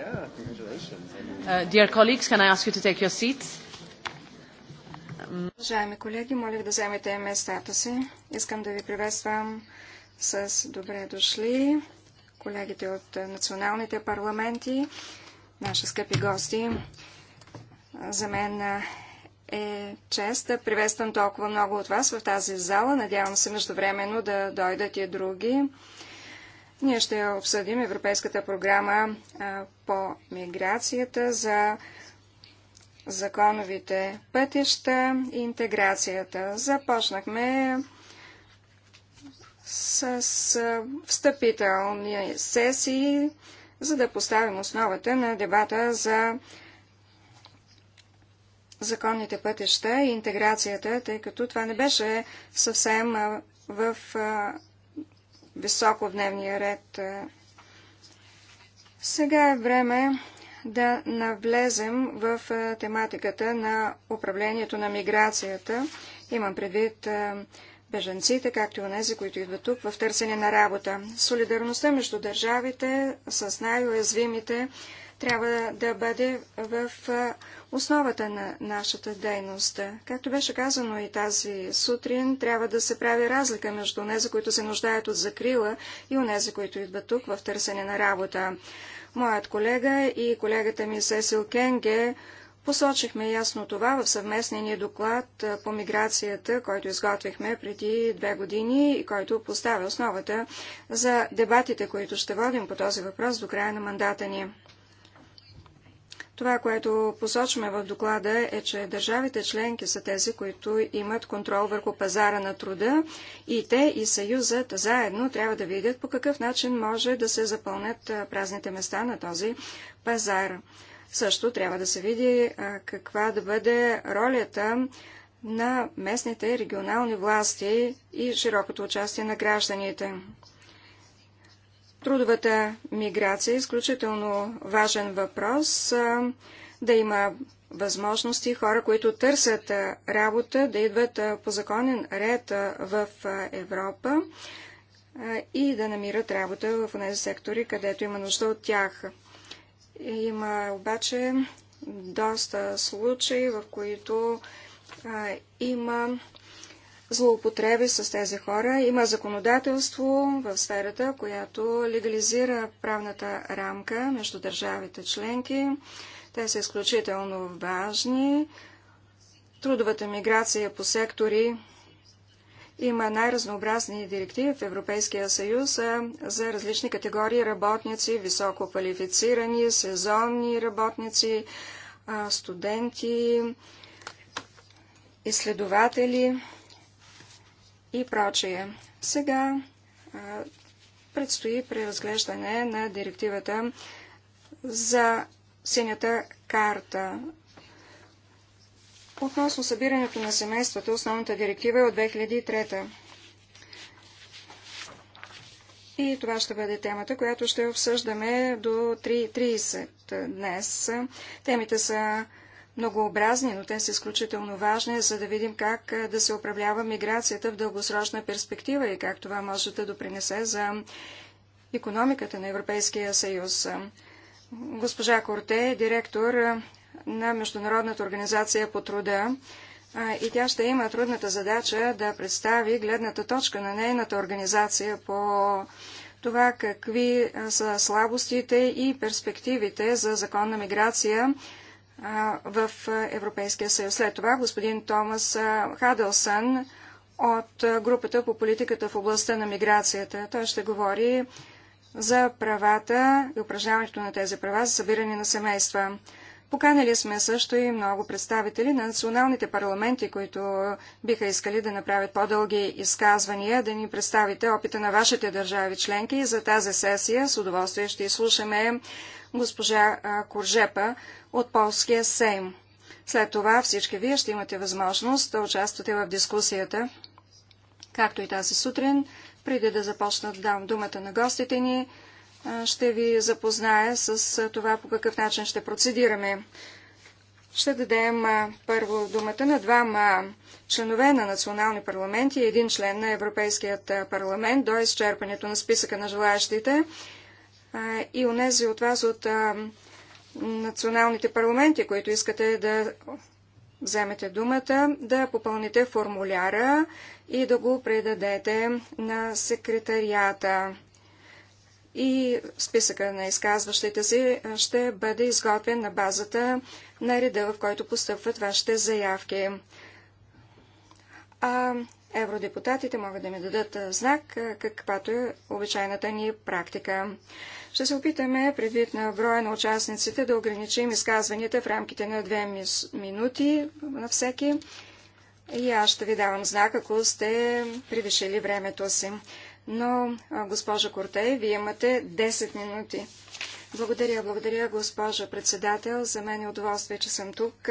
Uh, dear colleagues, can I ask you to take your seats? Уважаеми колеги, моля ви да вземете местата си. Искам да ви приветствам с добре дошли колегите от националните парламенти, наши скъпи гости. За мен е чест да приветствам толкова много от вас в тази зала. Надявам се междувременно да дойдат и други. Ние ще обсъдим Европейската програма по миграцията за законовите пътища и интеграцията. Започнахме с встъпителни сесии, за да поставим основата на дебата за законните пътища и интеграцията, тъй като това не беше съвсем в високо в дневния ред. Сега е време да навлезем в е, тематиката на управлението на миграцията. Имам предвид е, беженците, както и онези, които идват тук в търсене на работа. Солидарността между държавите с най-уязвимите трябва да бъде в основата на нашата дейност. Както беше казано и тази сутрин, трябва да се прави разлика между нези, които се нуждаят от закрила и онези, които идват тук в търсене на работа. Моят колега и колегата ми Сесил Кенге посочихме ясно това в съвместния ни доклад по миграцията, който изготвихме преди две години и който поставя основата за дебатите, които ще водим по този въпрос до края на мандата ни. Това, което посочваме в доклада е, че държавите членки са тези, които имат контрол върху пазара на труда и те и Съюзът заедно трябва да видят по какъв начин може да се запълнят празните места на този пазар. Също трябва да се види каква да бъде ролята на местните регионални власти и широкото участие на гражданите. Трудовата миграция е изключително важен въпрос. Да има възможности хора, които търсят работа, да идват по законен ред в Европа и да намират работа в тези сектори, където има нужда от тях. Има обаче доста случаи, в които има злоупотреби с тези хора. Има законодателство в сферата, която легализира правната рамка между държавите членки. Те са изключително важни. Трудовата миграция по сектори има най-разнообразни директиви в Европейския съюз за различни категории работници, високо квалифицирани, сезонни работници, студенти, изследователи и прочие. Сега предстои преразглеждане на директивата за синята карта. Относно събирането на семействата, основната директива е от 2003. И това ще бъде темата, която ще обсъждаме до 3.30 днес. Темите са многообразни, но те са изключително важни, за да видим как да се управлява миграцията в дългосрочна перспектива и как това може да допринесе за економиката на Европейския съюз. Госпожа Корте е директор на Международната организация по труда и тя ще има трудната задача да представи гледната точка на нейната организация по това какви са слабостите и перспективите за законна миграция в Европейския съюз. След това господин Томас Хадълсън от групата по политиката в областта на миграцията. Той ще говори за правата и упражняването на тези права за събиране на семейства. Поканали сме също и много представители на националните парламенти, които биха искали да направят по-дълги изказвания, да ни представите опита на вашите държави членки. За тази сесия с удоволствие ще изслушаме госпожа Коржепа от Полския Сейм. След това всички вие ще имате възможност да участвате в дискусията, както и тази сутрин. Преди да започна да дам думата на гостите ни, ще ви запозная с това по какъв начин ще процедираме. Ще дадем първо думата на двама членове на национални парламенти и един член на Европейският парламент до изчерпането на списъка на желаящите и онези от вас от националните парламенти, които искате да вземете думата, да попълните формуляра и да го предадете на секретарията. И списъка на изказващите си ще бъде изготвен на базата на реда, в който постъпват вашите заявки. А евродепутатите могат да ми дадат знак, каквато е обичайната ни практика. Ще се опитаме, предвид на броя на участниците, да ограничим изказванията в рамките на две минути на всеки. И аз ще ви давам знак, ако сте превишили времето си. Но, госпожа Кортей, вие имате 10 минути. Благодаря, благодаря, госпожа председател. За мен е удоволствие, че съм тук.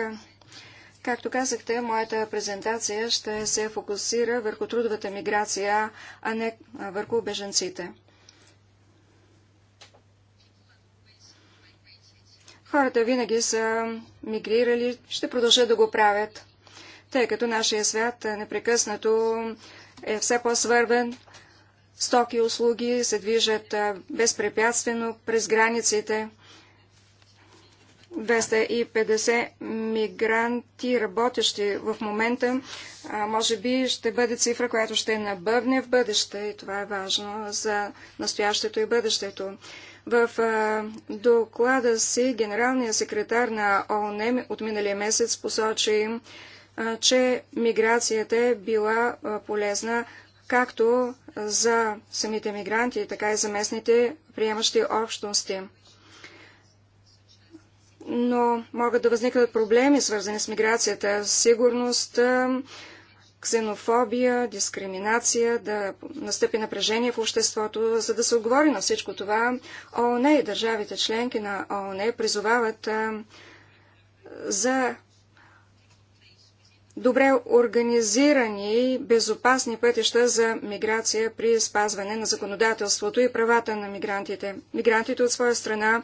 Както казахте, моята презентация ще се фокусира върху трудовата миграция, а не върху беженците. Хората винаги са мигрирали, ще продължат да го правят, тъй като нашия свят непрекъснато е все по-свървен, стоки и услуги се движат безпрепятствено през границите – 250 мигранти, работещи в момента, може би ще бъде цифра, която ще набъвне в бъдеще и това е важно за настоящето и бъдещето. В доклада си генералният секретар на ООН от миналия месец посочи, че миграцията е била полезна както за самите мигранти, така и за местните приемащи общности но могат да възникнат проблеми, свързани с миграцията, сигурност, ксенофобия, дискриминация, да настъпи напрежение в обществото. За да се отговори на всичко това, ООН и държавите членки на ООН призовават за добре организирани и безопасни пътища за миграция при спазване на законодателството и правата на мигрантите. Мигрантите от своя страна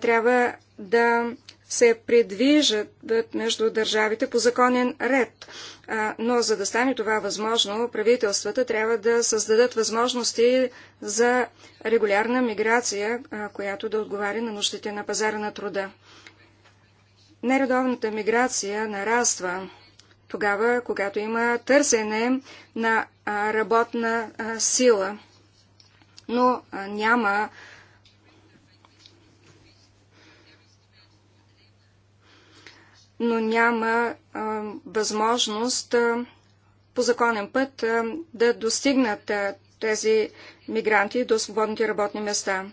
трябва да се предвижат между държавите по законен ред. Но за да стане това възможно, правителствата трябва да създадат възможности за регулярна миграция, която да отговаря на нуждите на пазара на труда. Нередовната миграция нараства тогава, когато има търсене на работна сила, но няма но няма а, възможност а, по законен път а, да достигнат а, тези мигранти до свободните работни места.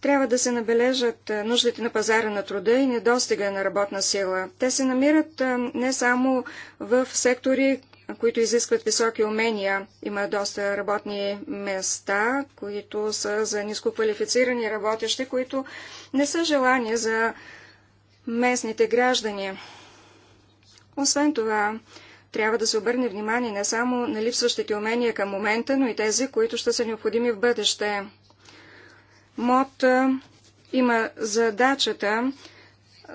Трябва да се набележат нуждите на пазара на труда и недостига на работна сила. Те се намират не само в сектори, които изискват високи умения. Има доста работни места, които са за нискоквалифицирани работещи, които не са желани за местните граждани. Освен това, трябва да се обърне внимание не само на липсващите умения към момента, но и тези, които ще са необходими в бъдеще. МОД има задачата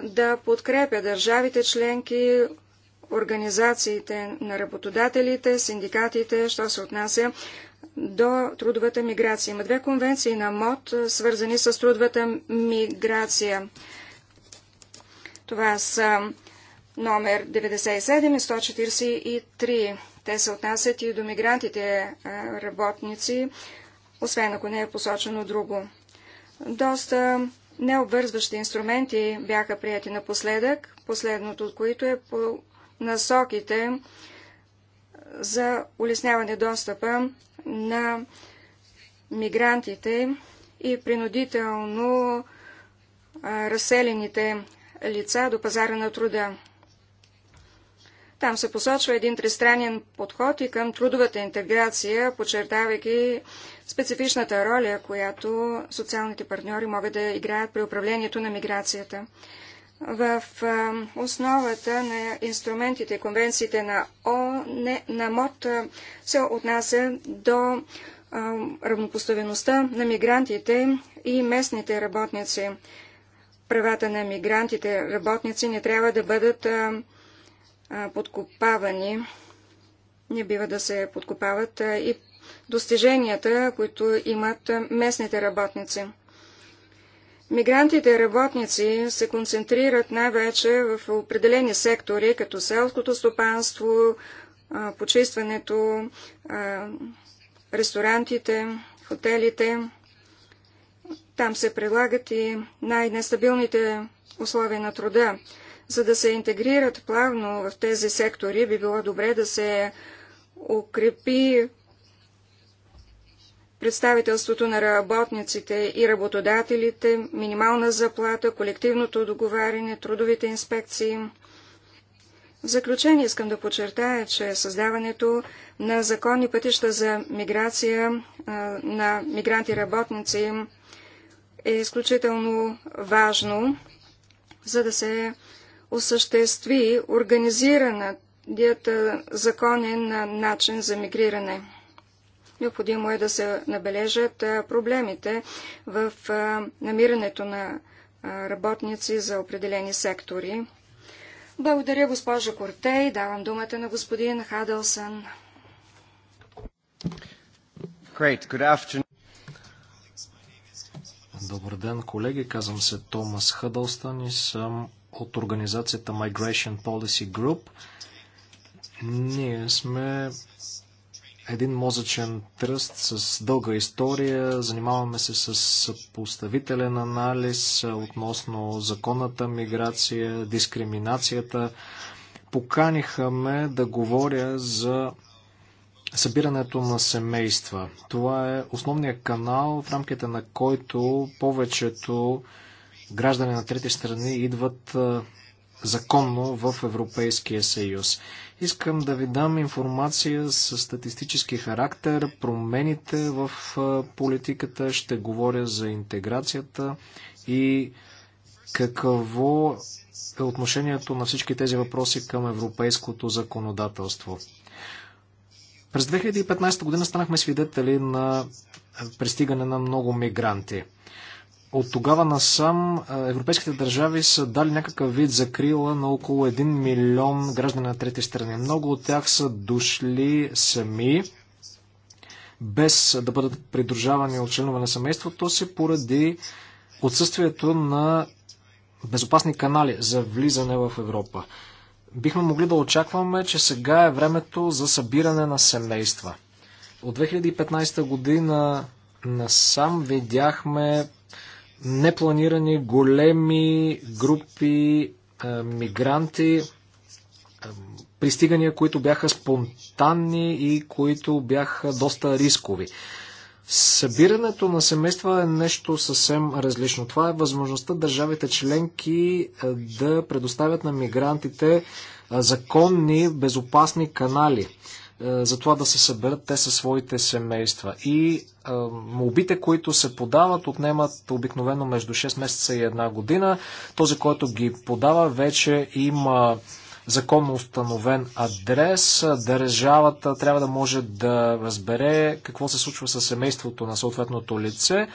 да подкрепя държавите членки, организациите на работодателите, синдикатите, що се отнася до трудовата миграция. Има две конвенции на МОД, свързани с трудовата миграция. Това са номер 97 и 143. Те се отнасят и до мигрантите работници, освен ако не е посочено друго. Доста необвързващи инструменти бяха прияти напоследък, последното от които е по насоките за улесняване достъпа на мигрантите и принудително разселените лица до пазара на труда. Там се посочва един тристранен подход и към трудовата интеграция, подчертавайки специфичната роля, която социалните партньори могат да играят при управлението на миграцията. В основата на инструментите и конвенциите на О, не, на МОД се отнася до равнопоставеността на мигрантите и местните работници правата на мигрантите, работници не трябва да бъдат подкопавани. Не бива да се подкопават и достиженията, които имат местните работници. Мигрантите работници се концентрират най-вече в определени сектори, като селското стопанство, почистването, ресторантите, хотелите. Там се прилагат и най-нестабилните условия на труда. За да се интегрират плавно в тези сектори, би било добре да се укрепи представителството на работниците и работодателите, минимална заплата, колективното договаряне, трудовите инспекции. В заключение искам да подчертая, че създаването на законни пътища за миграция на мигранти-работници е изключително важно, за да се осъществи организираният законен начин за мигриране. Необходимо е да се набележат проблемите в намирането на работници за определени сектори. Благодаря, госпожа Кортей. Давам думата на господин Хадълсън. Great. Good afternoon. Добър ден, колеги. Казвам се Томас Хъдълстън и съм от организацията Migration Policy Group. Ние сме един мозъчен тръст с дълга история. Занимаваме се с поставителен анализ относно законната миграция, дискриминацията. Поканиха ме да говоря за събирането на семейства. Това е основният канал, в рамките на който повечето граждани на трети страни идват законно в Европейския съюз. Искам да ви дам информация с статистически характер, промените в политиката, ще говоря за интеграцията и какво е отношението на всички тези въпроси към европейското законодателство. През 2015 година станахме свидетели на е, пристигане на много мигранти. От тогава насам е, европейските държави са дали някакъв вид закрила на около 1 милион граждани на трети страни. Много от тях са дошли сами, без да бъдат придружавани от членове на семейството си, поради отсъствието на безопасни канали за влизане в Европа бихме могли да очакваме, че сега е времето за събиране на семейства. От 2015 година насам видяхме непланирани големи групи е, мигранти, е, пристигания, които бяха спонтанни и които бяха доста рискови. Събирането на семейства е нещо съвсем различно. Това е възможността държавите членки е, да предоставят на мигрантите е, законни, безопасни канали е, за това да се съберат те със своите семейства. И а, молбите, които се подават, отнемат обикновено между 6 месеца и една година. Този, който ги подава, вече има законно установен адрес. Държавата трябва да може да разбере какво се случва с семейството на съответното лице.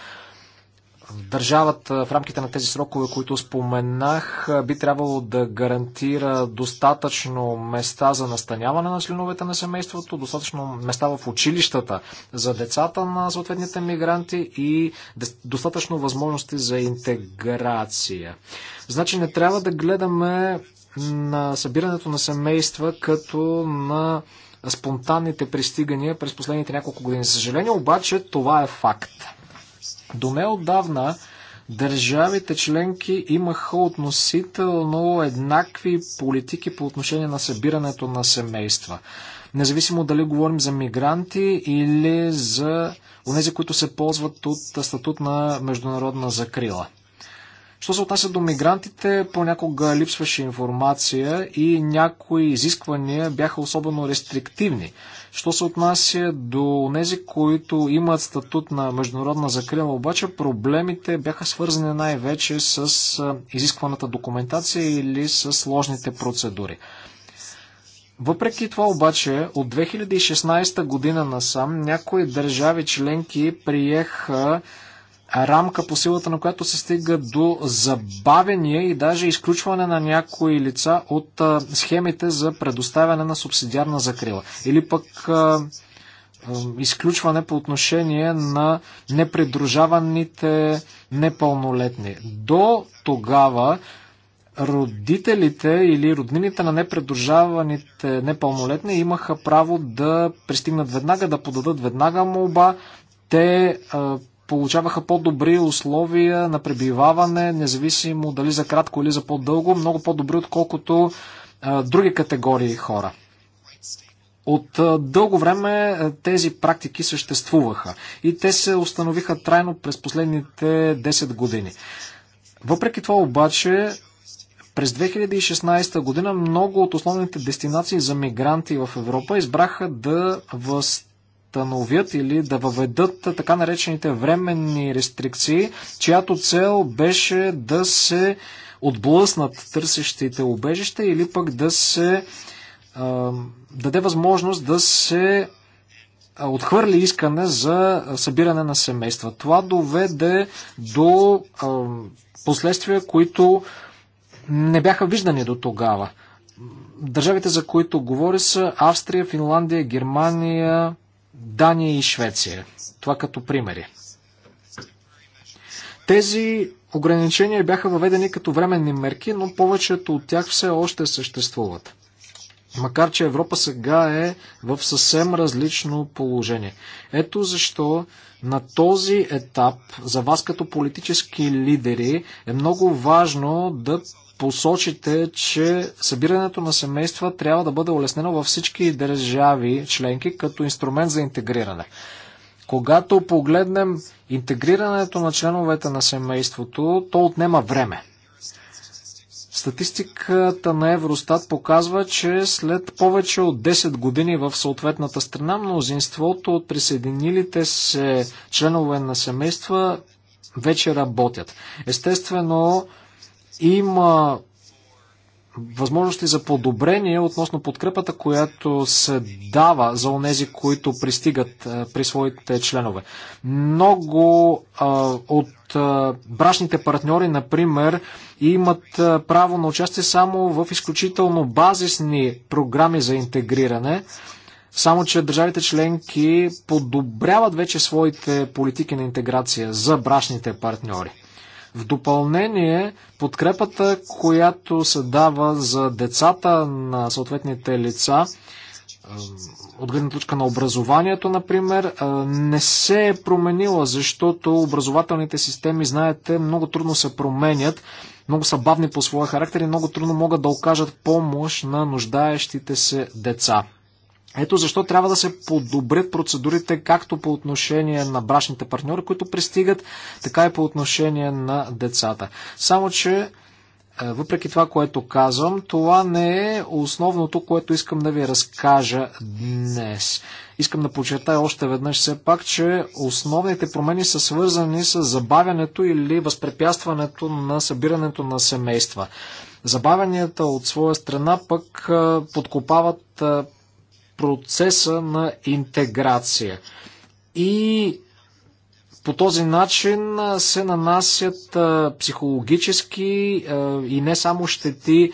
Държавата в рамките на тези срокове, които споменах, би трябвало да гарантира достатъчно места за настаняване на членовете на семейството, достатъчно места в училищата за децата на съответните мигранти и достатъчно възможности за интеграция. Значи не трябва да гледаме на събирането на семейства като на спонтанните пристигания през последните няколко години. Съжаление обаче това е факт. До неодавна държавите членки имаха относително еднакви политики по отношение на събирането на семейства. Независимо дали говорим за мигранти или за онези, които се ползват от статут на международна закрила. Що се отнася до мигрантите, понякога липсваше информация и някои изисквания бяха особено рестриктивни. Що се отнася до тези, които имат статут на международна закрила, обаче проблемите бяха свързани най-вече с изискваната документация или с сложните процедури. Въпреки това обаче, от 2016 година насам някои държави членки приеха рамка по силата на която се стига до забавение и даже изключване на някои лица от схемите за предоставяне на субсидиарна закрила. Или пък изключване по отношение на непридружаваните непълнолетни. До тогава родителите или роднините на непредружаваните непълнолетни имаха право да пристигнат веднага, да подадат веднага молба. Те а, получаваха по-добри условия на пребиваване, независимо дали за кратко или за по-дълго, много по-добри, отколкото а, други категории хора. От а, дълго време а, тези практики съществуваха и те се установиха трайно през последните 10 години. Въпреки това обаче, през 2016 година много от основните дестинации за мигранти в Европа избраха да възстановят възстановят или да въведат така наречените временни рестрикции, чиято цел беше да се отблъснат търсещите убежище или пък да се а, даде възможност да се отхвърли искане за събиране на семейства. Това доведе до а, последствия, които не бяха виждани до тогава. Държавите, за които говори са Австрия, Финландия, Германия, Дания и Швеция. Това като примери. Тези ограничения бяха въведени като временни мерки, но повечето от тях все още съществуват. Макар, че Европа сега е в съвсем различно положение. Ето защо на този етап за вас като политически лидери е много важно да посочите, че събирането на семейства трябва да бъде улеснено във всички държави членки като инструмент за интегриране. Когато погледнем интегрирането на членовете на семейството, то отнема време. Статистиката на Евростат показва, че след повече от 10 години в съответната страна мнозинството от присъединилите се членове на семейства вече работят. Естествено, има възможности за подобрение относно подкрепата, която се дава за онези, които пристигат при своите членове. Много а, от а, брашните партньори, например, имат а, право на участие само в изключително базисни програми за интегриране. Само, че държавите членки подобряват вече своите политики на интеграция за брашните партньори. В допълнение, подкрепата, която се дава за децата на съответните лица, от гледна точка на образованието, например, не се е променила, защото образователните системи, знаете, много трудно се променят, много са бавни по своя характер и много трудно могат да окажат помощ на нуждаещите се деца. Ето защо трябва да се подобрят процедурите както по отношение на брачните партньори, които пристигат, така и по отношение на децата. Само, че е, въпреки това, което казвам, това не е основното, което искам да ви разкажа днес. Искам да подчертая още веднъж все пак, че основните промени са свързани с забавянето или възпрепятстването на събирането на семейства. Забавянията от своя страна пък е, подкопават е, процеса на интеграция. И по този начин се нанасят психологически и не само щети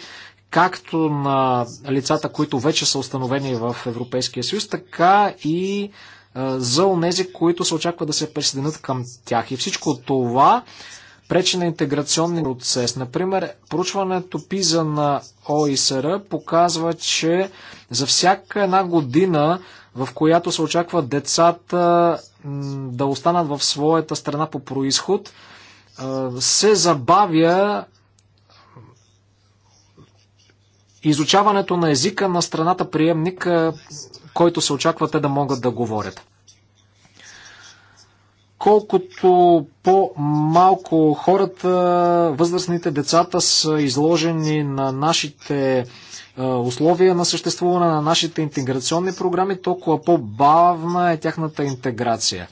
както на лицата, които вече са установени в Европейския съюз, така и за онези, които се очаква да се присъединят към тях. И всичко това пречи на интеграционния процес. Например, проучването ПИЗА на ОИСР показва, че за всяка една година, в която се очаква децата да останат в своята страна по происход, се забавя изучаването на езика на страната приемник, който се очаква те да могат да говорят колкото по-малко хората, възрастните, децата са изложени на нашите условия на съществуване, на нашите интеграционни програми, толкова по-бавна е тяхната интеграция.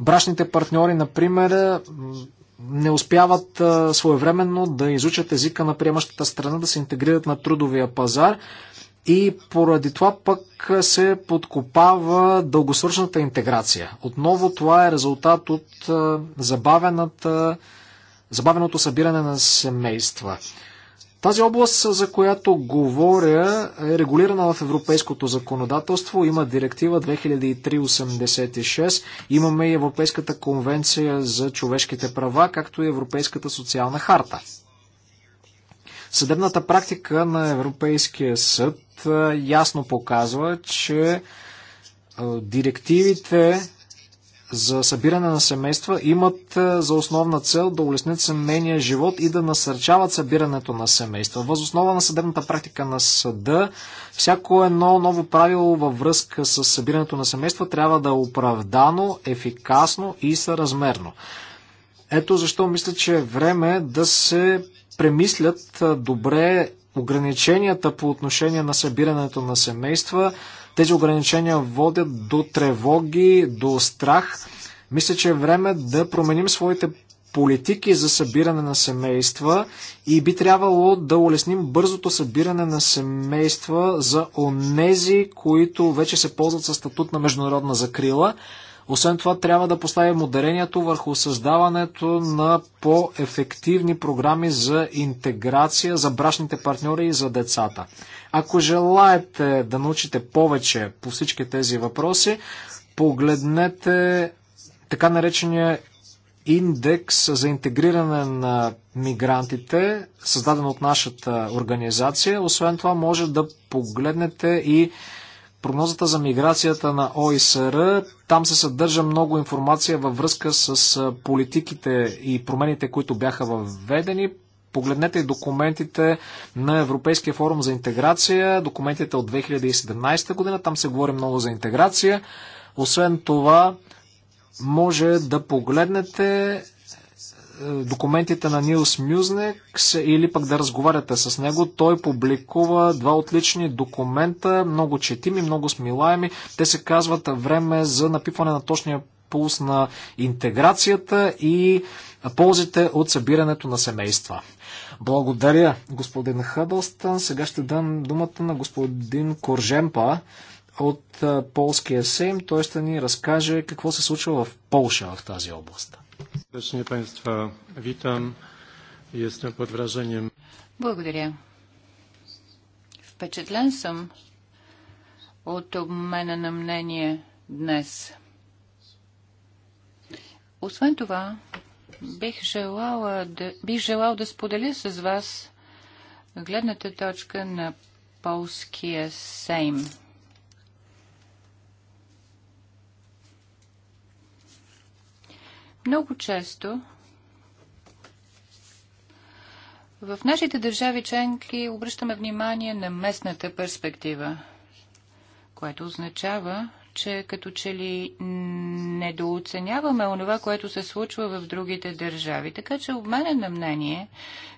Брашните партньори, например, не успяват своевременно да изучат езика на приемащата страна, да се интегрират на трудовия пазар и поради това пък се подкопава дългосрочната интеграция. Отново това е резултат от забавената, забавеното събиране на семейства. Тази област, за която говоря, е регулирана в европейското законодателство. Има директива 2386, имаме и Европейската конвенция за човешките права, както и Европейската социална харта. Съдебната практика на Европейския съд ясно показва, че директивите за събиране на семейства имат за основна цел да улеснят семейния живот и да насърчават събирането на семейства. Въз основа на съдебната практика на съда, всяко едно ново правило във връзка с събирането на семейства трябва да е оправдано, ефикасно и съразмерно. Ето защо мисля, че е време да се премислят добре ограниченията по отношение на събирането на семейства. Тези ограничения водят до тревоги, до страх. Мисля, че е време да променим своите политики за събиране на семейства и би трябвало да улесним бързото събиране на семейства за онези, които вече се ползват със статут на международна закрила. Освен това, трябва да поставим ударението върху създаването на по-ефективни програми за интеграция за брашните партньори и за децата. Ако желаете да научите повече по всички тези въпроси, погледнете така наречения индекс за интегриране на мигрантите, създаден от нашата организация. Освен това, може да погледнете и прогнозата за миграцията на ОИСР. Там се съдържа много информация във връзка с политиките и промените, които бяха въведени. Погледнете и документите на Европейския форум за интеграция, документите от 2017 година, там се говори много за интеграция. Освен това, може да погледнете документите на Нилс Мюзник или пък да разговаряте с него. Той публикува два отлични документа, много четими, много смилаеми. Те се казват време за напипване на точния пулс на интеграцията и ползите от събирането на семейства. Благодаря, господин Хъбълстън. Сега ще дам думата на господин Коржемпа от Полския Сейм. Той ще ни разкаже какво се случва в Полша в тази област. Сърдечни панства, витам. Jestem под вражением. Благодаря. Впечатлен съм от обмена на мнение днес. Освен това, бих, желала да, бих желал да споделя с вас гледната точка на полския Сейм. Много често в нашите държави членки обръщаме внимание на местната перспектива, което означава, че като че ли недооценяваме онова, което се случва в другите държави. Така че обмена на мнение,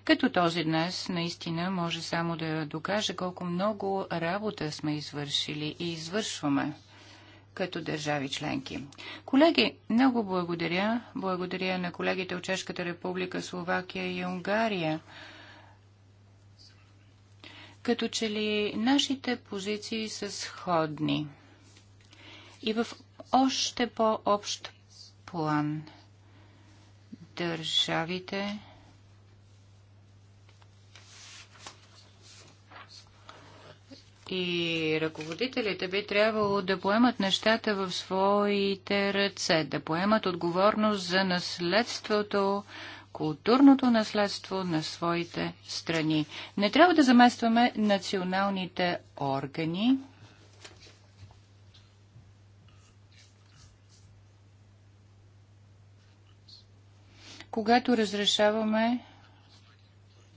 като този днес, наистина може само да докаже колко много работа сме извършили и извършваме като държави членки. Колеги, много благодаря. Благодаря на колегите от Чешката република, Словакия и Унгария. Като че ли нашите позиции са сходни и в още по-общ план държавите и ръководителите би трябвало да поемат нещата в своите ръце, да поемат отговорност за наследството, културното наследство на своите страни. Не трябва да заместваме националните органи. когато разрешаваме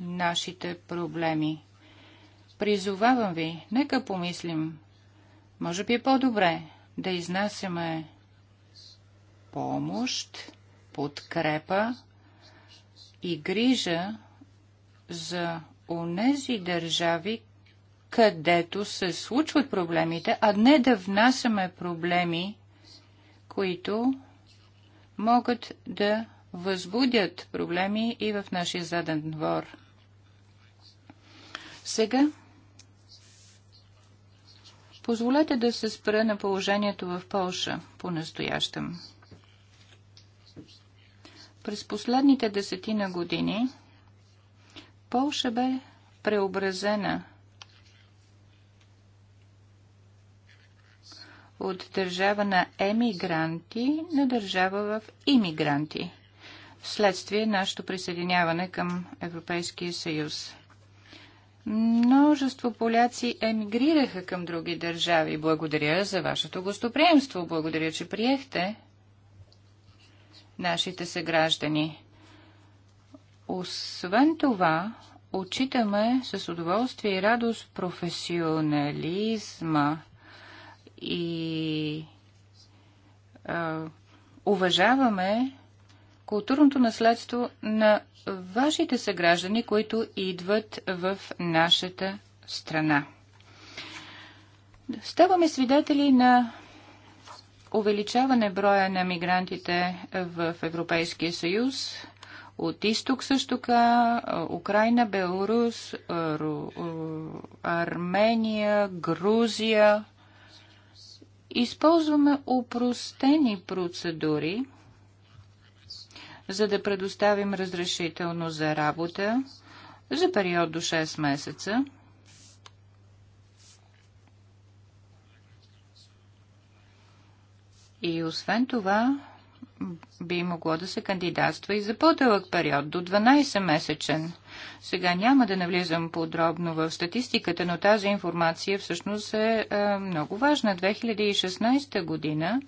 нашите проблеми. Призовавам ви, нека помислим. Може би е по-добре да изнасяме помощ, подкрепа и грижа за онези държави, където се случват проблемите, а не да внасяме проблеми, които могат да възбудят проблеми и в нашия заден двор. Сега Позволете да се спра на положението в Полша по-настоящем. През последните десетина години Полша бе преобразена от държава на емигранти на държава в имигранти, вследствие нашето присъединяване към Европейския съюз. Множество поляци емигрираха към други държави. Благодаря за вашето гостоприемство. Благодаря, че приехте нашите съграждани. Освен това, отчитаме с удоволствие и радост професионализма и е, уважаваме културното наследство на вашите съграждани, които идват в нашата страна. Ставаме свидетели на увеличаване броя на мигрантите в Европейския съюз. От изток също така Украина, Ру, Армения, Грузия. Използваме упростени процедури – за да предоставим разрешително за работа за период до 6 месеца. И освен това, би могло да се кандидатства и за по-дълъг период, до 12 месечен. Сега няма да навлизам подробно в статистиката, но тази информация всъщност е, е много важна. 2016 година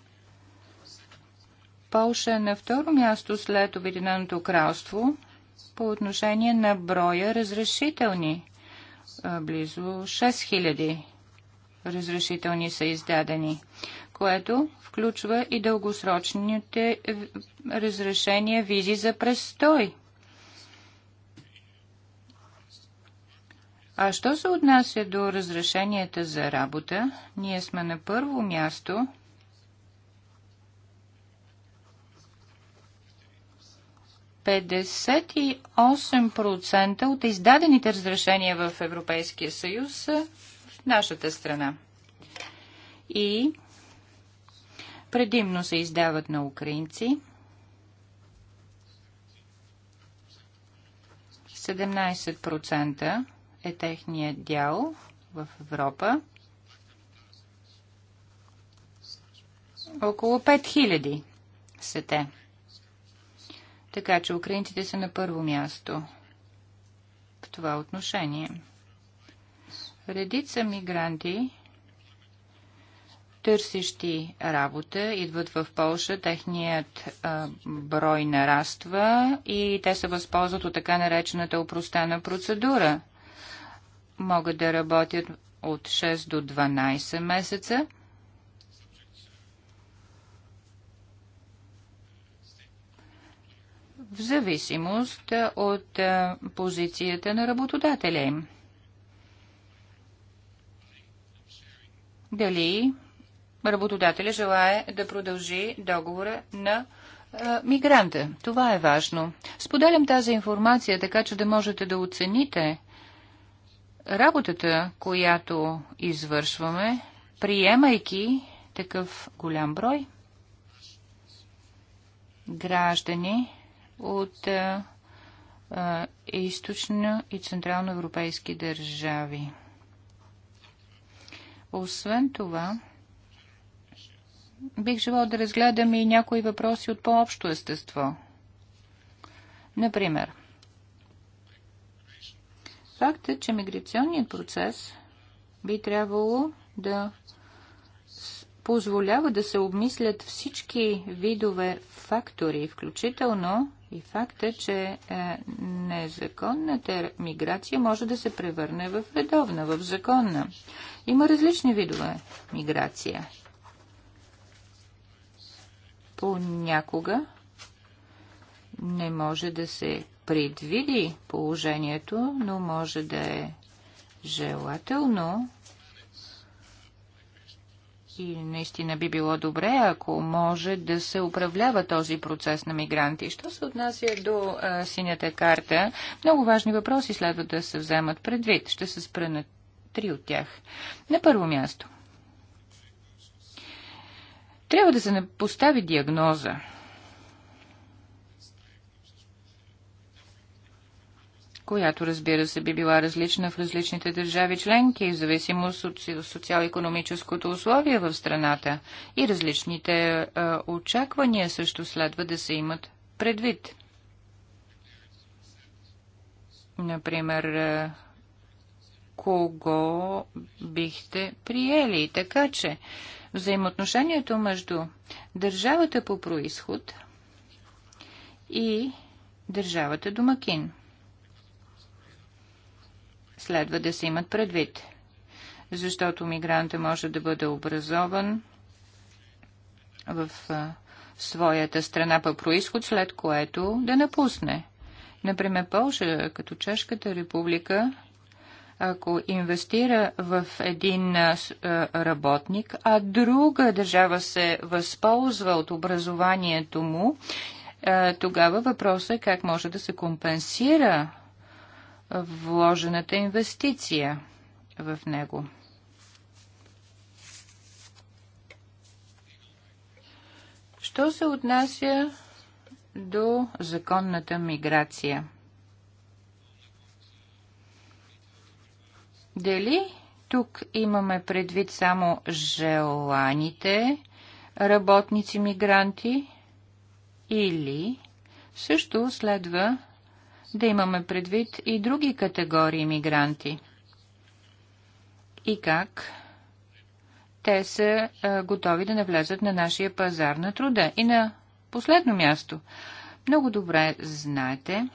Полша е на второ място след Обединеното кралство по отношение на броя разрешителни. Близо 6000 разрешителни са издадени, което включва и дългосрочните разрешения визи за престой. А що се отнася до разрешенията за работа, ние сме на първо място – 58% от издадените разрешения в Европейския съюз са в нашата страна. И предимно се издават на украинци. 17% е техният дял в Европа. Около 5000 са те. Така че украинците са на първо място в това отношение. Редица мигранти, търсещи работа, идват в Польша, техният а, брой нараства и те се възползват от така наречената упростена процедура. Могат да работят от 6 до 12 месеца – в зависимост от позицията на работодателя им. Дали работодателя желая да продължи договора на мигранта. Това е важно. Споделям тази информация, така че да можете да оцените работата, която извършваме, приемайки такъв голям брой граждани, от а, а, източно и централно европейски държави. Освен това, бих желал да разгледам и някои въпроси от по-общо естество. Например, фактът, че миграционният процес би трябвало да позволява да се обмислят всички видове фактори, включително и факт е, че е, незаконната миграция може да се превърне в редовна, в законна. Има различни видове миграция. Понякога не може да се предвиди положението, но може да е желателно и наистина би било добре, ако може да се управлява този процес на мигранти. Що се отнася до а, синята карта, много важни въпроси следва да се вземат предвид. Ще се спра на три от тях. На първо място. Трябва да се постави диагноза която разбира се би била различна в различните държави членки, в зависимост от социал-економическото условие в страната и различните а, очаквания също следва да се имат предвид. Например, кого бихте приели. Така че взаимоотношението между държавата по происход и държавата домакин – следва да се имат предвид, защото мигранта може да бъде образован в своята страна по происход, след което да напусне. Например, Полша, като Чешката република, ако инвестира в един работник, а друга държава се възползва от образованието му, тогава въпросът е как може да се компенсира вложената инвестиция в него. Що се отнася до законната миграция? Дали тук имаме предвид само желаните работници-мигранти или също следва да имаме предвид и други категории мигранти и как те са а, готови да навлязат на нашия пазар на труда. И на последно място, много добре знаете,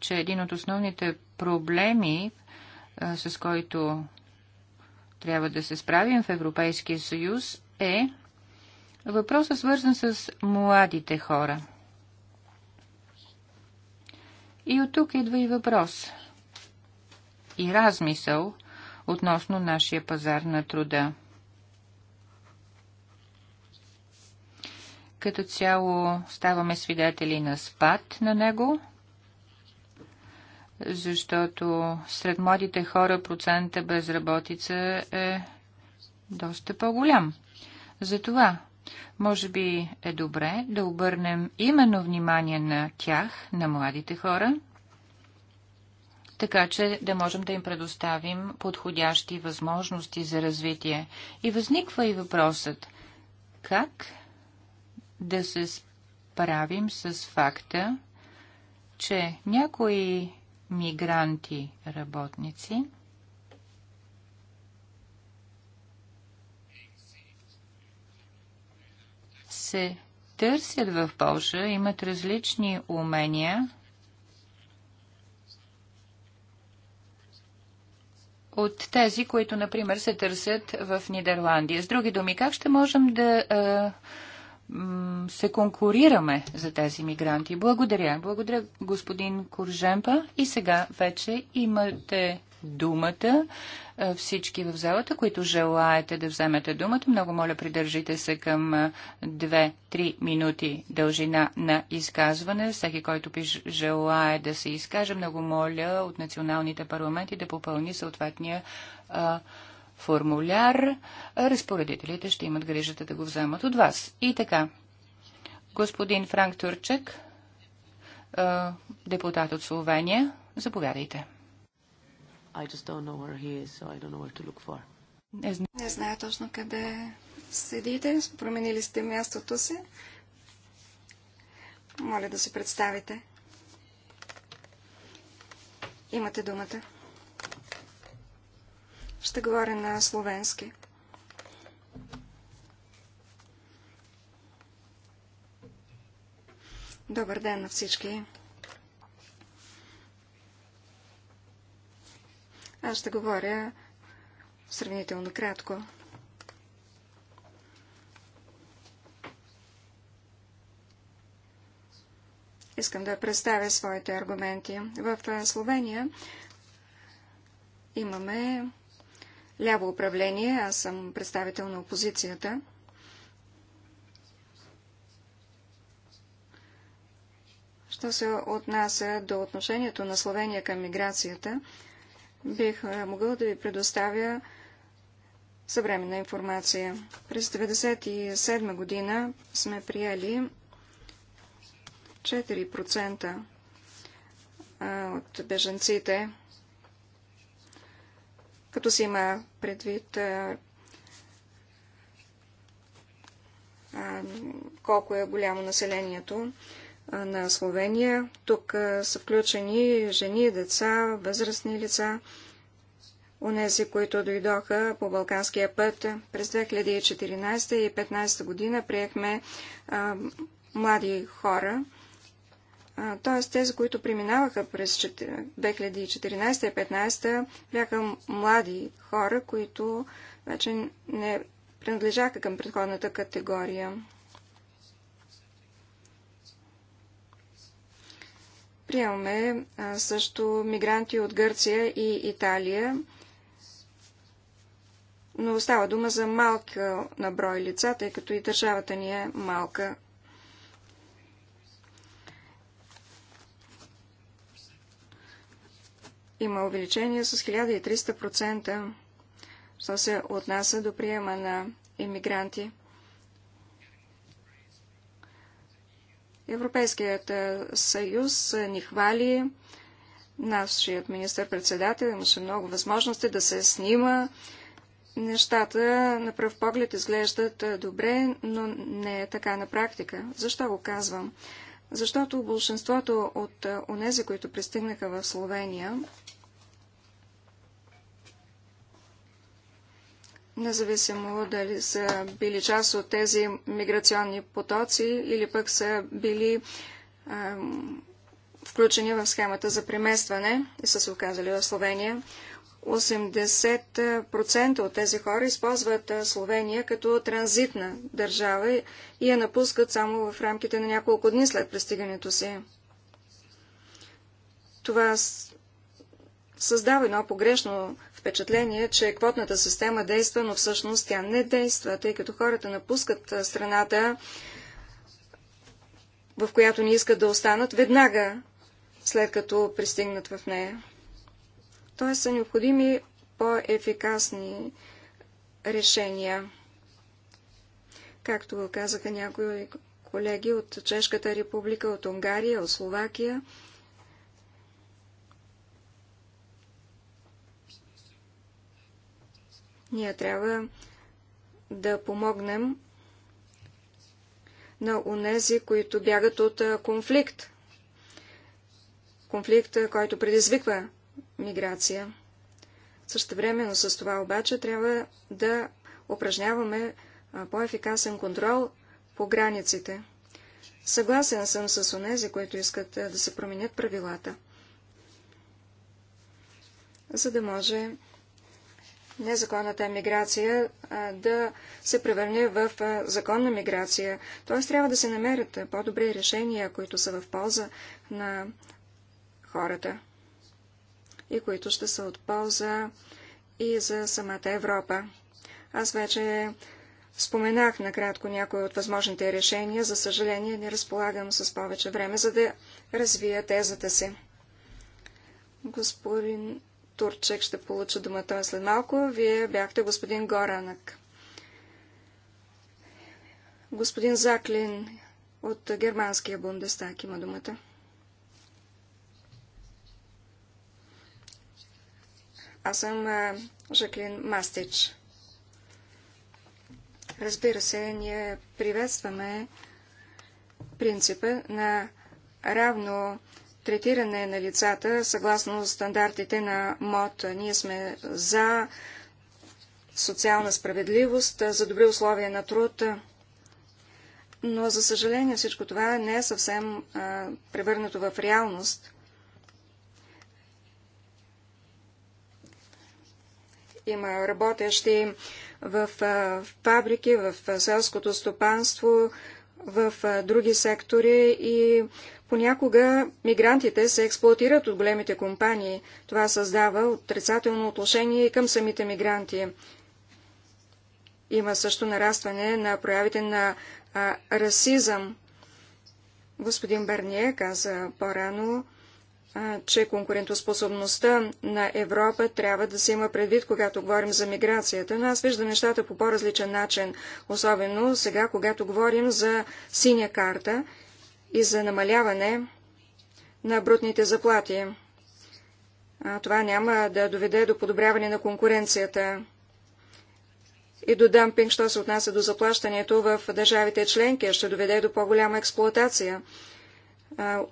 че един от основните проблеми, а, с който трябва да се справим в Европейския съюз, е въпросът свързан с младите хора – и от тук идва и въпрос и размисъл относно нашия пазар на труда. Като цяло ставаме свидетели на спад на него, защото сред младите хора процента безработица е доста по-голям. Затова може би е добре да обърнем именно внимание на тях, на младите хора, така че да можем да им предоставим подходящи възможности за развитие. И възниква и въпросът как да се справим с факта, че някои мигранти работници – се търсят в Польша, имат различни умения. от тези, които, например, се търсят в Нидерландия. С други думи, как ще можем да а, се конкурираме за тези мигранти. Благодаря. Благодаря, господин Куржемпа. И сега вече имате думата. Всички в залата, които желаете да вземете думата, много моля придържите се към 2-3 минути дължина на изказване. Всеки, който желае да се изкаже, много моля от националните парламенти да попълни съответния а, формуляр, разпоредителите ще имат грижата да го вземат от вас. И така, господин Франк Турчек, депутат от Словения, заповядайте. Не, Не знае точно къде седите. Променили сте мястото си. Моля да се представите. Имате думата. Ще говоря на словенски. Добър ден на всички! Аз ще говоря сравнително кратко. Искам да представя своите аргументи. В Словения имаме ляво управление, аз съм представител на опозицията. Що се отнася до отношението на Словения към миграцията, бих е, могъл да ви предоставя съвременна информация. През 1997 година сме приели 4% от беженците като се има предвид а, а, колко е голямо населението а, на Словения. Тук а, са включени жени, деца, възрастни лица, унези, които дойдоха по Балканския път. През 2014 и 2015 година приехме а, млади хора – т.е. тези, които преминаваха през 2014-2015, бяха млади хора, които вече не принадлежаха към предходната категория. Приемаме също мигранти от Гърция и Италия, но става дума за малка наброй лица, тъй като и държавата ни е малка има увеличение с 1300%, що се отнася до приема на иммигранти. Европейският е, съюз е, ни хвали. Нашият министър-председател имаше много възможности да се снима. Нещата на пръв поглед изглеждат е, добре, но не е така на практика. Защо го казвам? защото большинството от е, онези, които пристигнаха в Словения, независимо дали са били част от тези миграционни потоци или пък са били включени в схемата за преместване и са се оказали в Словения. 80% от тези хора използват Словения като транзитна държава и я напускат само в рамките на няколко дни след пристигането си. Това създава едно погрешно впечатление, че квотната система действа, но всъщност тя не действа, тъй като хората напускат страната, в която не искат да останат веднага след като пристигнат в нея т.е. са необходими по-ефикасни решения. Както го казаха някои колеги от Чешката република, от Унгария, от Словакия, ние трябва да помогнем на унези, които бягат от конфликт. Конфликт, който предизвиква миграция. Същевременно с това обаче трябва да упражняваме по-ефикасен контрол по границите. Съгласен съм с онези, които искат да се променят правилата, за да може незаконната миграция да се превърне в законна миграция. Т.е. трябва да се намерят по-добри решения, които са в полза на хората и които ще са от полза и за самата Европа. Аз вече споменах накратко някои от възможните решения. За съжаление, не разполагам с повече време, за да развия тезата си. Господин Турчек ще получи думата е след малко. Вие бяхте господин Горанък. Господин Заклин от германския Бундестаг има думата. Аз съм Жаклин Мастич. Разбира се, ние приветстваме принципа на равно третиране на лицата съгласно стандартите на МОД. Ние сме за социална справедливост, за добри условия на труд. Но, за съжаление, всичко това не е съвсем а, превърнато в реалност. Има работещи в фабрики, в селското стопанство, в други сектори и понякога мигрантите се експлуатират от големите компании. Това създава отрицателно отношение и към самите мигранти. Има също нарастване на проявите на расизъм. Господин Берние каза по-рано, че конкурентоспособността на Европа трябва да се има предвид, когато говорим за миграцията. Но аз виждам нещата по по-различен начин, особено сега, когато говорим за синя карта и за намаляване на брутните заплати. А, това няма да доведе до подобряване на конкуренцията и до дампинг, що се отнася до заплащането в държавите членки, ще доведе до по-голяма експлоатация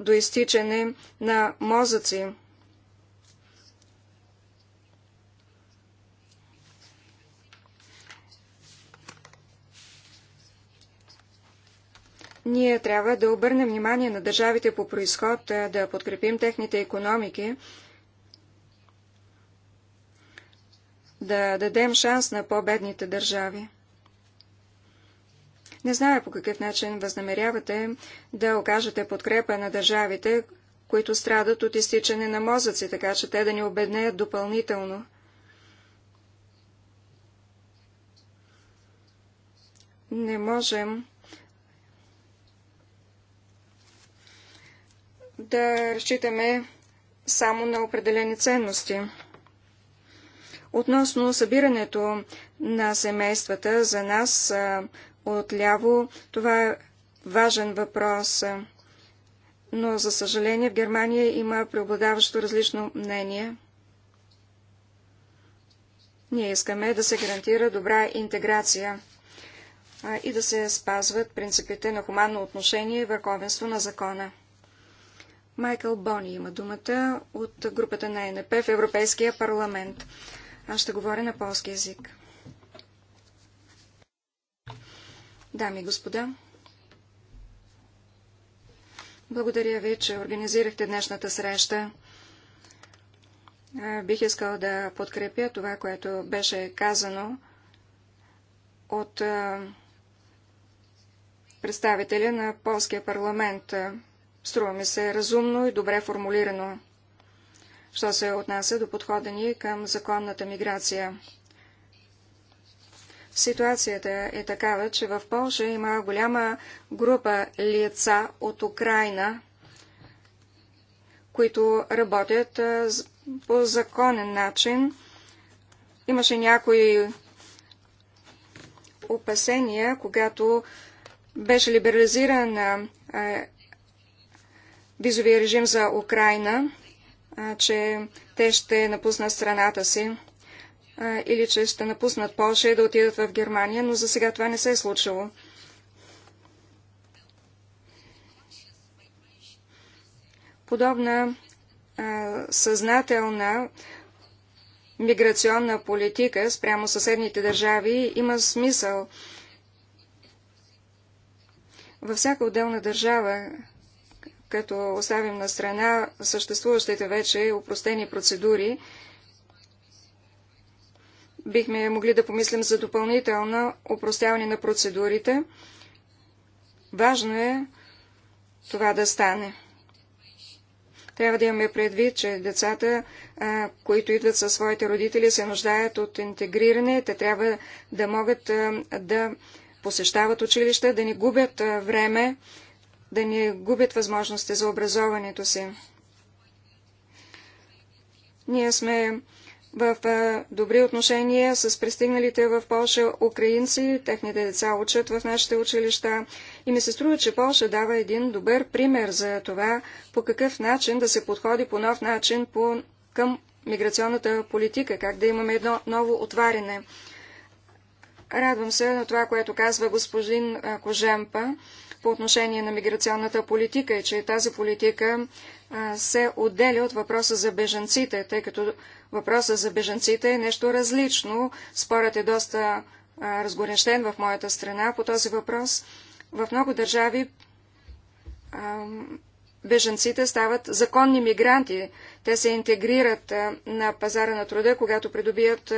до изтичане на мозъци. Ние трябва да обърнем внимание на държавите по происход, да подкрепим техните економики, да дадем шанс на по-бедните държави. Не знае по какъв начин възнамерявате да окажете подкрепа на държавите, които страдат от изтичане на мозъци, така че те да ни обеднеят допълнително. Не можем да разчитаме само на определени ценности. Относно събирането на семействата, за нас отляво. Това е важен въпрос. Но, за съжаление, в Германия има преобладаващо различно мнение. Ние искаме да се гарантира добра интеграция а, и да се спазват принципите на хуманно отношение и върховенство на закона. Майкъл Бони има думата от групата на ЕНП в Европейския парламент. Аз ще говоря на полски язик. Дами и господа, благодаря ви, че организирахте днешната среща. Бих искал да подкрепя това, което беше казано от представителя на Полския парламент. Струва ми се разумно и добре формулирано, що се отнася до подхода ни към законната миграция. Ситуацията е такава, че в Польша има голяма група лица от Украина, които работят по законен начин. Имаше някои опасения, когато беше либерализиран визовия режим за Украина, че те ще напуснат страната си или че ще напуснат Польша и да отидат в Германия, но за сега това не се е случило. Подобна съзнателна миграционна политика спрямо съседните държави има смисъл. Във всяка отделна държава, като оставим на страна съществуващите вече упростени процедури, бихме могли да помислим за допълнително упростяване на процедурите. Важно е това да стане. Трябва да имаме предвид, че децата, които идват със своите родители, се нуждаят от интегриране. Те трябва да могат да посещават училища, да не губят време, да не губят възможности за образованието си. Ние сме в добри отношения с пристигналите в Польша украинци. Техните деца учат в нашите училища. И ми се струва, че Польша дава един добър пример за това по какъв начин да се подходи по нов начин по, към миграционната политика, как да имаме едно ново отваряне. Радвам се на това, което казва господин Кожемпа по отношение на миграционната политика и че тази политика се отделя от въпроса за беженците, тъй като Въпросът за беженците е нещо различно. Спорът е доста разгорещен в моята страна по този въпрос. В много държави беженците стават законни мигранти. Те се интегрират на пазара на труда, когато придобият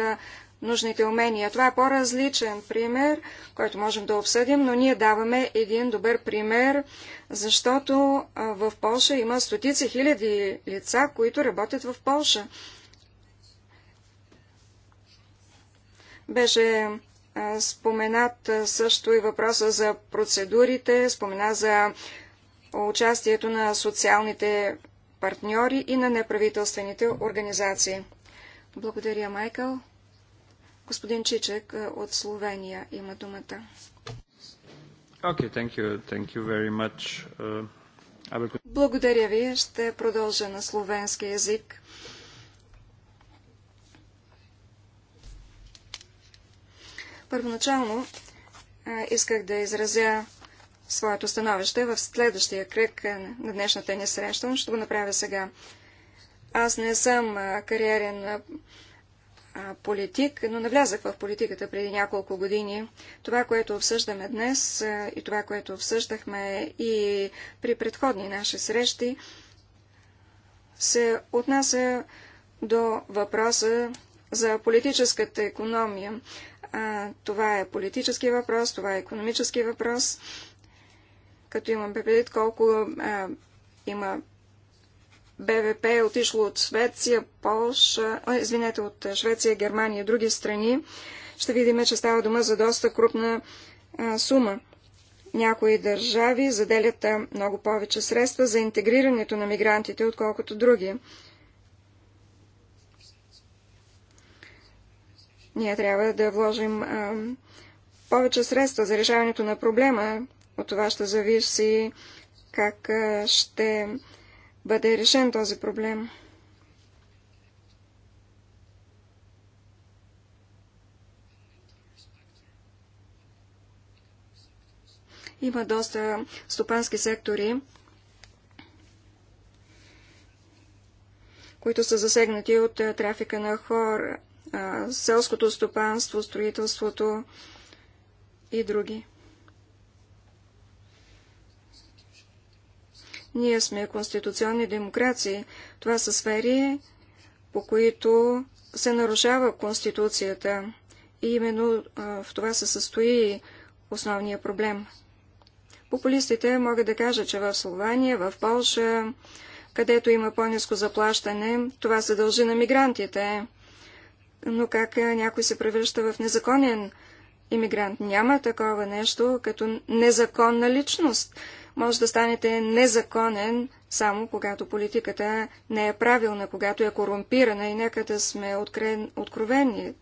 нужните умения. Това е по-различен пример, който можем да обсъдим, но ние даваме един добър пример, защото в Польша има стотици хиляди лица, които работят в Польша. Беше споменат също и въпроса за процедурите, спомена за участието на социалните партньори и на неправителствените организации. Благодаря, Майкъл. Господин Чичек от Словения има думата. Okay, thank you. Thank you very much. Uh, will... Благодаря ви. Ще продължа на словенски язик. Първоначално а, исках да изразя своето становище в следващия кръг на днешната ни среща, но ще го направя сега. Аз не съм кариерен политик, но навлязах в политиката преди няколко години. Това, което обсъждаме днес и това, което обсъждахме и при предходни наши срещи, се отнася до въпроса за политическата економия това е политически въпрос, това е економически въпрос. Като имам предвид колко а, има БВП е отишло от Швеция, Полша, а, извинете, от Швеция, Германия и други страни, ще видим, че става дума за доста крупна а, сума. Някои държави заделят много повече средства за интегрирането на мигрантите, отколкото други. Ние трябва да вложим а, повече средства за решаването на проблема. От това ще зависи как а, ще бъде решен този проблем. Има доста стопански сектори, които са засегнати от трафика на хора, селското стопанство, строителството и други. Ние сме конституционни демокрации. Това са сфери, по които се нарушава Конституцията. И именно в това се състои основния проблем. Популистите могат да кажат, че в Слования, в Польша, където има по-низко заплащане, това се дължи на мигрантите но как е, някой се превръща в незаконен иммигрант. Няма такова нещо като незаконна личност. Може да станете незаконен само когато политиката не е правилна, когато е корумпирана и нека да сме откровен, откровени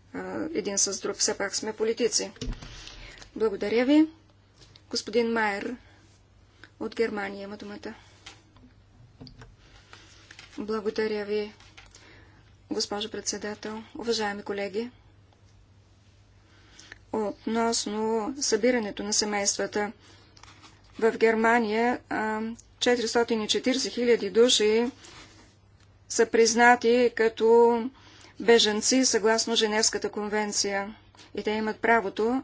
един с друг. Все пак сме политици. Благодаря ви. Господин Майер от Германия има думата. Благодаря ви, госпожо председател, уважаеми колеги. Относно събирането на семействата в Германия, 440 хиляди души са признати като беженци съгласно Женевската конвенция и те имат правото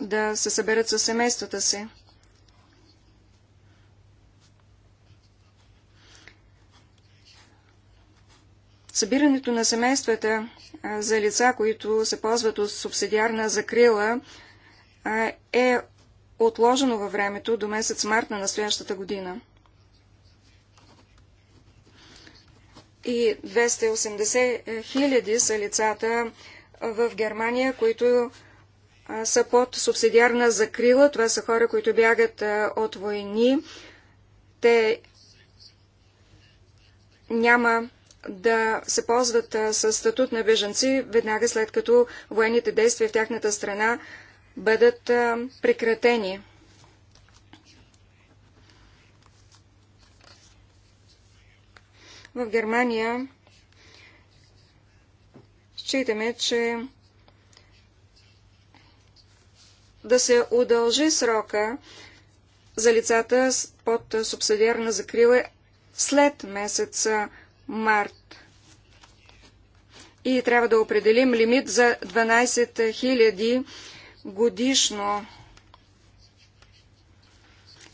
да се съберат със семействата си. Събирането на семействата за лица, които се ползват от субсидиарна закрила, е отложено във времето до месец март на настоящата година. И 280 хиляди са лицата в Германия, които са под субсидиарна закрила. Това са хора, които бягат от войни. Те няма да се ползват със статут на бежанци веднага след като военните действия в тяхната страна бъдат прекратени. В Германия считаме, че да се удължи срока за лицата под субсидиарна закрила след месеца март. И трябва да определим лимит за 12 000 годишно.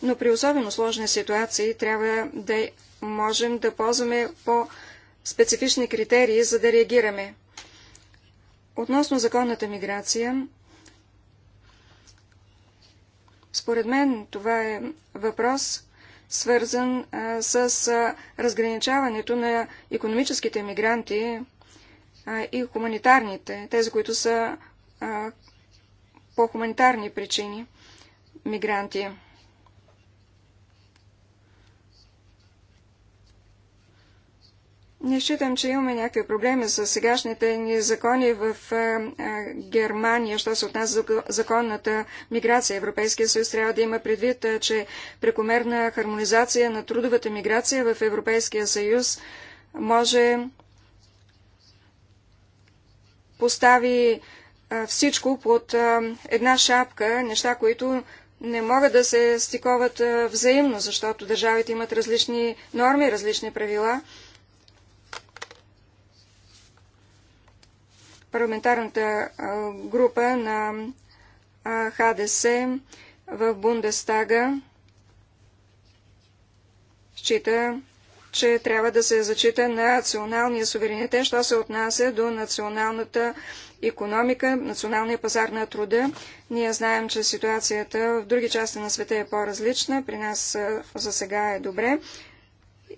Но при особено сложни ситуации трябва да можем да ползваме по специфични критерии, за да реагираме. Относно законната миграция, според мен това е въпрос, свързан с разграничаването на економическите мигранти и хуманитарните, тези, които са по хуманитарни причини мигранти. Не считам, че имаме някакви проблеми с сегашните ни закони в Германия, що се отнася за законната миграция. Европейския съюз трябва да има предвид, че прекомерна хармонизация на трудовата миграция в Европейския съюз може постави всичко под една шапка, неща, които не могат да се стиковат взаимно, защото държавите имат различни норми, различни правила. парламентарната група на ХДС в Бундестага счита, че трябва да се зачита на националния суверенитет, що се отнася до националната економика, националния пазар на труда. Ние знаем, че ситуацията в други части на света е по-различна. При нас за сега е добре.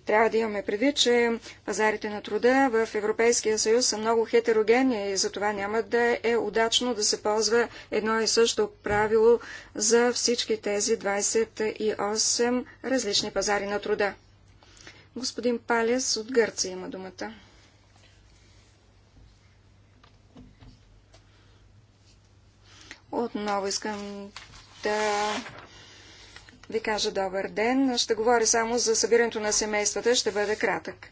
Трябва да имаме предвид, че пазарите на труда в Европейския съюз са много хетерогенни и затова няма да е удачно да се ползва едно и също правило за всички тези 28 различни пазари на труда. Господин Палес от Гърция има думата. Отново искам да ви кажа добър ден. Ще говоря само за събирането на семействата. Ще бъде кратък.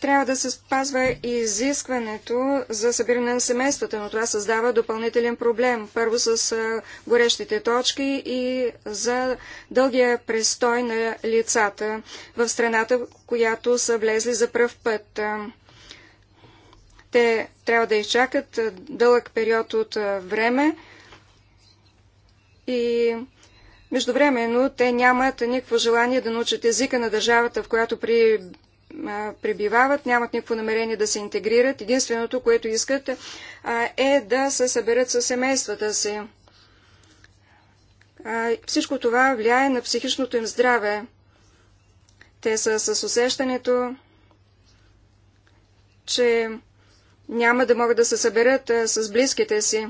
трябва да се спазва и изискването за събиране на семействата, но това създава допълнителен проблем. Първо с горещите точки и за дългия престой на лицата в страната, която са влезли за пръв път. Те трябва да изчакат дълъг период от време и междувременно те нямат никакво желание да научат езика на държавата, в която при пребивават, нямат никакво намерение да се интегрират. Единственото, което искат е да се съберат с семействата си. Всичко това влияе на психичното им здраве. Те са с усещането, че няма да могат да се съберат с близките си.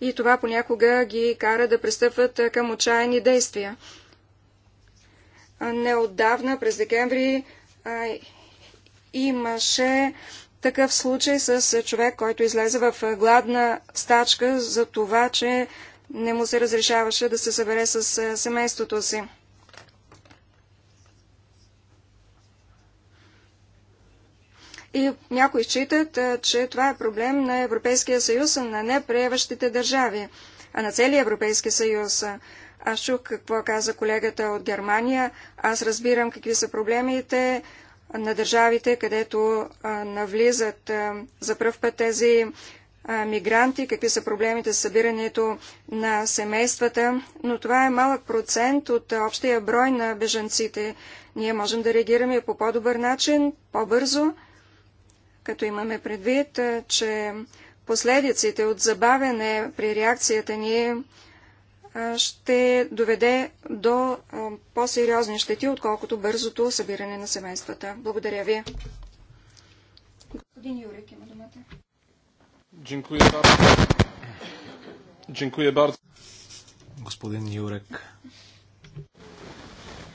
И това понякога ги кара да пристъпват към отчаяни действия. Неотдавна, през декември, имаше такъв случай с човек, който излезе в гладна стачка за това, че не му се разрешаваше да се събере с семейството си. И някои считат, че това е проблем на Европейския съюз, а на неприемащите държави, а на целия Европейски съюз. Аз чух какво каза колегата от Германия. Аз разбирам какви са проблемите на държавите, където навлизат за пръв път тези мигранти, какви са проблемите с събирането на семействата, но това е малък процент от общия брой на бежанците. Ние можем да реагираме по по-добър начин, по-бързо като имаме предвид, че последиците от забавяне при реакцията ни ще доведе до по-сериозни щети, отколкото бързото събиране на семействата. Благодаря ви. Господин Юрик има думата. Господин Юрек.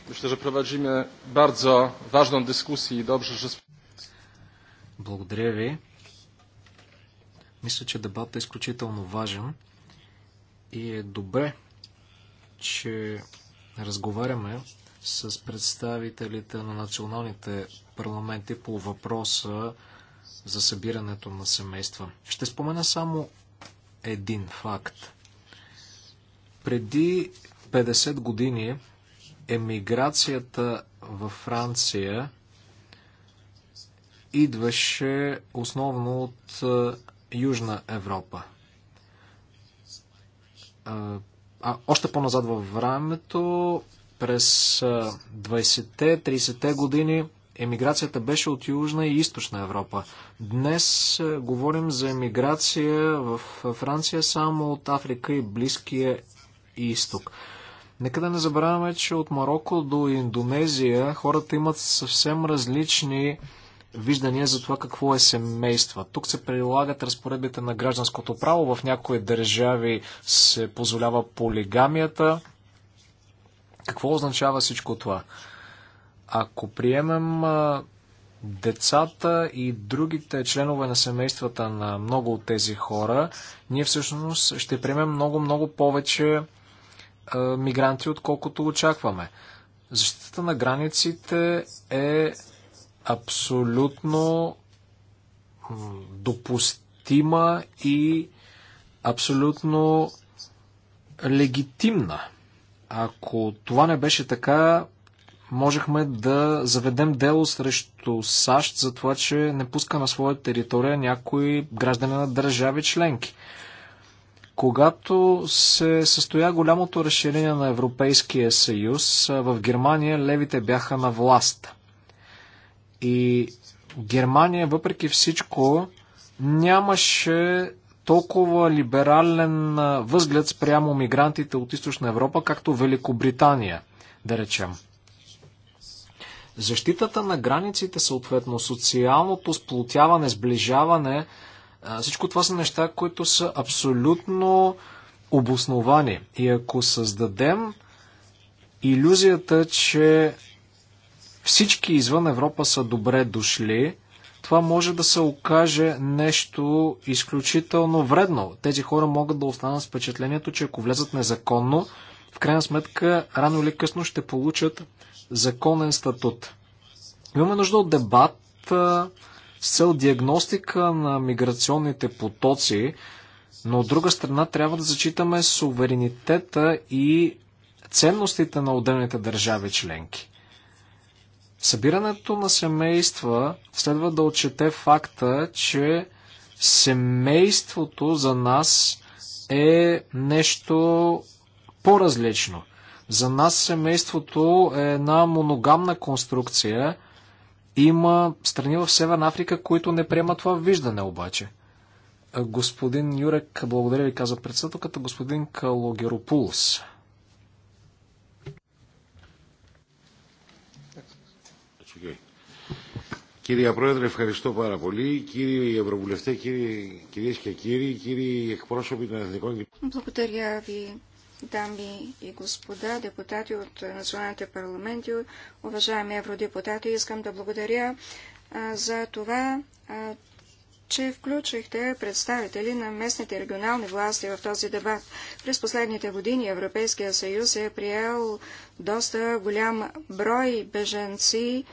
Мисля, че prowadzimy бардзо важна дискусия и добре, че благодаря ви. Мисля, че дебатът е изключително важен и е добре, че разговаряме с представителите на националните парламенти по въпроса за събирането на семейства. Ще спомена само един факт. Преди 50 години емиграцията във Франция идваше основно от Южна Европа. А, още по-назад във времето, през 20-те, 30-те години, емиграцията беше от Южна и Източна Европа. Днес говорим за емиграция в Франция само от Африка и Близкия изток. Нека да не забравяме, че от Марокко до Индонезия хората имат съвсем различни виждания за това какво е семейство. Тук се прилагат разпоредбите на гражданското право. В някои държави се позволява полигамията. Какво означава всичко това? Ако приемем децата и другите членове на семействата на много от тези хора, ние всъщност ще приемем много-много повече мигранти, отколкото очакваме. Защитата на границите е абсолютно допустима и абсолютно легитимна. Ако това не беше така, можехме да заведем дело срещу САЩ за това, че не пуска на своя територия някои граждани на държави членки. Когато се състоя голямото разширение на Европейския съюз, в Германия левите бяха на власт. И Германия, въпреки всичко, нямаше толкова либерален възглед спрямо мигрантите от Източна Европа, както Великобритания, да речем. Защитата на границите, съответно, социалното сплотяване, сближаване, всичко това са неща, които са абсолютно обосновани. И ако създадем иллюзията, че всички извън Европа са добре дошли. Това може да се окаже нещо изключително вредно. Тези хора могат да останат с впечатлението, че ако влезат незаконно, в крайна сметка рано или късно ще получат законен статут. Имаме нужда от дебат с цел диагностика на миграционните потоци, но от друга страна трябва да зачитаме суверенитета и ценностите на отделните държави членки. Събирането на семейства следва да отчете факта, че семейството за нас е нещо по-различно. За нас семейството е една моногамна конструкция. Има страни в Северна Африка, които не приемат това виждане обаче. Господин Юрек, благодаря ви, каза председателката, господин Калогеропулс. Κυρία Πρόεδρε, ευχαριστώ πάρα πολύ. Κύριοι Ευρωβουλευτέ, κύριοι, κυρίες και κύριοι, κύριοι εκπρόσωποι των Εθνικών Благодаря ви, дами и господа, депутати от националните парламенти, уважаеми евродепутати, искам да благодаря за това, че включихте представители на местните регионални власти в този дебат. През последните години Европейския съюз е приел доста голям брой беженци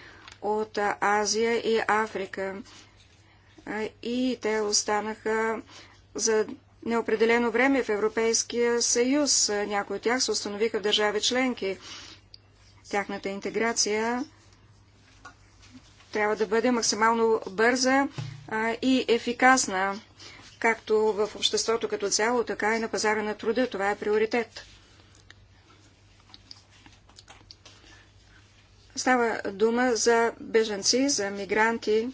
от Азия и Африка. И те останаха за неопределено време в Европейския съюз. Някои от тях се установиха в държави членки. Тяхната интеграция трябва да бъде максимално бърза и ефикасна, както в обществото като цяло, така и на пазара на труда. Това е приоритет. Става дума за беженци, за мигранти.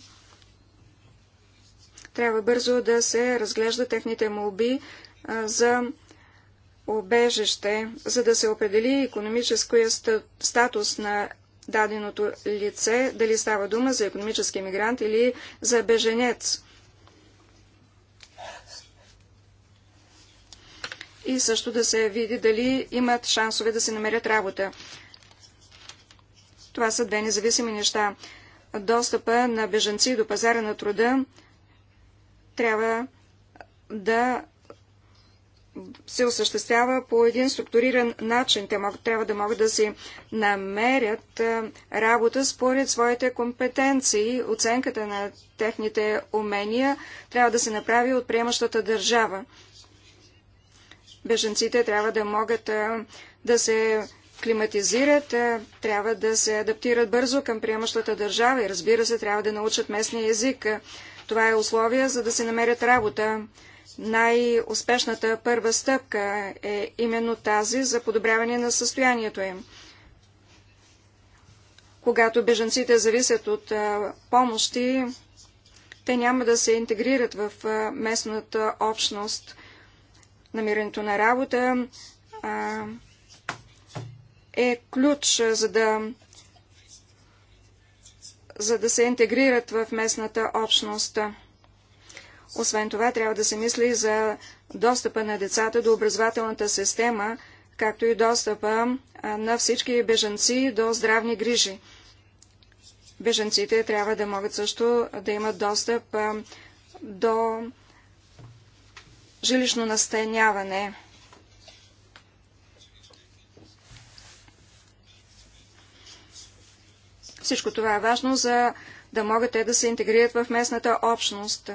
Трябва бързо да се разглежда техните молби за обежище, за да се определи економическия статус на даденото лице, дали става дума за економически мигрант или за беженец. И също да се види дали имат шансове да се намерят работа. Това са две независими неща. Достъпа на беженци до пазара на труда трябва да се осъществява по един структуриран начин. Те могат, трябва да могат да си намерят работа според своите компетенции. Оценката на техните умения трябва да се направи от приемащата държава. Беженците трябва да могат да се климатизират, трябва да се адаптират бързо към приемащата държава и разбира се, трябва да научат местния език. Това е условие, за да се намерят работа. Най-успешната първа стъпка е именно тази за подобряване на състоянието им. Когато беженците зависят от помощи, те няма да се интегрират в местната общност. Намирането на работа, е ключ, за да, за да се интегрират в местната общност. Освен това, трябва да се мисли за достъпа на децата до образователната система, както и достъпа на всички бежанци до здравни грижи. Бежанците трябва да могат също да имат достъп до жилищно настаняване. Всичко това е важно, за да могат те да се интегрират в местната общност.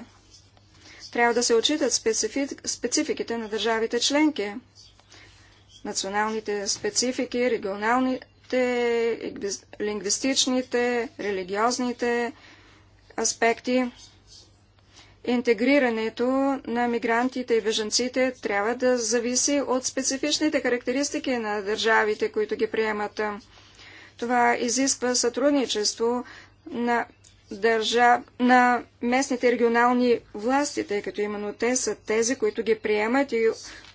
Трябва да се отчитат специфи... спецификите на държавите членки. Националните специфики, регионалните, лингвистичните, религиозните аспекти. Интегрирането на мигрантите и беженците трябва да зависи от специфичните характеристики на държавите, които ги приемат. Това изисква сътрудничество на, държа... на местните регионални власти, тъй като именно те са тези, които ги приемат и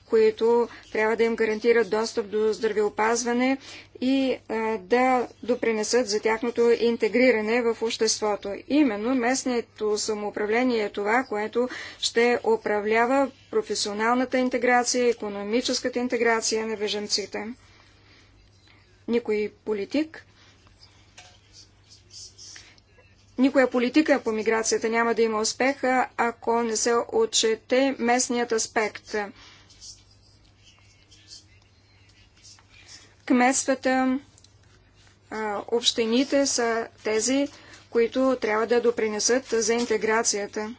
които трябва да им гарантират достъп до здравеопазване и а, да допринесат за тяхното интегриране в обществото. Именно местното самоуправление е това, което ще управлява професионалната интеграция, економическата интеграция на беженците никой политик. Никоя политика по миграцията няма да има успеха, ако не се отчете местният аспект. Кметствата, общините са тези, които трябва да допринесат за интеграцията.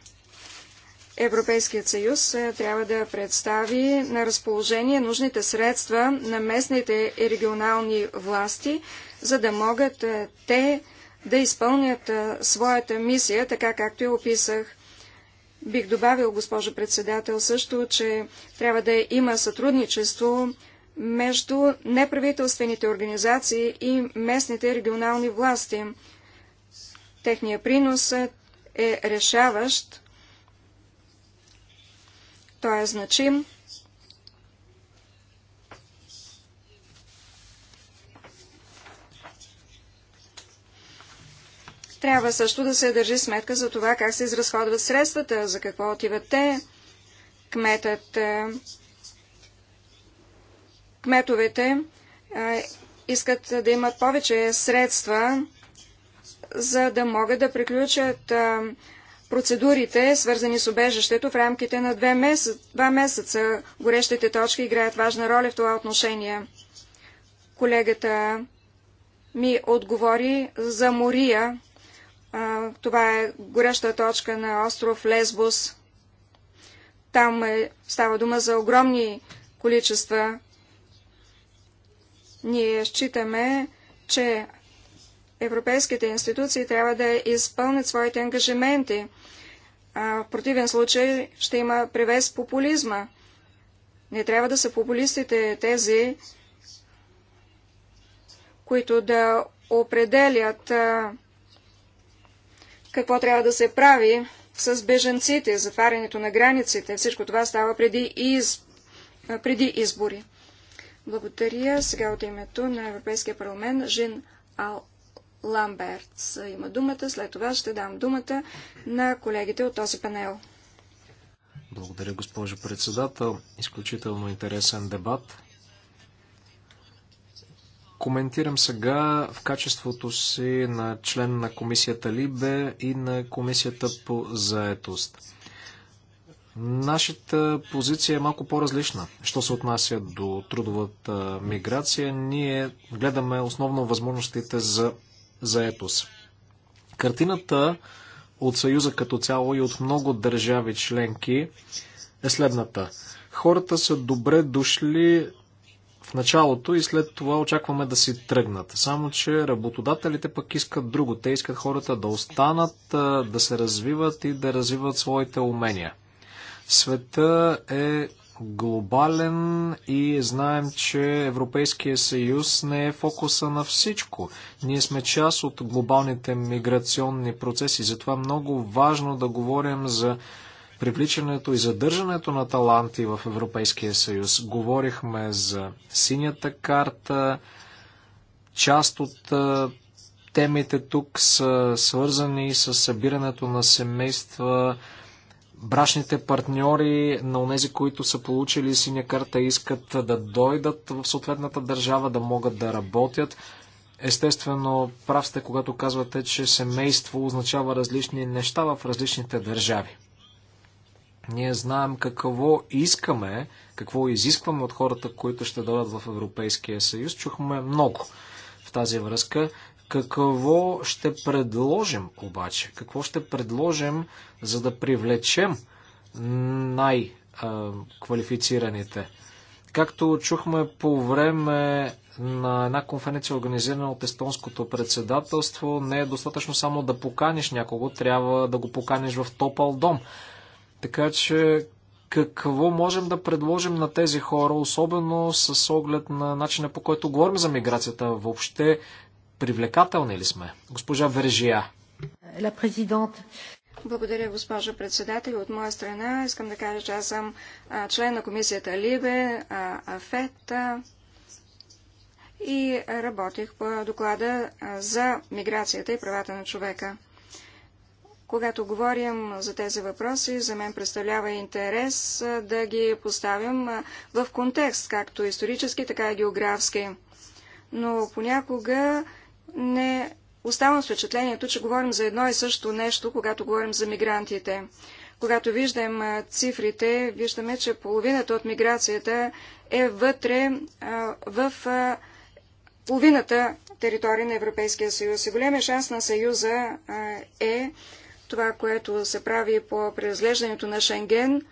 Европейският съюз е, трябва да представи на разположение нужните средства на местните и регионални власти, за да могат е, те да изпълнят е, своята мисия, така както я описах. Бих добавил, госпожо председател, също, че трябва да има сътрудничество между неправителствените организации и местните регионални власти. Техният принос е решаващ той е значим. Трябва също да се държи сметка за това как се изразходват средствата, за какво отиват те. Кметът, е, кметовете е, искат да имат повече средства, за да могат да приключат е, процедурите, свързани с обежището в рамките на две месец, два месеца. Горещите точки играят важна роля в това отношение. Колегата ми отговори за Мория. Това е гореща точка на остров Лесбос. Там е, става дума за огромни количества. Ние считаме, че европейските институции трябва да изпълнят своите ангажименти. А в противен случай ще има превес популизма. Не трябва да са популистите тези, които да определят а, какво трябва да се прави с беженците, затварянето на границите. Всичко това става преди, из... преди избори. Благодаря сега от името на Европейския парламент Жин Ал Ламбертс има думата. След това ще дам думата на колегите от този панел. Благодаря, госпожо председател. Изключително интересен дебат. Коментирам сега в качеството си на член на комисията Либе и на комисията по заетост. Нашата позиция е малко по-различна. Що се отнася до трудовата миграция, ние гледаме основно възможностите за заетост. Картината от Съюза като цяло и от много държави членки е следната. Хората са добре дошли в началото и след това очакваме да си тръгнат. Само, че работодателите пък искат друго. Те искат хората да останат, да се развиват и да развиват своите умения. Света е глобален и знаем, че Европейския съюз не е фокуса на всичко. Ние сме част от глобалните миграционни процеси, затова е много важно да говорим за привличането и задържането на таланти в Европейския съюз. Говорихме за синята карта, част от темите тук са свързани с събирането на семейства, Брашните партньори на онези, които са получили синя карта, искат да дойдат в съответната държава, да могат да работят. Естествено, прав сте, когато казвате, че семейство означава различни неща в различните държави. Ние знаем какво искаме, какво изискваме от хората, които ще дойдат в Европейския съюз. Чухме много в тази връзка. Какво ще предложим обаче? Какво ще предложим, за да привлечем най-квалифицираните? Както чухме по време на една конференция, организирана от естонското председателство, не е достатъчно само да поканиш някого, трябва да го поканиш в топъл дом. Така че какво можем да предложим на тези хора, особено с оглед на начина по който говорим за миграцията въобще, Привлекателни ли сме? Госпожа Вержия. Благодаря, госпожа председател. От моя страна искам да кажа, че аз съм член на комисията Либе, АФЕТ и работих по доклада за миграцията и правата на човека. Когато говорим за тези въпроси, за мен представлява интерес да ги поставям в контекст, както исторически, така и географски. Но понякога не оставам с впечатлението, че говорим за едно и също нещо, когато говорим за мигрантите. Когато виждам цифрите, виждаме, че половината от миграцията е вътре в половината територия на Европейския съюз. И големия шанс на съюза е това, което се прави по преразглеждането на Шенген,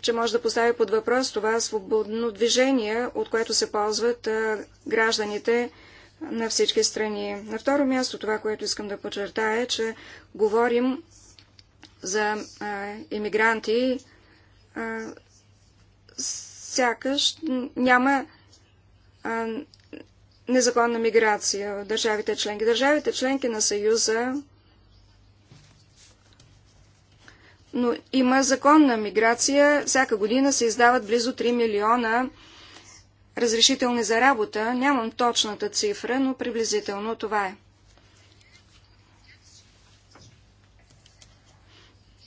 че може да постави под въпрос това свободно движение, от което се ползват гражданите на всички страни. На второ място това, което искам да подчертая е, че говорим за иммигранти, сякаш няма а, незаконна миграция в държавите членки. Държавите членки на Съюза, но има законна миграция. Всяка година се издават близо 3 милиона разрешителни за работа. Нямам точната цифра, но приблизително това е.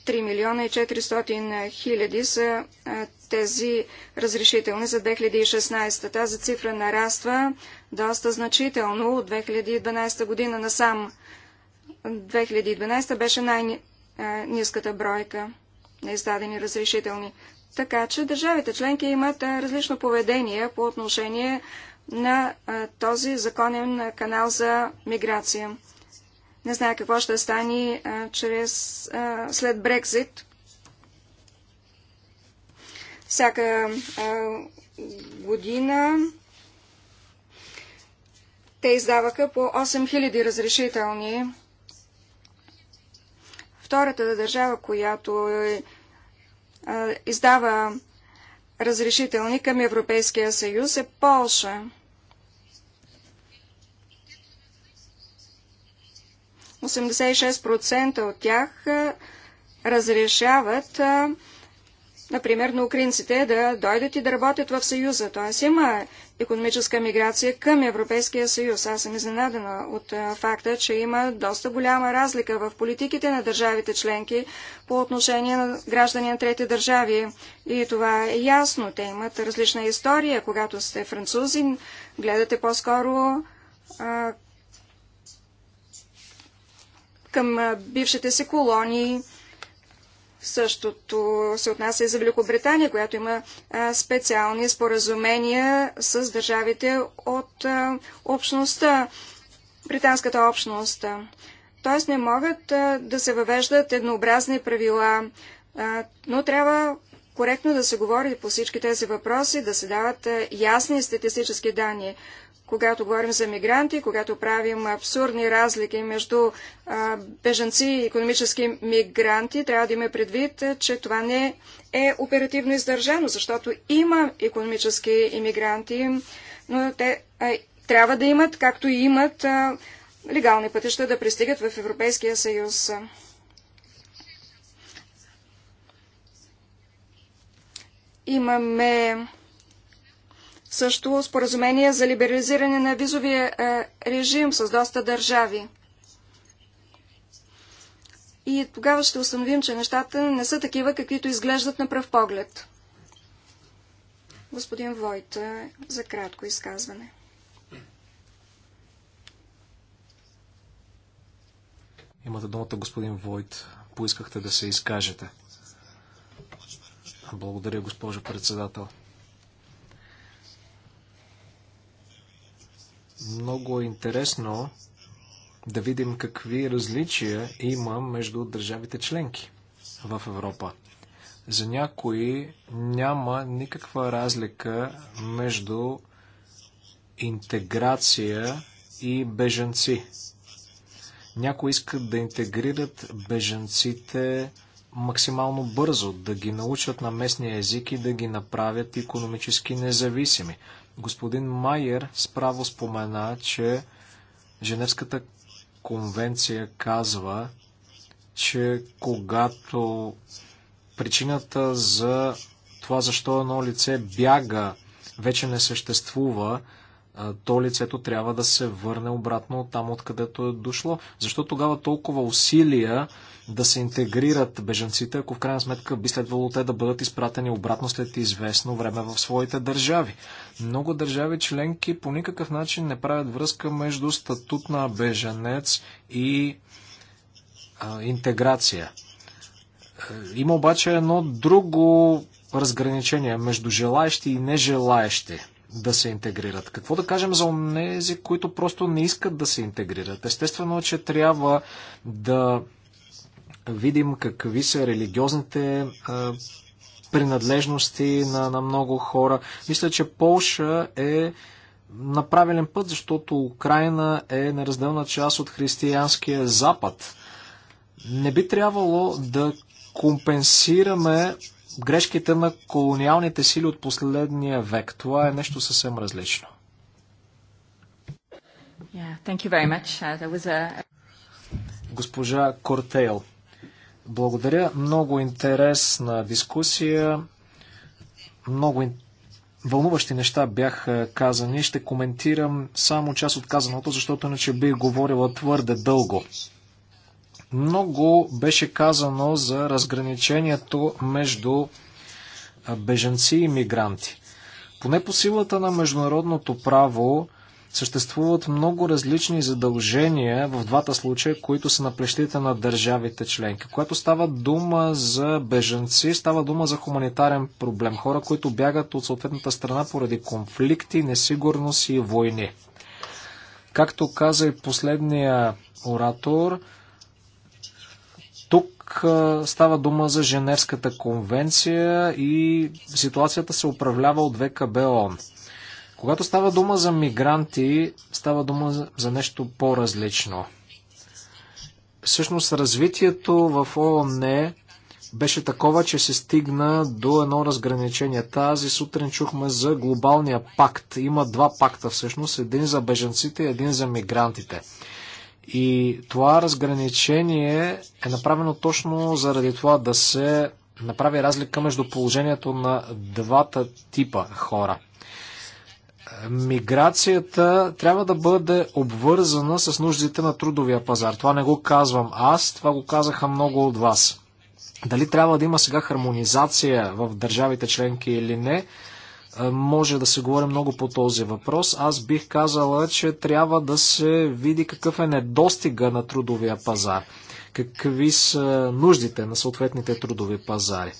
3 милиона и 400 хиляди са тези разрешителни за 2016. Тази цифра нараства доста значително от 2012 година насам. 2012 беше най-низката бройка на издадени разрешителни. Така че държавите членки имат е, различно поведение по отношение на е, този законен канал за миграция. Не знае какво ще стане е, чрез, след Брекзит. Всяка година те издаваха по 8000 разрешителни. Втората държава, която е издава разрешителни към Европейския съюз е Полша. процента от тях разрешават, например, на украинците да дойдат и да работят в Съюза. Т.е. има економическа миграция към Европейския съюз. Аз съм изненадана от факта, че има доста голяма разлика в политиките на държавите членки по отношение на граждани на трети държави. И това е ясно. Те имат различна история. Когато сте французи, гледате по-скоро към бившите си колонии, Същото се отнася и за Великобритания, която има специални споразумения с държавите от общността, британската общност. Тоест не могат да се въвеждат еднообразни правила, но трябва коректно да се говори по всички тези въпроси, да се дават ясни статистически данни когато говорим за мигранти, когато правим абсурдни разлики между беженци и економически мигранти, трябва да има предвид, е, че това не е оперативно издържано, защото има економически иммигранти, но те трябва да имат, както и имат, легални пътища да пристигат в Европейския съюз. Имаме също споразумение за либерализиране на визовия е, режим с доста държави. И тогава ще установим, че нещата не са такива, каквито изглеждат на пръв поглед. Господин Войт, е, за кратко изказване. Имате думата, господин Войт. Поискахте да се изкажете. Благодаря, госпожо председател. Много е интересно да видим какви различия има между държавите членки в Европа. За някои няма никаква разлика между интеграция и бежанци. Някои искат да интегрират бежанците максимално бързо, да ги научат на местния език и да ги направят економически независими. Господин Майер справо спомена, че Женевската конвенция казва, че когато причината за това защо едно лице бяга вече не съществува, то лицето трябва да се върне обратно от там, откъдето е дошло. Защо тогава толкова усилия да се интегрират беженците, ако в крайна сметка би следвало те да бъдат изпратени обратно след известно време в своите държави? Много държави членки по никакъв начин не правят връзка между статут на беженец и а, интеграция. Е, има обаче едно друго разграничение между желаещи и нежелаещи да се интегрират. Какво да кажем за онези, които просто не искат да се интегрират? Естествено, че трябва да видим какви са религиозните а, принадлежности на, на много хора. Мисля, че Полша е на правилен път, защото Украина е неразделна част от християнския запад. Не би трябвало да компенсираме грешките на колониалните сили от последния век. Това е нещо съвсем различно. Yeah, uh, a... Госпожа Кортейл, благодаря. Много интересна дискусия. Много интересна вълнуващи неща бяха казани. Ще коментирам само част от казаното, защото иначе бих говорила твърде дълго. Много беше казано за разграничението между беженци и мигранти. Поне по силата на международното право съществуват много различни задължения в двата случая, които са на плещите на държавите членки. Когато става дума за беженци, става дума за хуманитарен проблем. Хора, които бягат от съответната страна поради конфликти, несигурност и войни. Както каза и последния оратор, тук става дума за Женевската конвенция и ситуацията се управлява от ВКБ ООН. Когато става дума за мигранти, става дума за нещо по-различно. Всъщност развитието в ООН беше такова, че се стигна до едно разграничение. Тази сутрин чухме за глобалния пакт. Има два пакта всъщност. Един за беженците и един за мигрантите. И това разграничение е направено точно заради това да се направи разлика между положението на двата типа хора. Миграцията трябва да бъде обвързана с нуждите на трудовия пазар. Това не го казвам аз, това го казаха много от вас. Дали трябва да има сега хармонизация в държавите членки или не, е, може да се говори много по този въпрос. Аз бих казала, че трябва да се види какъв е недостига на трудовия пазар, какви са нуждите на съответните трудови пазари.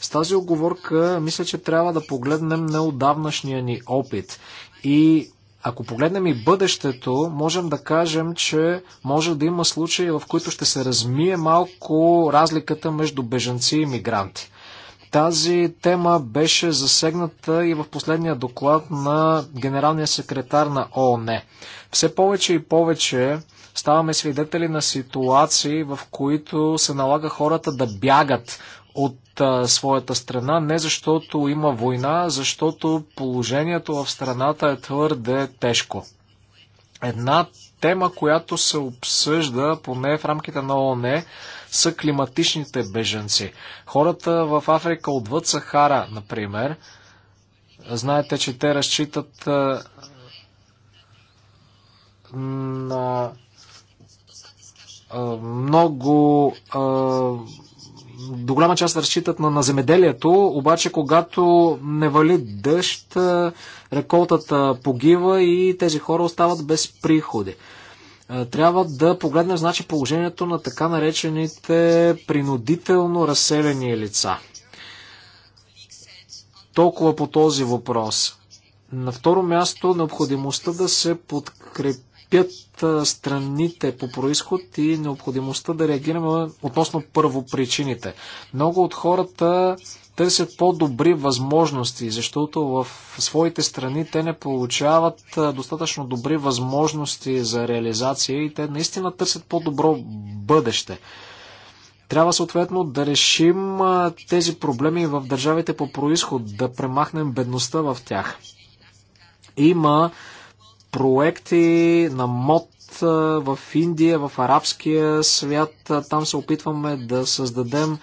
С тази оговорка мисля, че трябва да погледнем неодавнашния ни опит и ако погледнем и бъдещето, можем да кажем, че може да има случаи, в които ще се размие малко разликата между бежанци и мигранти. Тази тема беше засегната и в последния доклад на генералния секретар на ООН. Все повече и повече ставаме свидетели на ситуации, в които се налага хората да бягат от а, своята страна, не защото има война, защото положението в страната е твърде тежко. Една тема, която се обсъжда поне в рамките на ООН, са климатичните беженци. Хората в Африка отвъд Сахара, например, знаете, че те разчитат на много до голяма част разчитат на, на земеделието, обаче когато не вали дъжд, реколтата погива и тези хора остават без приходи. Трябва да погледнем значи, положението на така наречените принудително разселени лица. Толкова по този въпрос. На второ място необходимостта да се подкрепят страните по происход и необходимостта да реагираме относно първопричините. Много от хората търсят по-добри възможности, защото в своите страни те не получават достатъчно добри възможности за реализация и те наистина търсят по-добро бъдеще. Трябва съответно да решим тези проблеми в държавите по происход, да премахнем бедността в тях. Има проекти на МОД в Индия, в арабския свят. Там се опитваме да създадем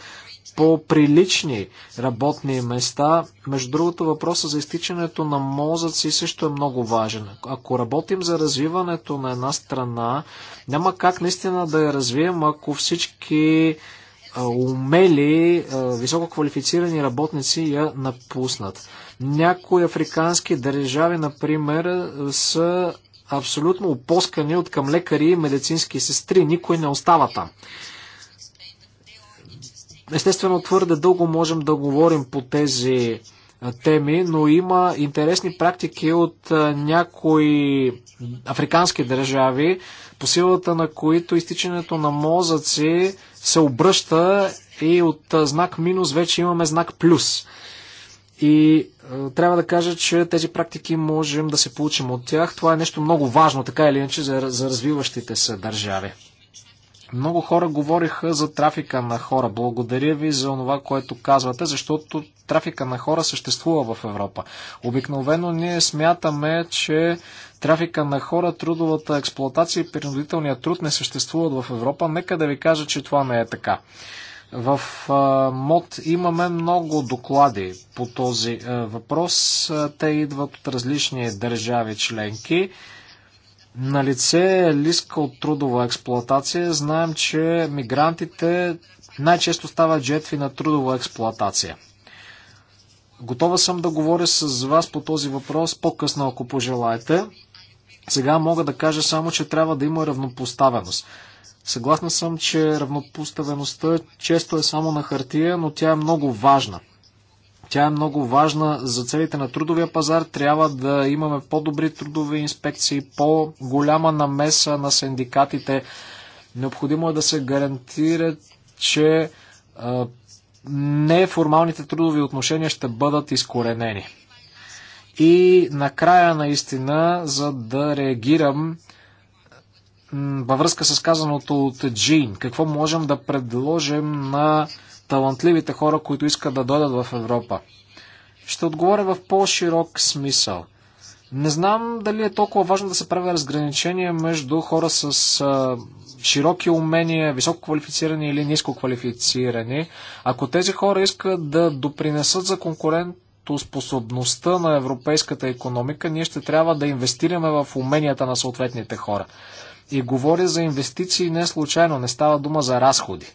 по-прилични работни места. Между другото, въпросът за изтичането на мозъци също е много важен. Ако работим за развиването на една страна, няма как наистина да я развием, ако всички умели, високо квалифицирани работници я напуснат. Някои африкански държави, например, са абсолютно опоскани от към лекари и медицински сестри. Никой не остава там. Естествено, твърде дълго можем да говорим по тези теми, но има интересни практики от някои африкански държави, по силата на които изтичането на мозъци се обръща и от знак минус вече имаме знак плюс. И е, трябва да кажа, че тези практики можем да се получим от тях. Това е нещо много важно, така или иначе, за, за развиващите се държави. Много хора говориха за трафика на хора. Благодаря ви за това, което казвате, защото трафика на хора съществува в Европа. Обикновено ние смятаме, че трафика на хора, трудовата експлоатация и принудителният труд не съществуват в Европа. Нека да ви кажа, че това не е така. В МОД имаме много доклади по този въпрос. Те идват от различни държави членки. На лице е лиска от трудова експлоатация. Знаем, че мигрантите най-често стават жертви на трудова експлоатация. Готова съм да говоря с вас по този въпрос по-късно, ако пожелаете. Сега мога да кажа само, че трябва да има равнопоставеност. Съгласна съм, че равнопоставеността често е само на хартия, но тя е много важна. Тя е много важна за целите на трудовия пазар. Трябва да имаме по-добри трудови инспекции, по-голяма намеса на синдикатите. Необходимо е да се гарантира, че неформалните трудови отношения ще бъдат изкоренени. И накрая, наистина, за да реагирам във връзка с казаното от Джин, какво можем да предложим на талантливите хора, които искат да дойдат в Европа? Ще отговоря в по-широк смисъл. Не знам дали е толкова важно да се прави разграничение между хора с а, широки умения, високо квалифицирани или ниско квалифицирани. Ако тези хора искат да допринесат за конкурентоспособността на европейската економика, ние ще трябва да инвестираме в уменията на съответните хора и говоря за инвестиции не случайно, не става дума за разходи.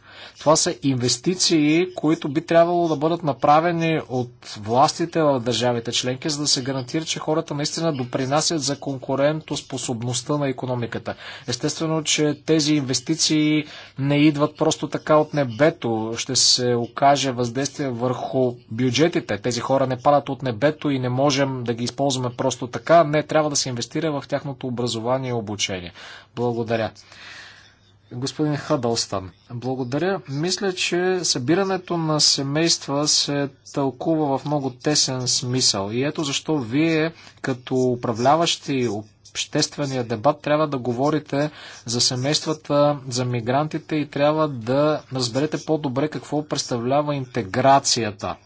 Това са инвестиции, които би трябвало да бъдат направени от властите в държавите членки, за да се гарантира, че хората наистина допринасят за конкурентоспособността на економиката. Естествено, че тези инвестиции не идват просто така от небето. Ще се окаже въздействие върху бюджетите. Тези хора не падат от небето и не можем да ги използваме просто така. Не, трябва да се инвестира в тяхното образование и обучение. Благодаря. Господин Хъдълстън, благодаря. Мисля, че събирането на семейства се тълкува в много тесен смисъл. И ето защо вие, като управляващи обществения дебат, трябва да говорите за семействата, за мигрантите и трябва да разберете по-добре какво представлява интеграцията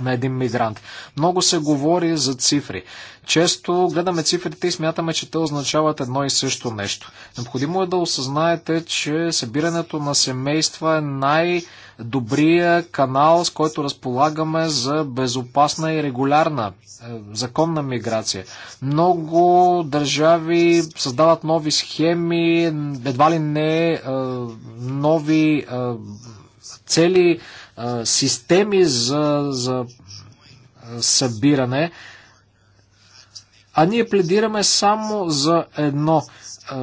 на един мигрант. Много се говори за цифри. Често гледаме цифрите и смятаме, че те означават едно и също нещо. Необходимо е да осъзнаете, че събирането на семейства е най-добрия канал, с който разполагаме за безопасна и регулярна е, законна миграция. Много държави създават нови схеми, едва ли не е, нови е, цели системи за, за събиране, а ние пледираме само за едно.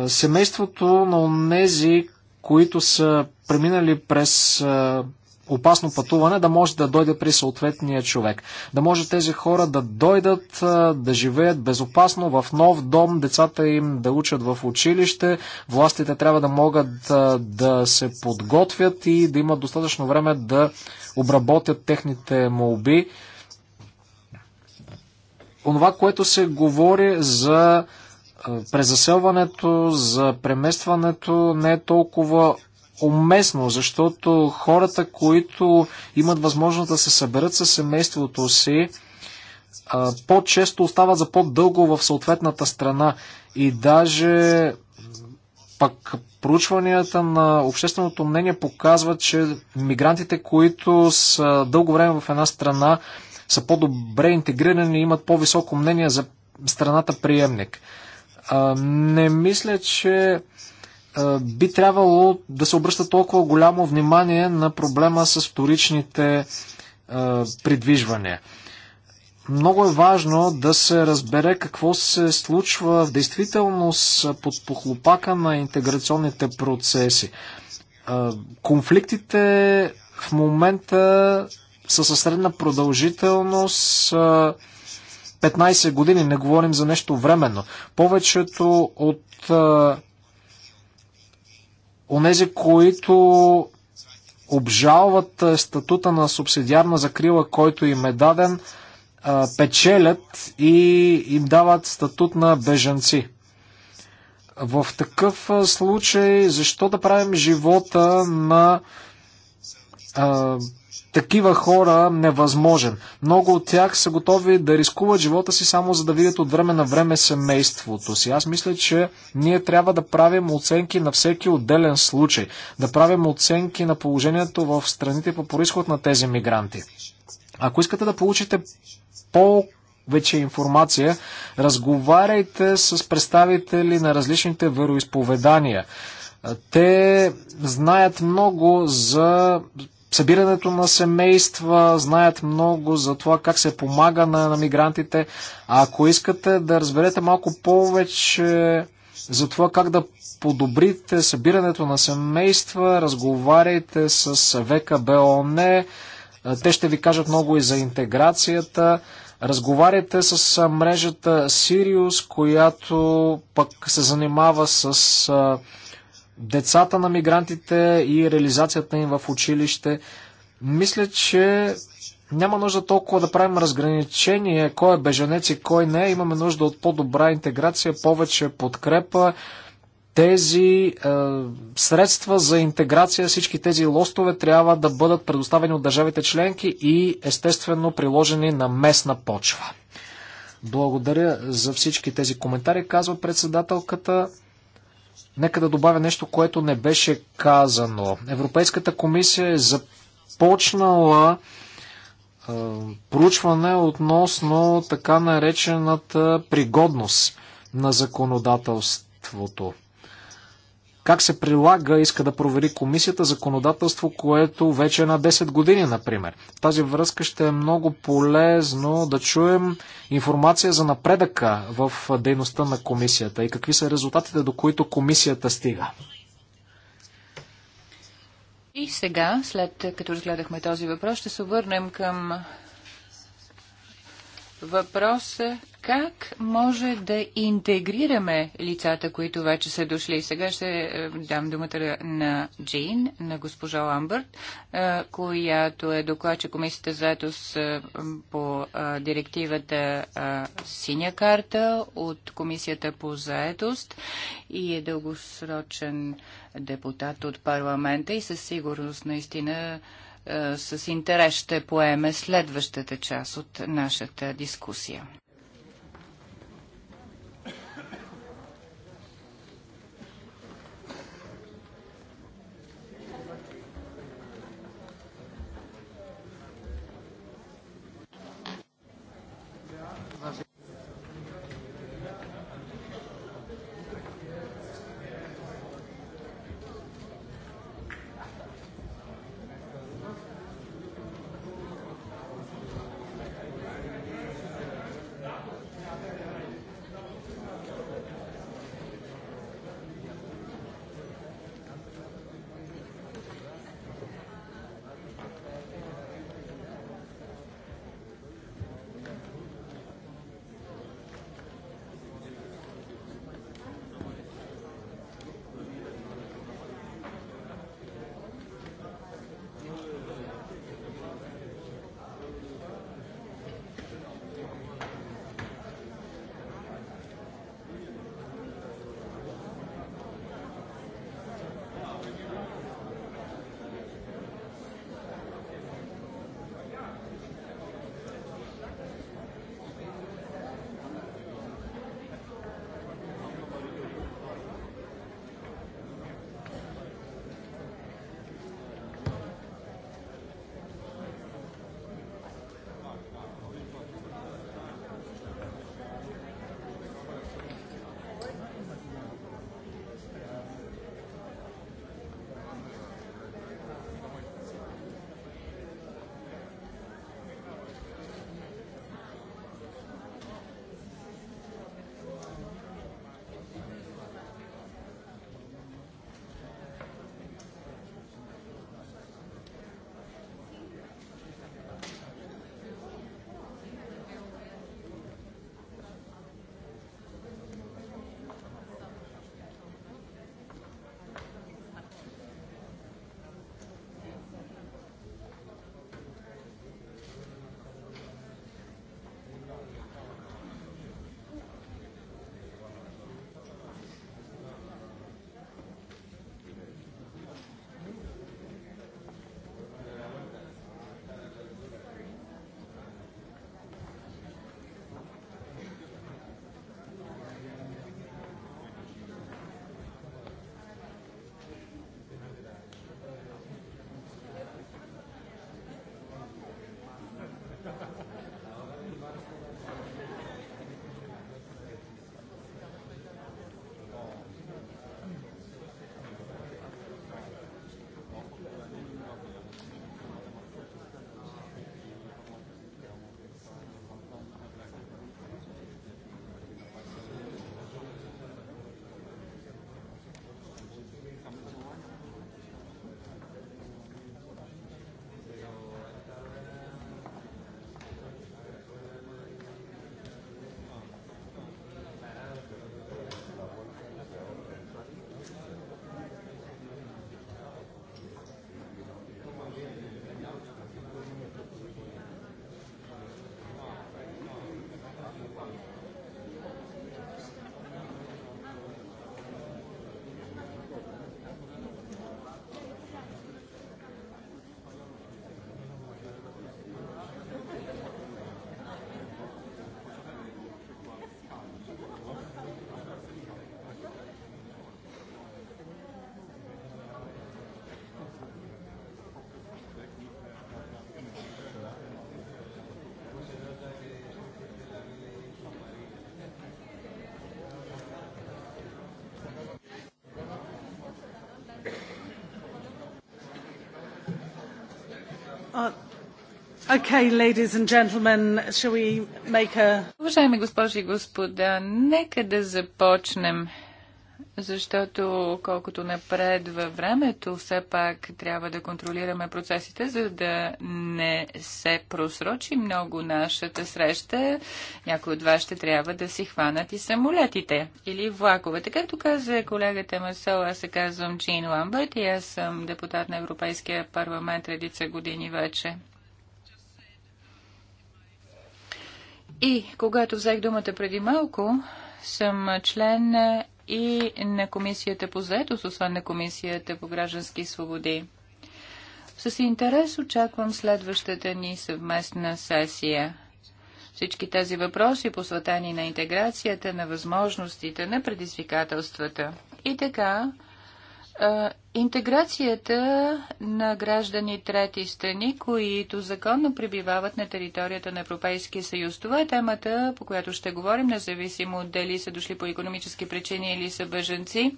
Семейството на онези, които са преминали през опасно пътуване, да може да дойде при съответния човек. Да може тези хора да дойдат, да живеят безопасно в нов дом, децата им да учат в училище, властите трябва да могат да се подготвят и да имат достатъчно време да обработят техните молби. Онова, което се говори за презаселването, за преместването не е толкова уместно, защото хората, които имат възможност да се съберат със семейството си, по-често остават за по-дълго в съответната страна и даже пък проучванията на общественото мнение показват, че мигрантите, които са дълго време в една страна, са по-добре интегрирани и имат по-високо мнение за страната приемник. Не мисля, че би трябвало да се обръща толкова голямо внимание на проблема с вторичните придвижвания. Много е важно да се разбере какво се случва в действителност под похлопака на интеграционните процеси. Конфликтите в момента са със средна продължителност 15 години, не говорим за нещо временно. Повечето от онези, които обжалват е, статута на субсидиарна закрила, който им е даден, печелят и им дават статут на бежанци. В такъв случай, защо да правим живота на а, такива хора невъзможен. Много от тях са готови да рискуват живота си само за да видят от време на време семейството си. Аз мисля, че ние трябва да правим оценки на всеки отделен случай, да правим оценки на положението в страните по происход на тези мигранти. Ако искате да получите по вече информация, разговаряйте с представители на различните вероисповедания. Те знаят много за събирането на семейства, знаят много за това как се помага на, на мигрантите. А ако искате да разберете малко повече за това как да подобрите събирането на семейства, разговаряйте с века ОНЕ, те ще ви кажат много и за интеграцията. Разговаряйте с мрежата Sirius, която пък се занимава с децата на мигрантите и реализацията им в училище. Мисля, че няма нужда толкова да правим разграничение кой е беженец и кой не. Имаме нужда от по-добра интеграция, повече подкрепа. Тези е, средства за интеграция, всички тези лостове трябва да бъдат предоставени от държавите членки и естествено приложени на местна почва. Благодаря за всички тези коментари, казва председателката. Нека да добавя нещо, което не беше казано. Европейската комисия е започнала е, проучване относно така наречената пригодност на законодателството как се прилага, иска да провери комисията законодателство, което вече е на 10 години, например. В тази връзка ще е много полезно да чуем информация за напредъка в дейността на комисията и какви са резултатите, до които комисията стига. И сега, след като разгледахме този въпрос, ще се върнем към въпроса как може да интегрираме лицата, които вече са дошли. Сега ще е, дам думата на Джин, на госпожа Ламбърт, е, която е докладче комисията заедост е, по директивата Синя карта от комисията по заетост, и е дългосрочен депутат от парламента и със сигурност наистина с интерес ще поеме следващата част от нашата дискусия. Uh, okay, ladies and gentlemen, shall Уважаеми госпожи и господа, нека да започнем защото колкото напред във времето, все пак трябва да контролираме процесите, за да не се просрочи много нашата среща. Някои от вас ще трябва да си хванат и самолетите или влаковете. Както каза колегата Масол, аз се казвам Джин Ламбърт и аз съм депутат на Европейския парламент редица години вече. И когато взех думата преди малко, съм член и на Комисията по заедост, освен на Комисията по граждански свободи. С интерес очаквам следващата ни съвместна сесия. Всички тези въпроси, посветени на интеграцията, на възможностите, на предизвикателствата. И така, Интеграцията на граждани трети страни, които законно прибивават на територията на Европейския съюз. Това е темата, по която ще говорим, независимо дали са дошли по економически причини или са бъженци.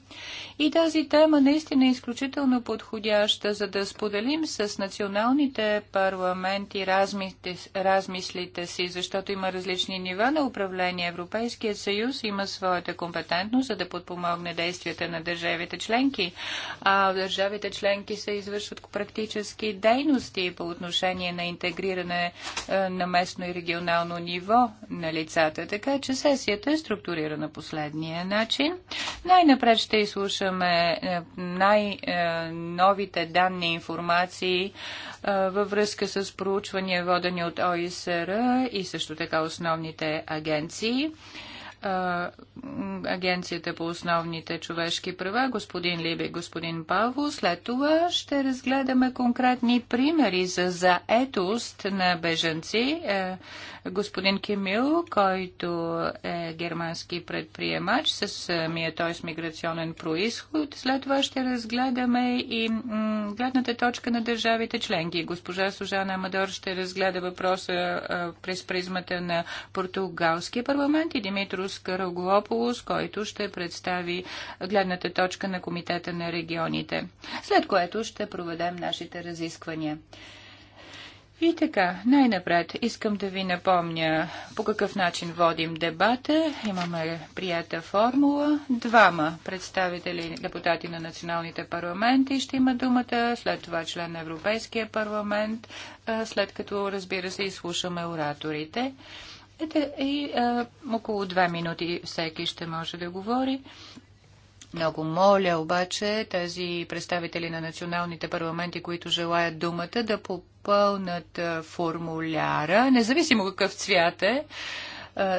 И тази тема наистина е изключително подходяща, за да споделим с националните парламенти размислите, размислите си, защото има различни нива на управление. Европейският съюз има своята компетентност, за да подпомогне действията на държавите членки. А в държавите членки се извършват практически дейности по отношение на интегриране е, на местно и регионално ниво на лицата. Така че сесията е структурирана последния начин. Най-напред ще изслушаме е, най-новите е, данни и информации във връзка с проучвания, водени от ОИСР и също така основните агенции. Агенцията по основните човешки права, господин Либе, господин Павло. След това ще разгледаме конкретни примери за заетост на беженци господин Кемил, който е германски предприемач с самия е, той е миграционен происход. След това ще разгледаме и гледната точка на държавите членки. Госпожа Сужана Амадор ще разгледа въпроса през призмата на португалския парламент и Димитрос Караголополос, който ще представи гледната точка на Комитета на регионите. След което ще проведем нашите разисквания. И така, най-напред искам да ви напомня по какъв начин водим дебата. Имаме прията формула. Двама представители, депутати на националните парламенти ще имат думата, след това член на Европейския парламент, след като, разбира се, изслушаме ораторите. Ето и а, около две минути всеки ще може да говори. Много моля обаче тези представители на националните парламенти, които желаят думата, да Пълната формуляра, независимо какъв цвят е,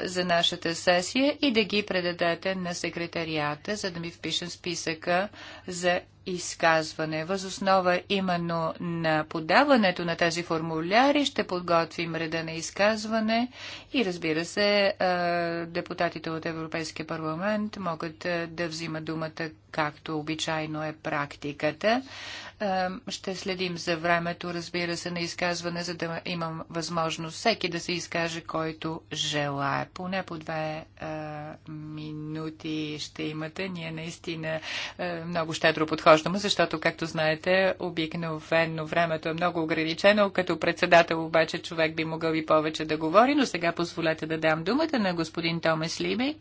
за нашата сесия и да ги предадете на секретарията, за да ми впишем списъка за изказване. Възоснова именно на подаването на тези формуляри ще подготвим реда на изказване и разбира се, депутатите от Европейския парламент могат да взимат думата както обичайно е практиката. Ще следим за времето, разбира се, на изказване, за да имам възможност всеки да се изкаже, който желая. Поне по две минути ще имате. Ние наистина много щедро подходим подхождам, защото, както знаете, обикновено времето е много ограничено. Като председател обаче човек би могъл и повече да говори, но сега позволете да дам думата на господин Томас Либек,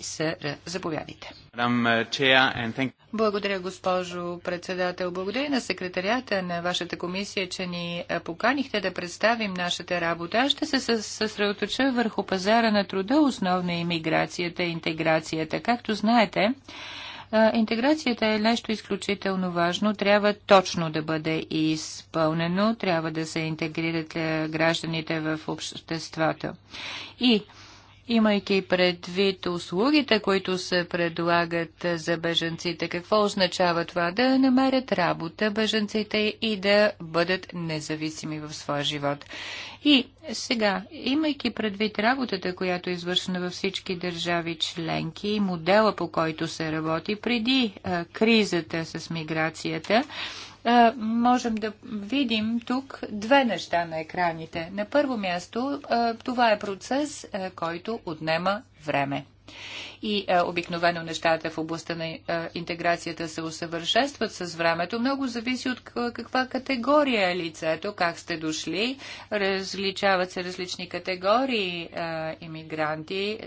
се Заповядайте. Uh, Благодаря, госпожо председател. Благодаря на секретарията на вашата комисия, че ни поканихте да представим нашата работа. Аз ще се съсредоточа върху пазара на труда, основна иммиграцията и интеграцията. Както знаете, Интеграцията е нещо изключително важно. Трябва точно да бъде изпълнено. Трябва да се интегрират е, гражданите в обществата. И имайки предвид услугите, които се предлагат за беженците. Какво означава това? Да намерят работа беженците и да бъдат независими в своя живот. И сега, имайки предвид работата, която е извършена във всички държави членки и модела по който се работи преди а, кризата с миграцията, можем да видим тук две неща на екраните. На първо място, това е процес, който отнема време и а, е, обикновено нещата в областта на а, е, интеграцията се усъвършенстват с времето. Много зависи от каква категория е лицето, как сте дошли. Различават се различни категории а, е, иммигранти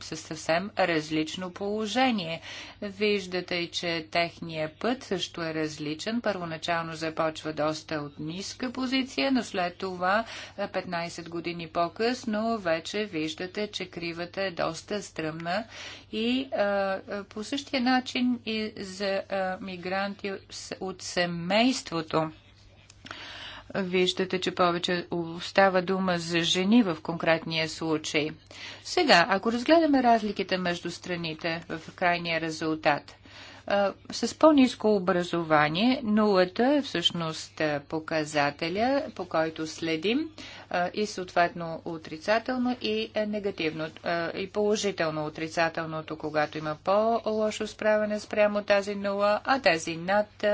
със съвсем различно положение. Виждате, че техния път също е различен. Първоначално започва доста от ниска позиция, но след това 15 години по-късно вече виждате, че кривата е доста стръмна и а, по същия начин и за а, мигранти от семейството. Виждате, че повече става дума за жени в конкретния случай. Сега, ако разгледаме разликите между страните в крайния резултат, с по-низко образование. Нулата е всъщност показателя, по който следим и съответно отрицателно и е, негативно и положително отрицателното, когато има по-лошо справяне спрямо тази нула, а тези над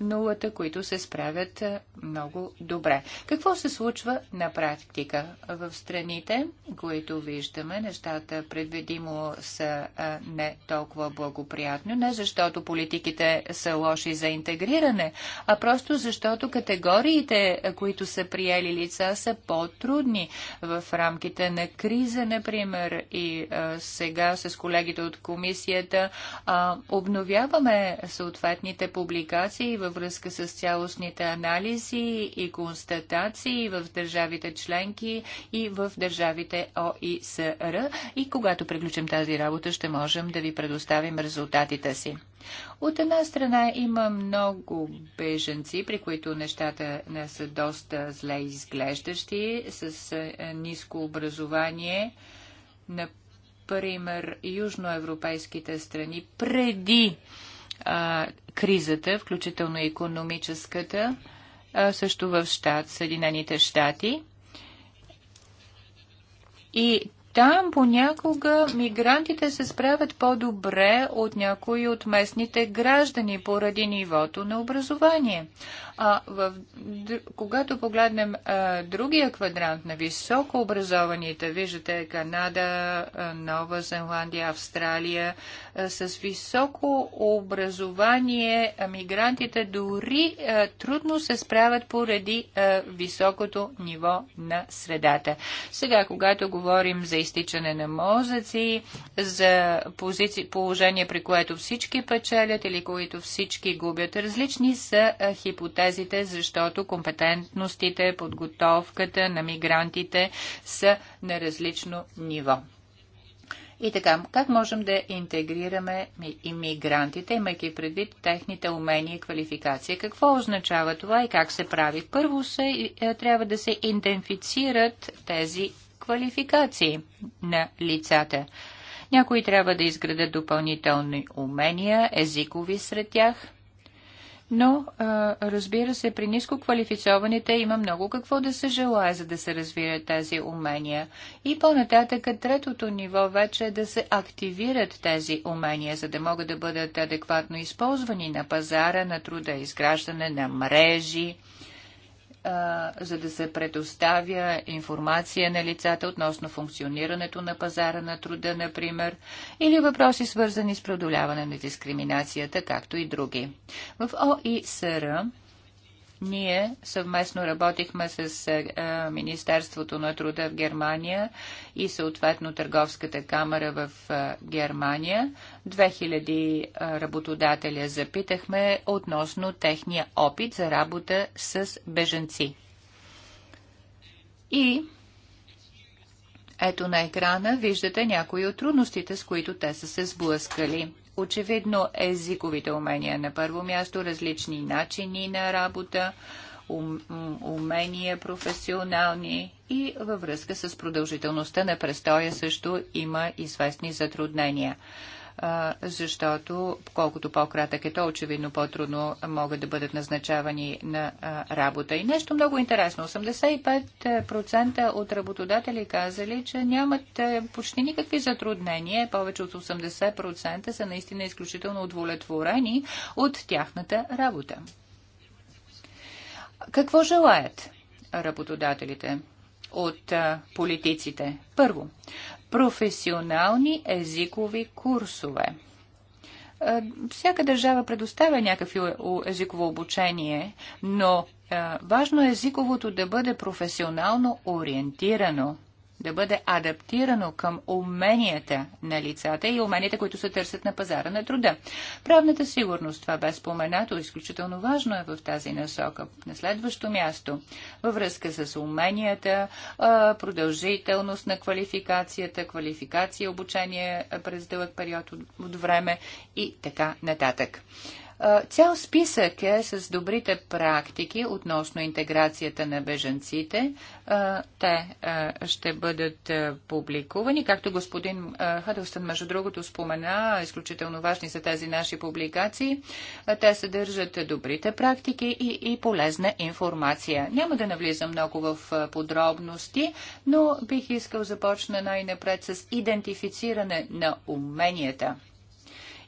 нулата, които се справят много добре. Какво се случва на практика в страните, които виждаме? Нещата предвидимо са не толкова благоприятни, не защото политиките са лоши за интегриране, а просто защото категориите, които са приели лица, са по по-трудни в рамките на криза, например. И сега с колегите от комисията обновяваме съответните публикации във връзка с цялостните анализи и констатации в държавите членки и в държавите ОИСР. И когато приключим тази работа, ще можем да ви предоставим резултатите си. От една страна има много беженци, при които нещата не са доста зле изглеждащи с с е, е, ниско образование, например, южноевропейските страни преди а, кризата, включително економическата, а, също в щат, Съединените щати. И там понякога мигрантите се справят по-добре от някои от местните граждани поради нивото на образование. А в, когато погледнем а, другия квадрант на високообразованите, виждате Канада, Нова Зеландия, Австралия, а, с високо образование мигрантите дори а, трудно се справят поради а, високото ниво на средата. Сега, когато говорим за изтичане на мозъци, за позици, положение, при което всички печелят или които всички губят, различни са хипотези хипотезите, защото компетентностите, подготовката на мигрантите са на различно ниво. И така, как можем да интегрираме иммигрантите, имайки предвид техните умения и квалификация? Какво означава това и как се прави? Първо се, е, трябва да се идентифицират тези квалификации на лицата. Някои трябва да изградат допълнителни умения, езикови сред тях – но а, разбира се, при ниско квалифицованите има много какво да се желая, за да се развият тези умения. И по-нататък третото ниво вече е да се активират тези умения, за да могат да бъдат адекватно използвани на пазара на труда, изграждане на мрежи, за да се предоставя информация на лицата относно функционирането на пазара на труда, например, или въпроси свързани с преодоляване на дискриминацията, както и други. В ОИСР ние съвместно работихме с е, е, Министерството на труда в Германия и съответно Търговската камера в е, Германия. 2000 работодателя запитахме относно техния опит за работа с беженци. И ето на екрана виждате някои от трудностите, с които те са се сблъскали очевидно езиковите умения на първо място, различни начини на работа, умения професионални и във връзка с продължителността на престоя също има известни затруднения защото колкото по-кратък е то, очевидно по-трудно могат да бъдат назначавани на работа. И нещо много интересно. 85% от работодатели казали, че нямат почти никакви затруднения. Повече от 80% са наистина изключително удовлетворени от тяхната работа. Какво желаят работодателите от политиците? Първо, професионални езикови курсове. Всяка държава предоставя някакво езиково обучение, но важно е езиковото да бъде професионално ориентирано да бъде адаптирано към уменията на лицата и уменията, които се търсят на пазара на труда. Правната сигурност, това бе споменато, изключително важно е в тази насока. На следващо място, във връзка с уменията, продължителност на квалификацията, квалификация, обучение през дълъг период от време и така нататък. Цял списък е с добрите практики относно интеграцията на бежанците. Те ще бъдат публикувани. Както господин Хадълстън между другото, спомена, изключително важни са тези наши публикации. Те съдържат добрите практики и, и полезна информация. Няма да навлизам много в подробности, но бих искал започна най-напред с идентифициране на уменията.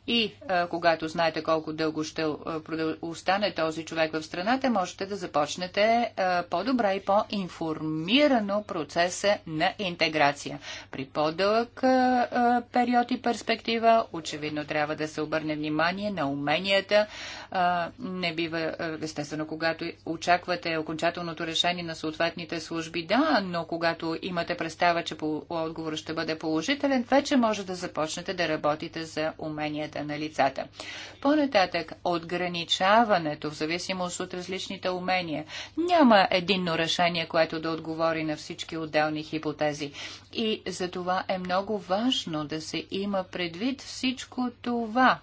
И а, когато знаете колко дълго ще а, остане този човек в страната, можете да започнете по добра и по-информирано процеса на интеграция. При по-дълъг период и перспектива, очевидно трябва да се обърне внимание на уменията. А, не бива, естествено, когато очаквате окончателното решение на съответните служби, да, но когато имате представа, че по отговор ще бъде положителен, вече може да започнете да работите за уменията правата на лицата. По-нататък, отграничаването в зависимост от различните умения. Няма единно решение, което да отговори на всички отделни хипотези. И за това е много важно да се има предвид всичко това.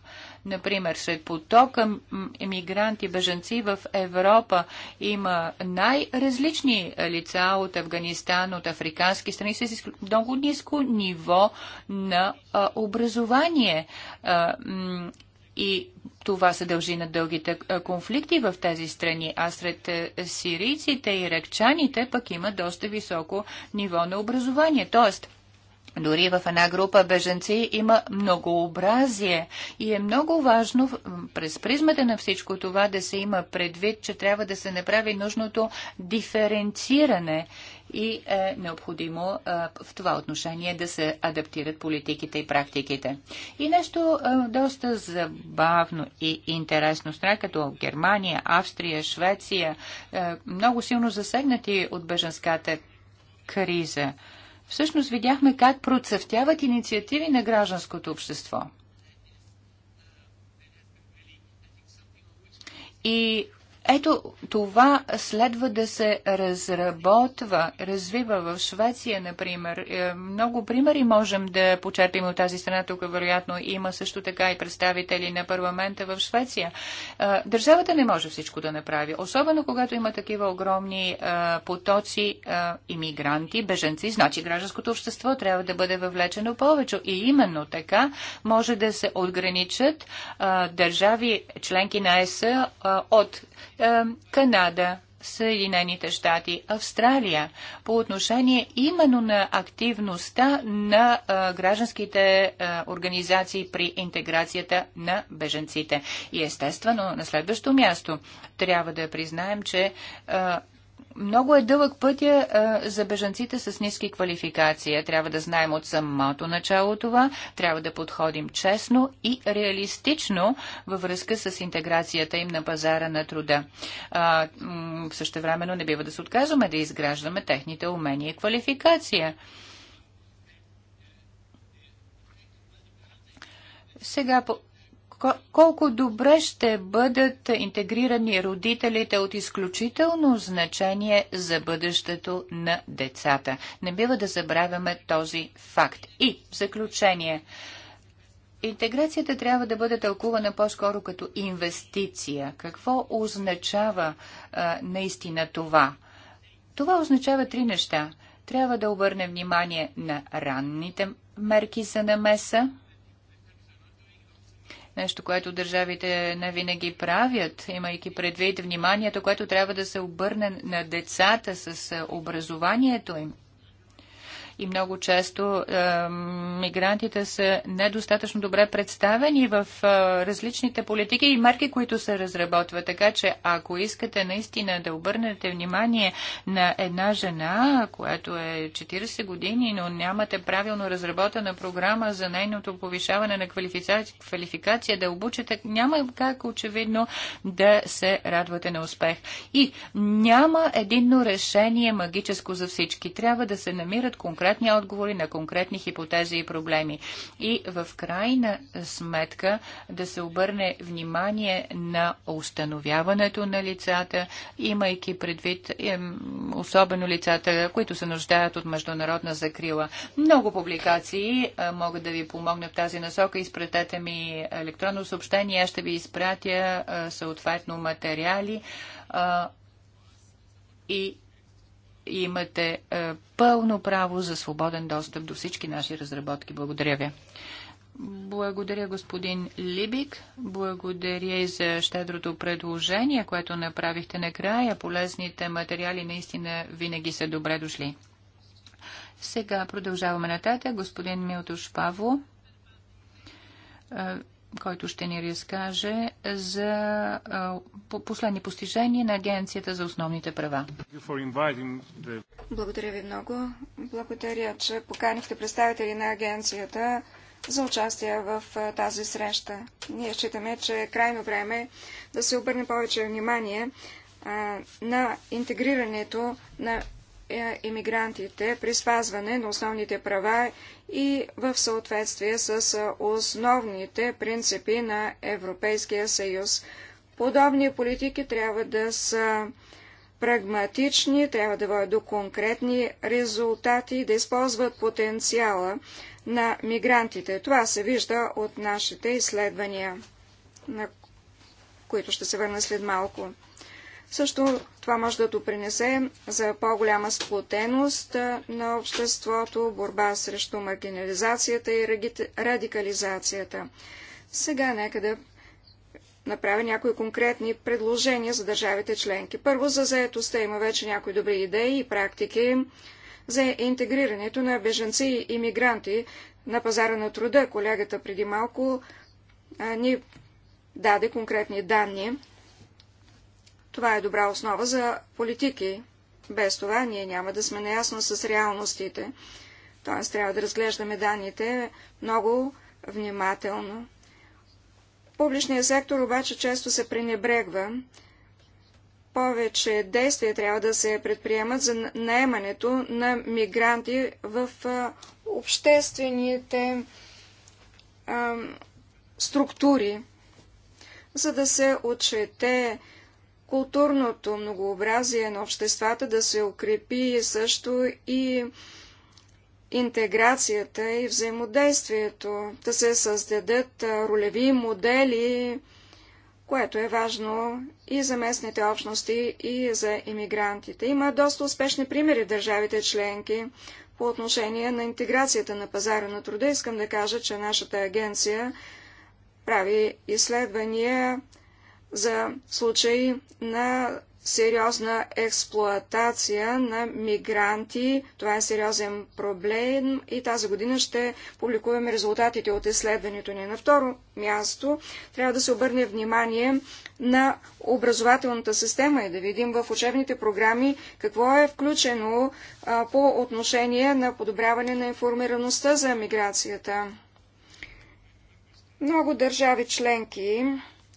Например, сред потока емигранти, бежанци в Европа има най-различни лица от Афганистан, от африкански страни с много ниско ниво на образование. и това се дължи на дългите конфликти в тези страни, а сред е, сирийците и иракчаните пък има доста високо ниво на образование. Тоест, дори в една група беженци има многообразие и е много важно през призмата на всичко това да се има предвид, че трябва да се направи нужното диференциране и е необходимо е, в това отношение да се адаптират политиките и практиките. И нещо е, доста забавно и интересно. Страна като Германия, Австрия, Швеция, е, много силно засегнати от беженската криза всъщност видяхме как процъфтяват инициативи на гражданското общество. И ето това следва да се разработва, развива в Швеция, например. Е, много примери можем да почерпим от тази страна. Тук вероятно има също така и представители на парламента в Швеция. Е, държавата не може всичко да направи, особено когато има такива огромни е, потоци иммигранти, беженци. Значи гражданското общество трябва да бъде въвлечено повече. И именно така може да се отграничат държави членки на ЕС от Канада, Съединените щати, Австралия по отношение именно на активността на гражданските организации при интеграцията на беженците. И естествено, на следващо място трябва да признаем, че много е дълъг пътя а, е, за бежанците с ниски квалификации. Трябва да знаем от самото начало това, трябва да подходим честно и реалистично във връзка с интеграцията им на пазара на труда. А, същевременно не бива да се отказваме да изграждаме техните умения и квалификация. Сега по колко добре ще бъдат интегрирани родителите от изключително значение за бъдещето на децата. Не бива да забравяме този факт. И в заключение, Интеграцията трябва да бъде тълкувана по-скоро като инвестиция. Какво означава а, наистина това? Това означава три неща. Трябва да обърнем внимание на ранните мерки за намеса, Нещо, което държавите не винаги правят, имайки предвид вниманието, което трябва да се обърне на децата с образованието им и много често е, мигрантите са недостатъчно добре представени в е, различните политики и марки, които се разработват. Така че ако искате наистина да обърнете внимание на една жена, която е 40 години, но нямате правилно разработена програма за нейното повишаване на квалификация, квалификация да обучите, няма как очевидно да се радвате на успех. И няма единно решение магическо за всички. Трябва да се намират конкретно конкретни отговори на конкретни хипотези и проблеми. И в крайна сметка да се обърне внимание на установяването на лицата, имайки предвид особено лицата, които се нуждаят от международна закрила. Много публикации е, могат да ви помогнат в тази насока. Изпратете ми електронно съобщение, аз ще ви изпратя е, съответно материали е, и и имате е, пълно право за свободен достъп до всички наши разработки. Благодаря ви. Благодаря, господин Либик. Благодаря и за щедрото предложение, което направихте накрая. Полезните материали наистина винаги са добре дошли. Сега продължаваме нататък. Господин Милтош Павло е, който ще ни разкаже за последни постижения на Агенцията за основните права. Благодаря ви много. Благодаря, че поканихте представители на Агенцията за участие в тази среща. Ние считаме, че е крайно време да се обърне повече внимание на интегрирането на е, имигрантите при спазване на основните права и в съответствие с основните принципи на Европейския съюз. Подобни политики трябва да са прагматични, трябва да водят до конкретни резултати и да използват потенциала на мигрантите. Това се вижда от нашите изследвания, на които ще се върна след малко. Също това може да допринесе за по-голяма сплотеност на обществото, борба срещу маргинализацията и радикализацията. Сега нека да направя някои конкретни предложения за държавите членки. Първо, за заетостта има вече някои добри идеи и практики за интегрирането на беженци и мигранти на пазара на труда. Колегата преди малко ни даде конкретни данни това е добра основа за политики. Без това ние няма да сме наясно с реалностите. Т.е. трябва да разглеждаме данните много внимателно. Публичният сектор обаче често се пренебрегва. Повече действия трябва да се предприемат за наемането на мигранти в обществените структури, за да се отчете културното многообразие на обществата да се укрепи също и интеграцията и взаимодействието, да се създадат ролеви модели, което е важно и за местните общности, и за иммигрантите. Има доста успешни примери в държавите членки по отношение на интеграцията на пазара на труда. Искам да кажа, че нашата агенция прави изследвания за случаи на сериозна експлоатация на мигранти. Това е сериозен проблем и тази година ще публикуваме резултатите от изследването ни. На второ място трябва да се обърне внимание на образователната система и да видим в учебните програми какво е включено по отношение на подобряване на информираността за миграцията. Много държави членки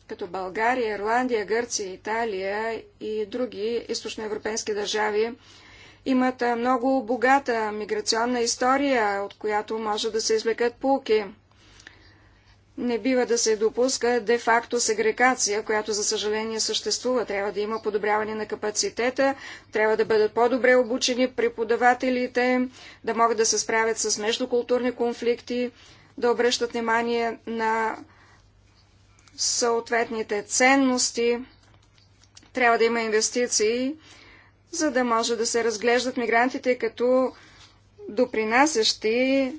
като България, Ирландия, Гърция, Италия и други източноевропейски държави имат много богата миграционна история, от която може да се извлекат полки. Не бива да се допуска де-факто сегрегация, която за съжаление съществува. Трябва да има подобряване на капацитета, трябва да бъдат по-добре обучени преподавателите, да могат да се справят с междукултурни конфликти, да обръщат внимание на съответните ценности. Трябва да има инвестиции, за да може да се разглеждат мигрантите като допринасящи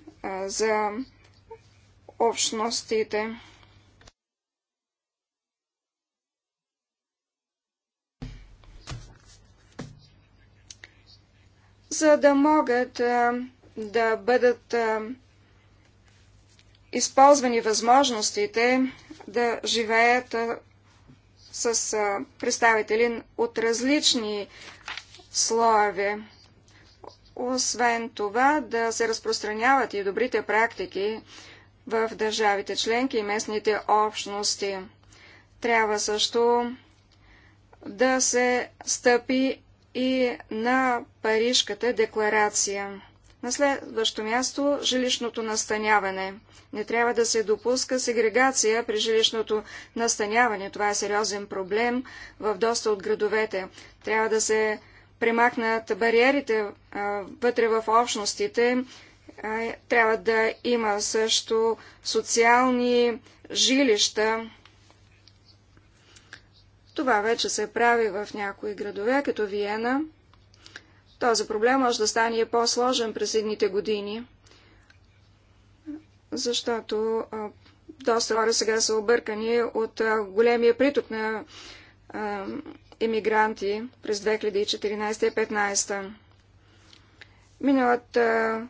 за общностите. За да могат да бъдат използвани възможностите да живеят с представители от различни слоеве. Освен това, да се разпространяват и добрите практики в държавите членки и местните общности. Трябва също да се стъпи и на Парижката декларация. На следващо място – жилищното настаняване. Не трябва да се допуска сегрегация при жилищното настаняване. Това е сериозен проблем в доста от градовете. Трябва да се премахнат бариерите вътре в общностите. трябва да има също социални жилища. Това вече се прави в някои градове, като Виена – този проблем може да стане по-сложен през едните години, защото доста хора сега са объркани от големия приток на емигранти през 2014-2015. Миналата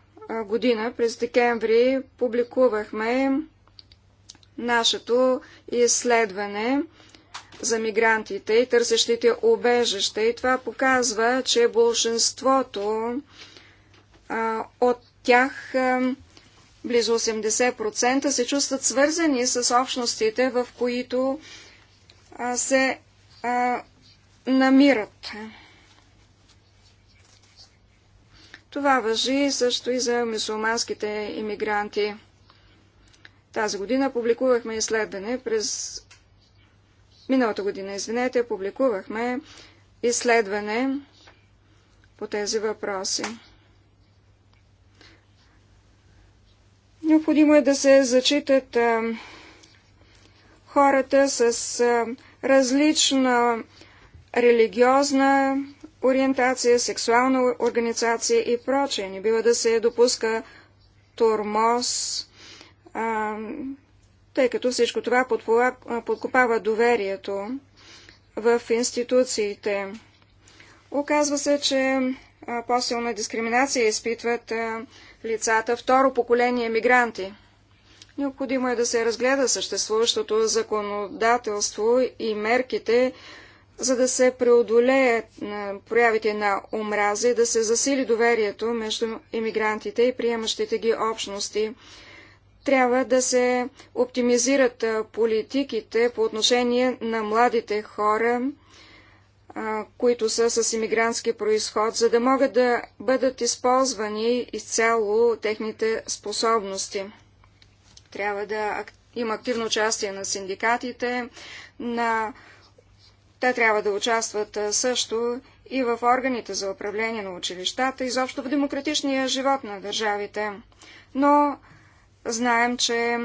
година, през декември, публикувахме нашето изследване – за мигрантите и търсещите убежище. И това показва, че большинството а, от тях, а, близо 80%, се чувстват свързани с общностите, в които а, се а, намират. Това въжи също и за мусулманските иммигранти. Тази година публикувахме изследване, през Миналата година, извинете, публикувахме изследване по тези въпроси. Необходимо е да се зачитат а, хората с а, различна религиозна ориентация, сексуална организация и прочее. Не бива да се допуска турмоз, а, тъй като всичко това подкопава доверието в институциите. Оказва се, че по-силна дискриминация изпитват лицата второ поколение мигранти. Необходимо е да се разгледа съществуващото законодателство и мерките, за да се преодолеят проявите на омраза и да се засили доверието между иммигрантите и приемащите ги общности трябва да се оптимизират политиките по отношение на младите хора, които са с иммигрантски происход, за да могат да бъдат използвани изцяло техните способности. Трябва да има активно участие на синдикатите, на... те трябва да участват също и в органите за управление на училищата, изобщо в демократичния живот на държавите. Но Знаем, че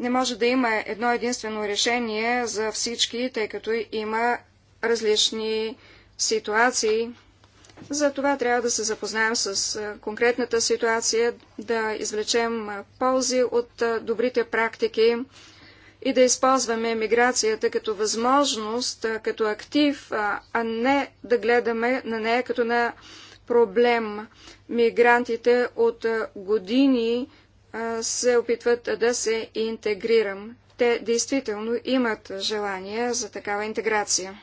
не може да има едно единствено решение за всички, тъй като има различни ситуации. За това трябва да се запознаем с конкретната ситуация, да извлечем ползи от добрите практики и да използваме миграцията като възможност, като актив, а не да гледаме на нея като на проблем. Мигрантите от години се опитват да се интегрирам. Те действително имат желание за такава интеграция.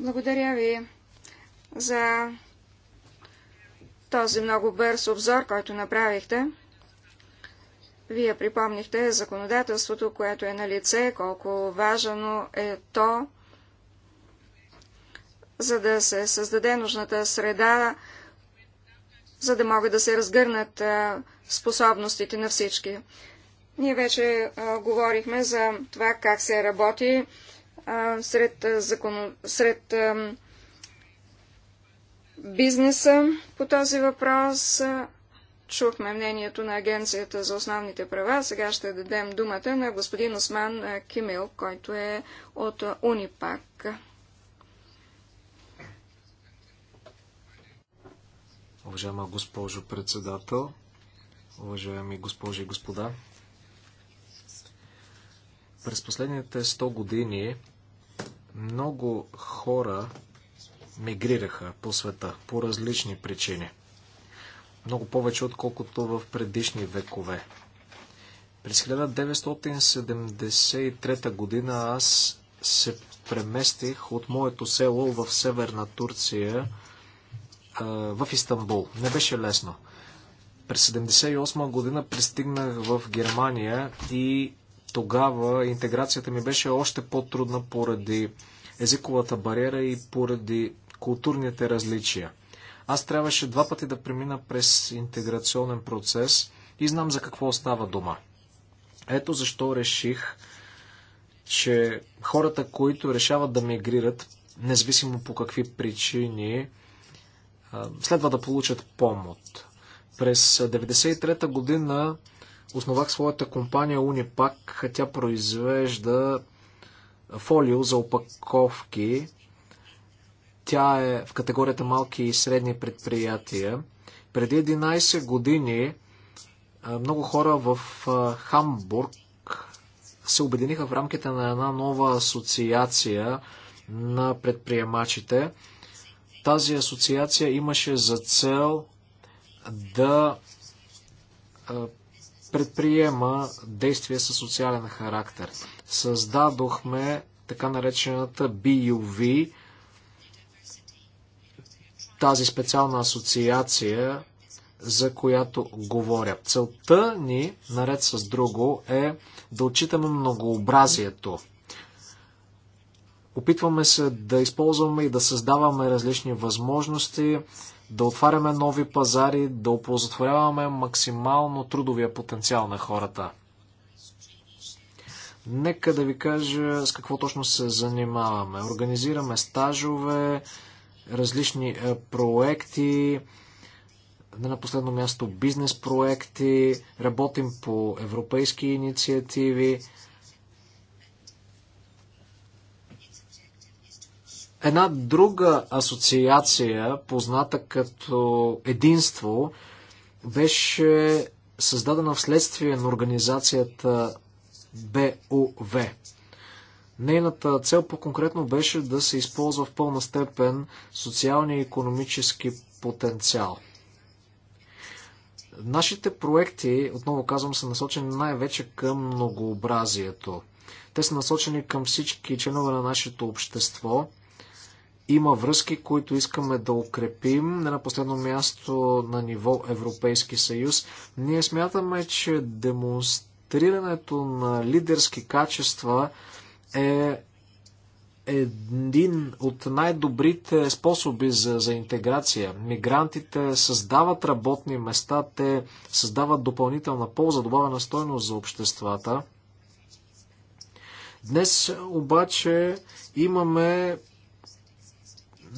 Благодаря ви за този много бърз обзор, който направихте. Вие припомнихте законодателството, което е на лице, колко важно е то, за да се създаде нужната среда, за да могат да се разгърнат способностите на всички. Ние вече а, говорихме за това как се работи а, сред, а, закон... сред а, бизнеса по този въпрос. Чухме мнението на Агенцията за основните права. Сега ще дадем думата на господин Осман Кимил, който е от Унипак. Уважаема госпожо председател, уважаеми госпожи и господа. През последните 100 години много хора мигрираха по света по различни причини. Много повече, отколкото в предишни векове. През 1973 година аз се преместих от моето село в северна Турция в Истанбул. Не беше лесно. През 1978 година пристигнах в Германия и тогава интеграцията ми беше още по-трудна поради езиковата бариера и поради културните различия. Аз трябваше два пъти да премина през интеграционен процес и знам за какво остава дума. Ето защо реших, че хората, които решават да мигрират, независимо по какви причини, следва да получат помощ. През 1993 година основах своята компания Унипак. Тя произвежда фолио за опаковки. Тя е в категорията малки и средни предприятия. Преди 11 години много хора в Хамбург се обединиха в рамките на една нова асоциация на предприемачите. Тази асоциация имаше за цел да предприема действия със социален характер. Създадохме така наречената BUV, тази специална асоциация, за която говоря. Целта ни, наред с друго, е да отчитаме многообразието. Опитваме се да използваме и да създаваме различни възможности, да отваряме нови пазари, да оползотворяваме максимално трудовия потенциал на хората. Нека да ви кажа с какво точно се занимаваме. Организираме стажове, различни е, проекти, не на последно място бизнес проекти, работим по европейски инициативи. Една друга асоциация, позната като Единство, беше създадена вследствие на организацията БОВ. Нейната цел по-конкретно беше да се използва в пълна степен социалния и економически потенциал. Нашите проекти, отново казвам, са насочени най-вече към многообразието. Те са насочени към всички членове на нашето общество – има връзки, които искаме да укрепим. Не на последно място на ниво Европейски съюз. Ние смятаме, че демонстрирането на лидерски качества е един от най-добрите способи за, за интеграция. Мигрантите създават работни места, те създават допълнителна полза, добавена стойност за обществата. Днес обаче имаме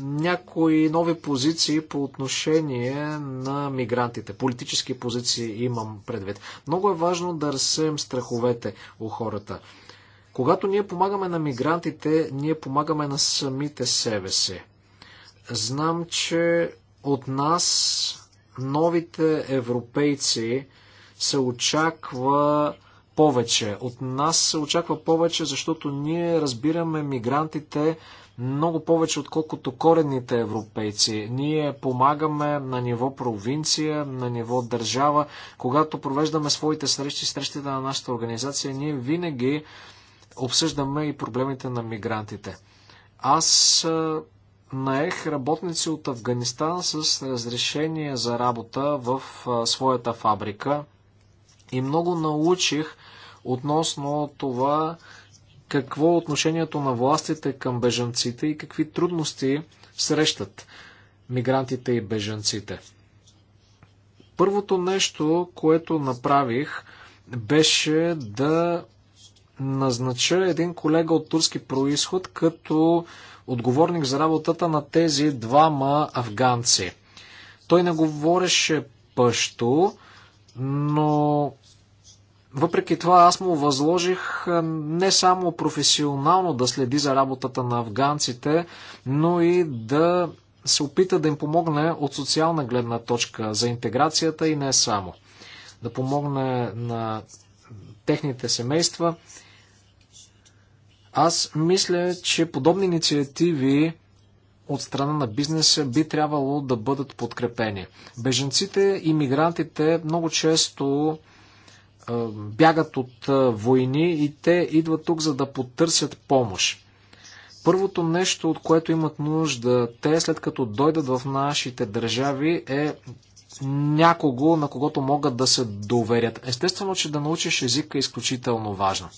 някои нови позиции по отношение на мигрантите. Политически позиции имам предвид. Много е важно да разсеем страховете у хората. Когато ние помагаме на мигрантите, ние помагаме на самите себе си. Знам, че от нас новите европейци се очаква повече. От нас се очаква повече, защото ние разбираме мигрантите много повече, отколкото коренните европейци. Ние помагаме на ниво провинция, на ниво държава. Когато провеждаме своите срещи, срещите на нашата организация, ние винаги обсъждаме и проблемите на мигрантите. Аз наех работници от Афганистан с разрешение за работа в своята фабрика и много научих относно това, какво е отношението на властите към бежанците и какви трудности срещат мигрантите и бежанците. Първото нещо, което направих, беше да назнача един колега от турски происход като отговорник за работата на тези двама афганци. Той не говореше пъщо, но въпреки това аз му възложих не само професионално да следи за работата на афганците, но и да се опита да им помогне от социална гледна точка за интеграцията и не само. Да помогне на техните семейства. Аз мисля, че подобни инициативи от страна на бизнеса би трябвало да бъдат подкрепени. Беженците и мигрантите много често е, бягат от е, войни и те идват тук, за да потърсят помощ. Първото нещо, от което имат нужда те, след като дойдат в нашите държави, е някого, на когото могат да се доверят. Естествено, че да научиш езика е изключително важно.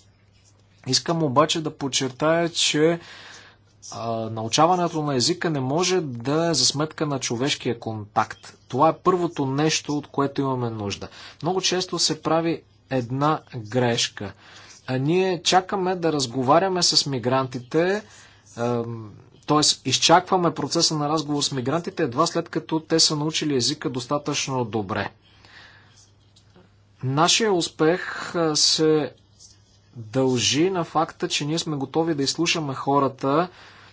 Искам обаче да подчертая, че а, е, научаването на езика не може да е за сметка на човешкия контакт. Това е първото нещо, от което имаме нужда. Много често се прави една грешка. А ние чакаме да разговаряме с мигрантите, т.е. изчакваме процеса на разговор с мигрантите едва след като те са научили езика достатъчно добре. Нашия успех се дължи на факта, че ние сме готови да изслушаме хората,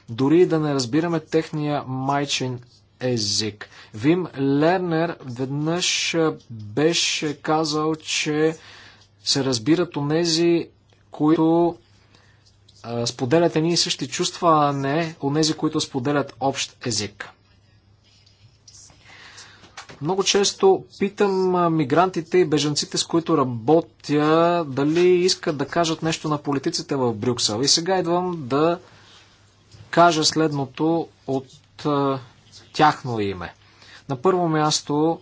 дори и да не разбираме техния майчин език. Вим Лернер веднъж беше казал, че се разбират онези, които споделят едни и същи чувства, а не онези, които споделят общ език. Много често питам мигрантите и бежанците, с които работя, дали искат да кажат нещо на политиците в Брюксел. И сега идвам да кажа следното от а, тяхно име. На първо място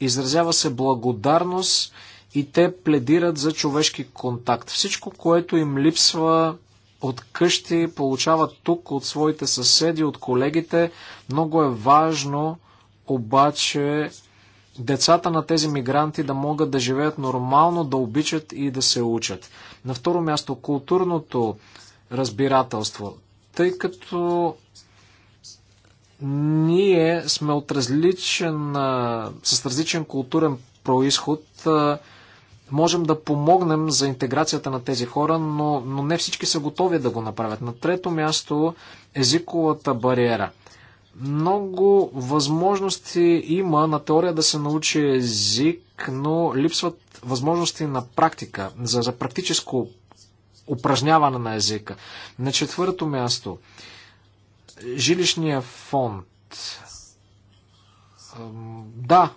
изразява се благодарност и те пледират за човешки контакт. Всичко, което им липсва от къщи, получават тук, от своите съседи, от колегите. Много е важно обаче децата на тези мигранти да могат да живеят нормално, да обичат и да се учат. На второ място, културното разбирателство. Тъй като ние сме от различен, с различен културен происход, можем да помогнем за интеграцията на тези хора, но, но не всички са готови да го направят. На трето място езиковата бариера. Много възможности има на теория да се научи език, но липсват възможности на практика, за, за практическо упражняване на езика. На четвърто място, жилищния фонд. Да,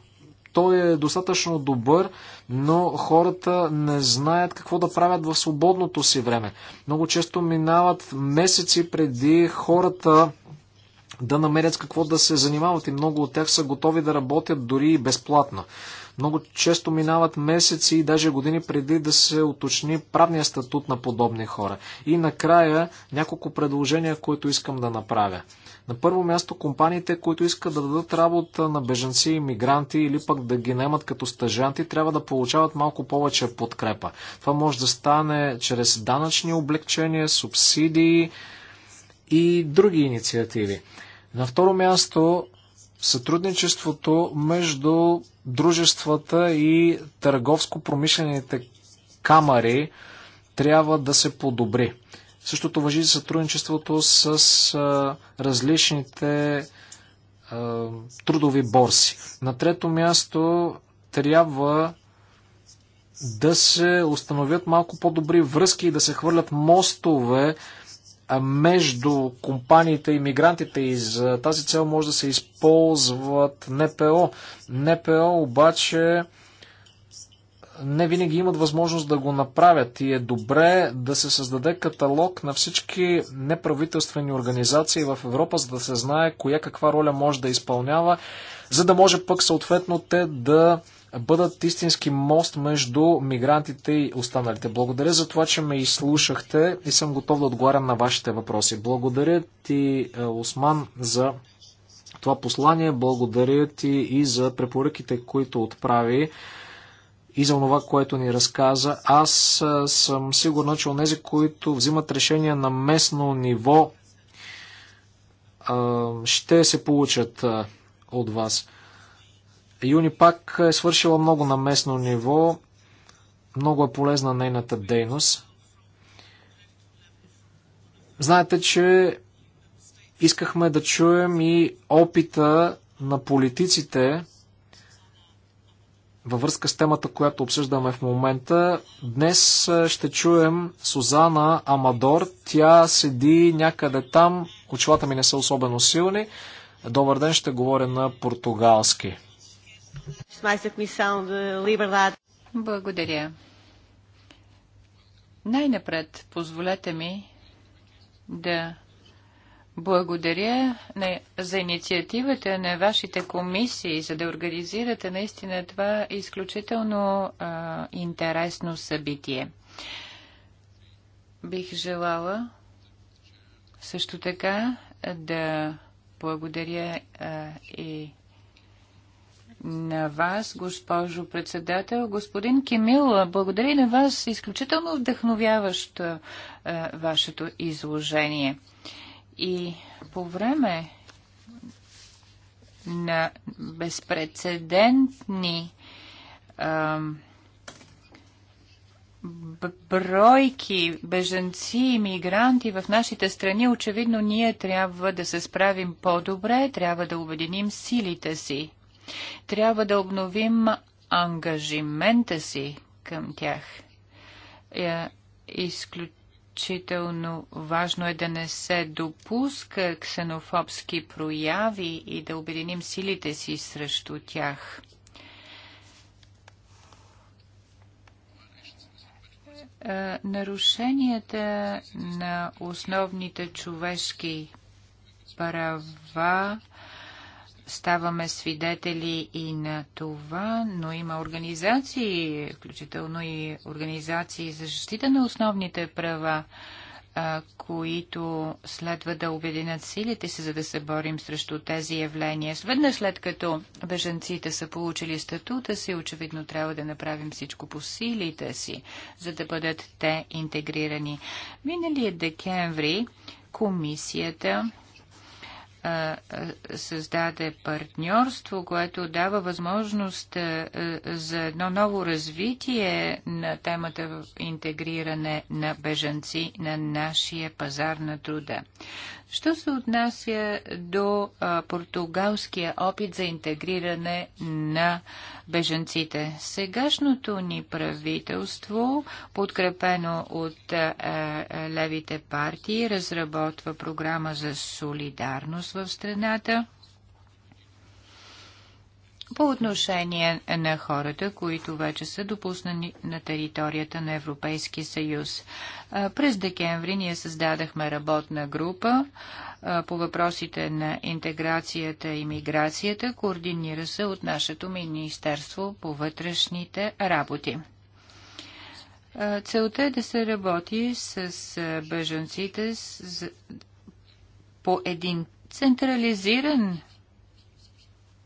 той е достатъчно добър, но хората не знаят какво да правят в свободното си време. Много често минават месеци преди хората да намерят какво да се занимават и много от тях са готови да работят дори и безплатно. Много често минават месеци и даже години преди да се уточни правния статут на подобни хора. И накрая няколко предложения, които искам да направя. На първо място компаниите, които искат да дадат работа на бежанци и мигранти или пък да ги немат като стъжанти, трябва да получават малко повече подкрепа. Това може да стане чрез данъчни облегчения, субсидии и други инициативи. На второ място сътрудничеството между дружествата и търговско-промишлените камари трябва да се подобри. Същото въжи за сътрудничеството с а, различните а, трудови борси. На трето място трябва да се установят малко по-добри връзки и да се хвърлят мостове между компаниите и мигрантите и за тази цел може да се използват НПО. НПО обаче не винаги имат възможност да го направят и е добре да се създаде каталог на всички неправителствени организации в Европа, за да се знае коя каква роля може да изпълнява, за да може пък съответно те да бъдат истински мост между мигрантите и останалите. Благодаря за това, че ме изслушахте и съм готов да отговарям на вашите въпроси. Благодаря ти, е, Осман, за това послание. Благодаря ти и за препоръките, които отправи и за това, което ни разказа. Аз съм сигурна, че онези, които взимат решения на местно ниво, ще се получат от вас. Юни пак е свършила много на местно ниво. Много е полезна нейната дейност. Знаете, че искахме да чуем и опита на политиците във връзка с темата, която обсъждаме в момента. Днес е, ще чуем Сузана Амадор. Тя седи някъде там. Очилата ми не са особено силни. Добър ден, ще говоря на португалски. Благодаря. Най-напред позволете ми да благодаря на, за инициативата на вашите комисии, за да организирате наистина това изключително а, интересно събитие. Бих желала също така да благодаря а, и на вас, госпожо председател. Господин Кемил, благодаря и на вас. Изключително вдъхновяващо а, вашето изложение. А, и по време на безпредседентни бройки беженци и мигранти в нашите страни, очевидно ние трябва да се справим по-добре, трябва да обединим силите си, трябва да обновим ангажимента си към тях. Е, изключително изключително важно е да не се допуска ксенофобски прояви и да обединим силите си срещу тях. Е, нарушенията на основните човешки права ставаме свидетели и на това, но има организации, включително и организации за защита на основните права, които следва да обединят силите си, за да се борим срещу тези явления. Веднъж след като беженците са получили статута си, очевидно трябва да направим всичко по силите си, за да бъдат те интегрирани. Миналият декември комисията създаде партньорство, което дава възможност за едно ново развитие на темата в интегриране на бежанци на нашия пазар на труда. Що се отнася до португалския опит за интегриране на бежанците? Сегашното ни правителство, подкрепено от левите партии, разработва програма за солидарност в страната по отношение на хората, които вече са допуснани на територията на Европейския съюз. През декември ние създадахме работна група по въпросите на интеграцията и миграцията, координира се от нашето Министерство по вътрешните работи. Целта е да се работи с бежанците по един централизиран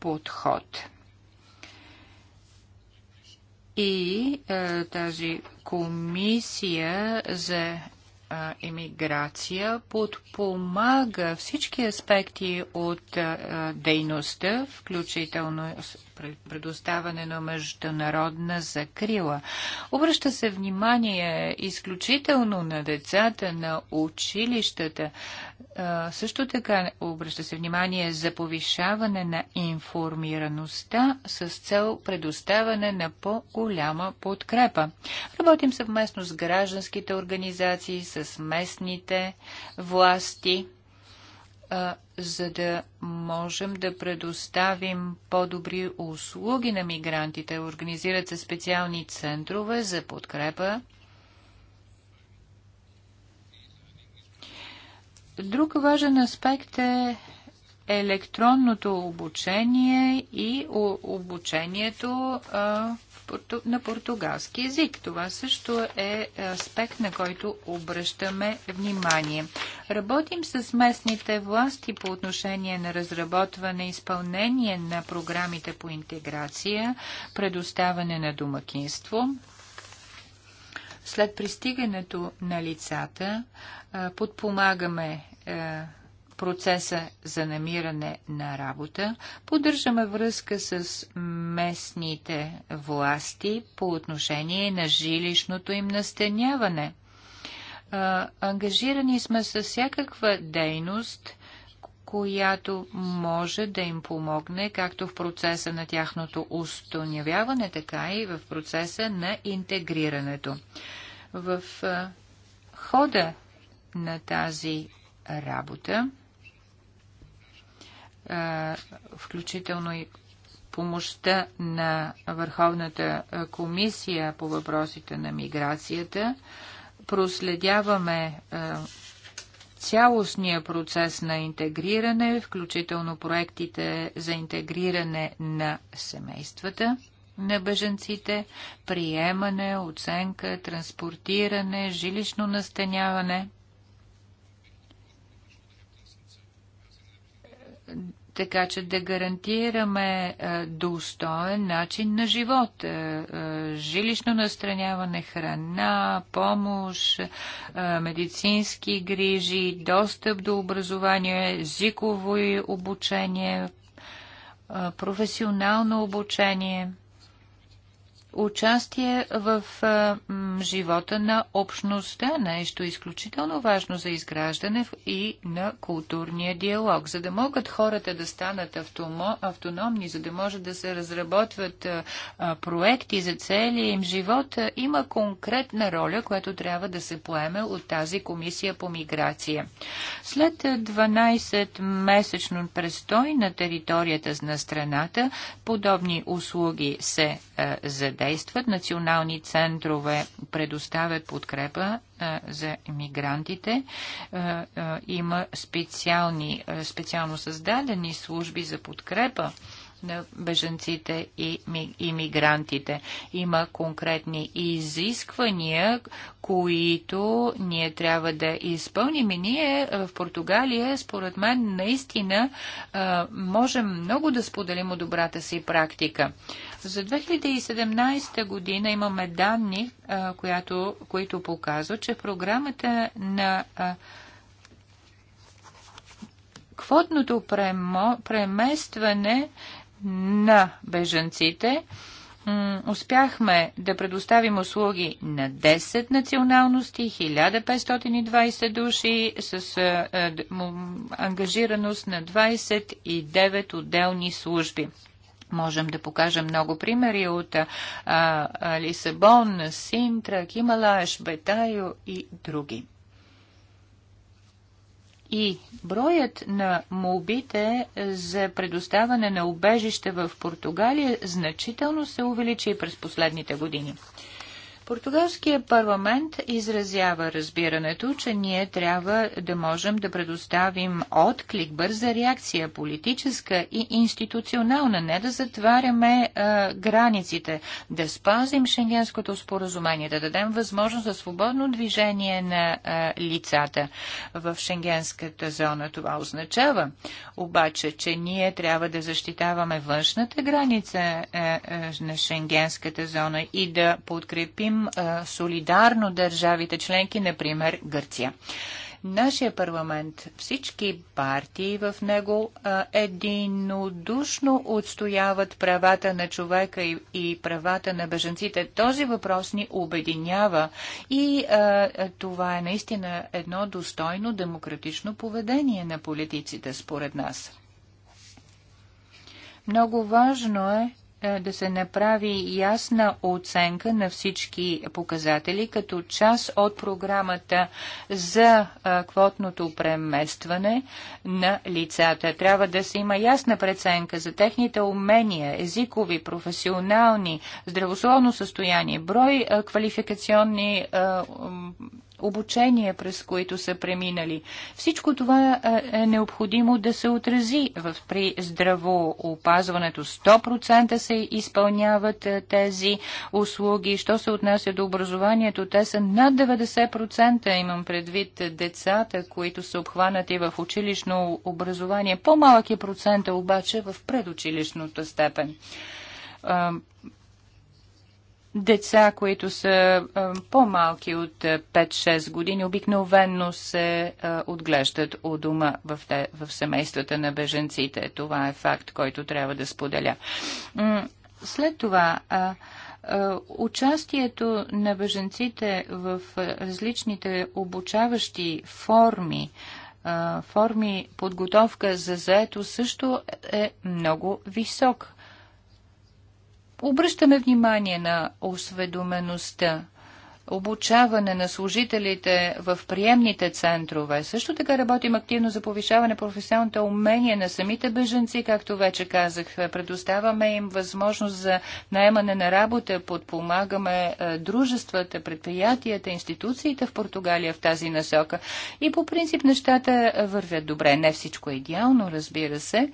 подход. И а, е, тази комисия за емиграция подпомага всички аспекти от е, дейността, включително предоставане на международна закрила. Обръща се внимание изключително на децата, на училищата. Също така обръща се внимание за повишаване на информираността с цел предоставяне на по-голяма подкрепа. Работим съвместно с гражданските организации, с местните власти а, за да можем да предоставим по-добри услуги на мигрантите. Организират се специални центрове за подкрепа. Друг важен аспект е електронното обучение и обучението на португалски язик. Това също е аспект, на който обръщаме внимание. Работим с местните власти по отношение на разработване и изпълнение на програмите по интеграция, предоставане на домакинство. След пристигането на лицата подпомагаме процеса за намиране на работа. Поддържаме връзка с местните власти по отношение на жилищното им настаняване. Ангажирани сме с всякаква дейност – която може да им помогне както в процеса на тяхното установяване, така и в процеса на интегрирането. В хода на тази работа включително и помощта на Върховната комисия по въпросите на миграцията. Проследяваме цялостния процес на интегриране, включително проектите за интегриране на семействата на беженците, приемане, оценка, транспортиране, жилищно настаняване така че да гарантираме е, достоен начин на живот. Е, е, жилищно настраняване, храна, помощ, медицински грижи, достъп до образование, езиково обучение, професионално обучение – участие в а, м, живота на общността, нещо изключително важно за изграждане и на културния диалог. За да могат хората да станат автомо, автономни, за да може да се разработват а, а, проекти за целия им живот, а, има конкретна роля, която трябва да се поеме от тази комисия по миграция. След 12-месечно престой на територията на страната, подобни услуги се а, задържат действат. Национални центрове предоставят подкрепа за мигрантите. има специални, специално създадени служби за подкрепа на беженците и иммигрантите. Има конкретни изисквания, които ние трябва да изпълним. И ние в Португалия, според мен, наистина можем много да споделим от добрата си практика. За 2017 година имаме данни, която, които показват, че програмата на квотното преместване на бежанците успяхме да предоставим услуги на 10 националности, 1520 души с ангажираност на 29 отделни служби. Можем да покажем много примери от а, а, Лисабон, Синтра, Кималаш, Бетайо и други. И броят на молбите за предоставане на убежище в Португалия значително се увеличи през последните години. Португалския парламент изразява разбирането, че ние трябва да можем да предоставим отклик, бърза реакция, политическа и институционална, не да затваряме а, границите, да спазим Шенгенското споразумение, да дадем възможност за свободно движение на а, лицата в Шенгенската зона. Това означава обаче, че ние трябва да защитаваме външната граница а, а, на Шенгенската зона и да подкрепим а, солидарно държавите членки, например Гърция. Нашия парламент, всички партии в него а, единодушно отстояват правата на човека и, и правата на беженците. Този въпрос ни обединява и а, това е наистина едно достойно демократично поведение на политиците, според нас. Много важно е е, да се направи ясна оценка на всички показатели като част от програмата за е, квотното преместване на лицата. Трябва да се има ясна преценка за техните умения, езикови, професионални, здравословно състояние, брой е, квалификационни обучение, през които са преминали. Всичко това е, е необходимо да се отрази в при здравоопазването. 100% се изпълняват е, тези услуги. Що се отнася до образованието, те са над 90%, имам предвид децата, които са обхванати в училищно образование. По-малък е процента обаче в предучилищната степен е, деца, които са по-малки от 5-6 години, обикновенно се отглеждат у дома в, те, в семействата на беженците. Това е факт, който трябва да споделя. След това. Участието на беженците в различните обучаващи форми, форми подготовка за заето също е много висок обръщаме внимание на осведомеността, обучаване на служителите в приемните центрове. Също така работим активно за повишаване професионалните умения на самите беженци, както вече казах. Предоставяме им възможност за наемане на работа, подпомагаме е, дружествата, предприятията, институциите в Португалия в тази насока. И по принцип нещата е, вървят добре. Не всичко е идеално, разбира се.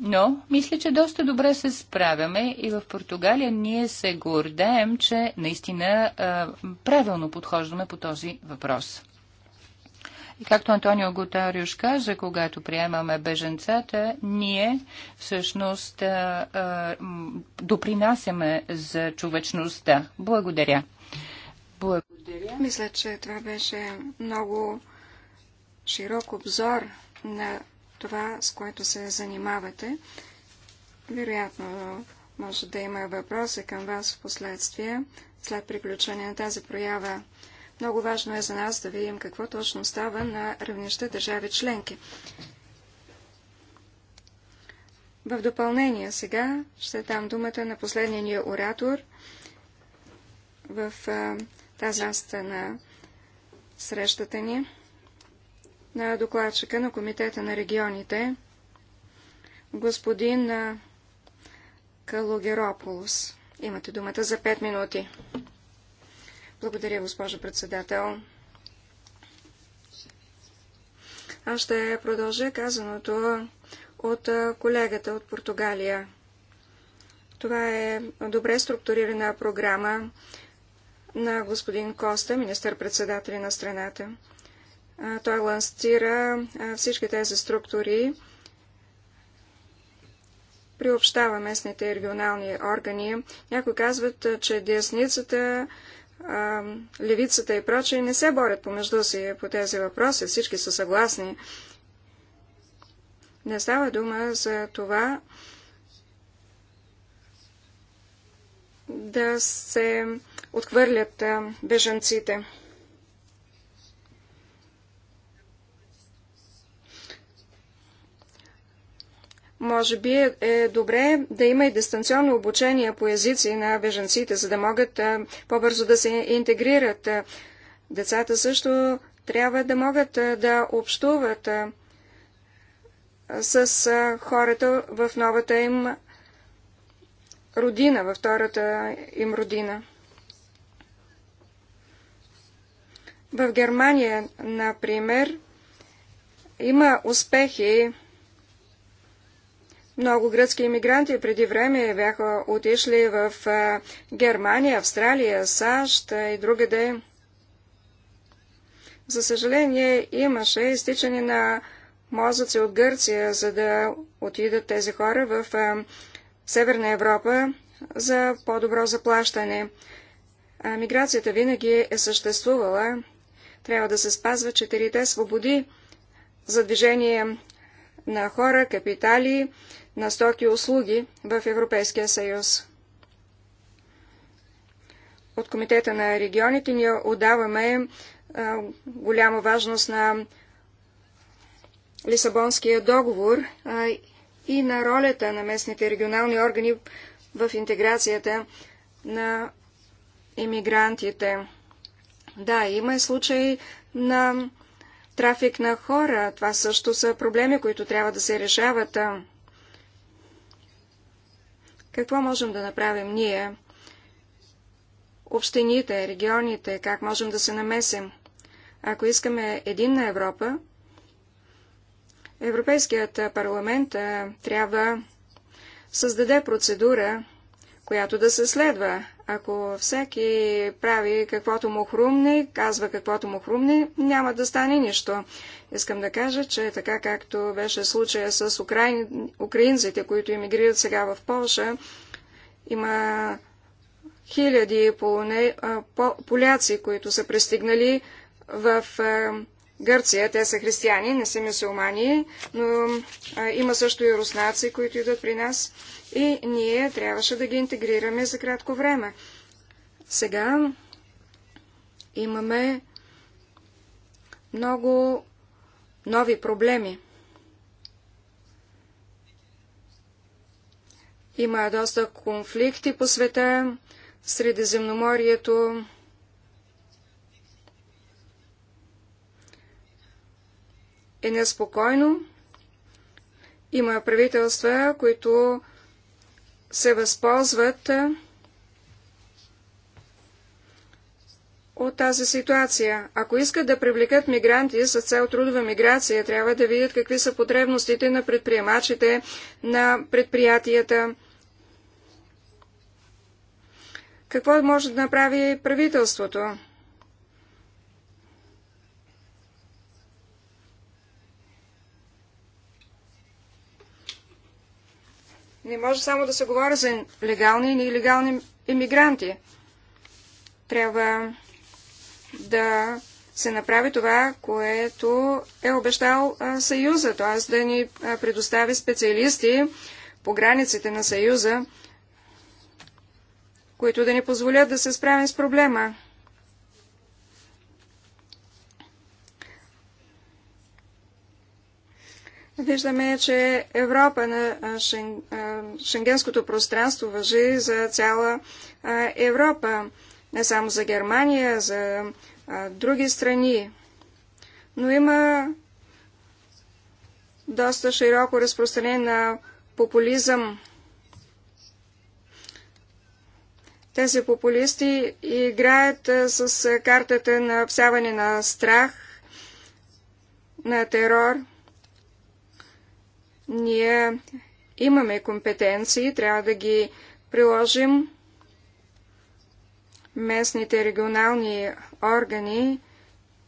Но мисля, че доста добре се справяме и в Португалия ние се гордеем, че наистина а, правилно подхождаме по този въпрос. И както Антонио Гутариош каза, когато приемаме беженцата, ние всъщност а, а, допринасяме за човечността. Благодаря. Благодаря. Мисля, че това беше много широк обзор на това, с което се занимавате. Вероятно, може да има въпроси към вас в последствие, след приключване на тази проява. Много важно е за нас да видим какво точно става на равнища държави членки. В допълнение сега ще дам думата на последния ни оратор в тази част на срещата ни на докладчика на Комитета на регионите, господин Калогерополос. Имате думата за 5 минути. Благодаря, госпожо председател. Аз ще продължа казаното от колегата от Португалия. Това е добре структурирана програма на господин Коста, министър-председател на страната. Той ланстира всички тези структури, приобщава местните регионални органи. Някои казват, че десницата, левицата и прочие не се борят помежду си по тези въпроси. Всички са съгласни. Не става дума за това да се отхвърлят беженците. Може би е, е добре да има и дистанционно обучение по езици на беженците, за да могат по-бързо да се интегрират. Децата също трябва да могат да общуват с хората в новата им родина, във втората им родина. В Германия, например, има успехи много гръцки иммигранти преди време бяха отишли в Германия, Австралия, САЩ и другаде. За съжаление, имаше изтичане на мозъци от Гърция, за да отидат тези хора в Северна Европа за по-добро заплащане. А миграцията винаги е съществувала. Трябва да се спазва четирите свободи за движение на хора, капитали, на стоки и услуги в Европейския съюз. От Комитета на регионите ние отдаваме голяма важност на Лисабонския договор и на ролята на местните регионални органи в интеграцията на иммигрантите. Да, има и случаи на трафик на хора. Това също са проблеми, които трябва да се решават. Какво можем да направим ние, общините, регионите, как можем да се намесим? Ако искаме единна Европа, Европейският парламент трябва създаде процедура, която да се следва, ако всеки прави каквото му хрумне, казва каквото му хрумне, няма да стане нищо. Искам да кажа, че така както беше случая с украин... украинците, които емигрират сега в Польша, има хиляди полуне... поляци, които са пристигнали в Гърция. Те са християни, не са мюсюлмани, но има също и руснаци, които идват при нас и ние трябваше да ги интегрираме за кратко време. Сега имаме много нови проблеми. Има доста конфликти по света, Средиземноморието, е неспокойно. Има правителства, които се възползват от тази ситуация. Ако искат да привлекат мигранти с цел трудова миграция, трябва да видят какви са потребностите на предприемачите, на предприятията. Какво може да направи правителството? Не може само да се говори за легални и нелегални иммигранти. Трябва да се направи това, което е обещал а, Съюза, т.е. да ни а, предостави специалисти по границите на Съюза, които да ни позволят да се справим с проблема. Виждаме, че Европа на шенгенското пространство въжи за цяла Европа, не само за Германия, за други страни. Но има доста широко разпространение на популизъм. Тези популисти играят с картата на всяване на страх, на терор – ние имаме компетенции, трябва да ги приложим. Местните регионални органи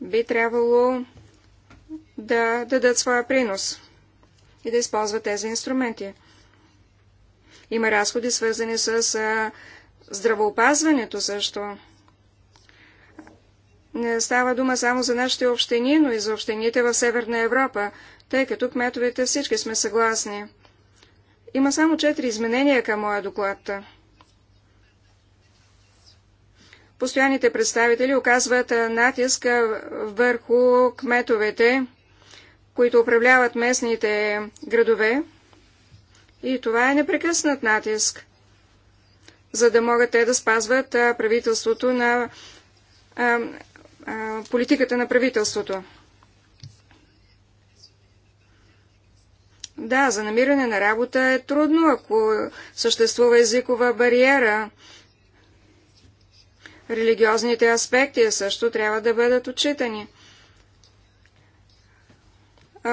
би трябвало да дадат своя принос и да използват тези инструменти. Има разходи, свързани с здравоопазването също. Не става дума само за нашите общини, но и за общините в Северна Европа тъй като кметовете всички сме съгласни. Има само четири изменения към моя доклад. Постоянните представители оказват натиск върху кметовете, които управляват местните градове. И това е непрекъснат натиск, за да могат те да спазват правителството на политиката на правителството. Да, за намиране на работа е трудно, ако съществува езикова бариера. Религиозните аспекти също трябва да бъдат отчитани.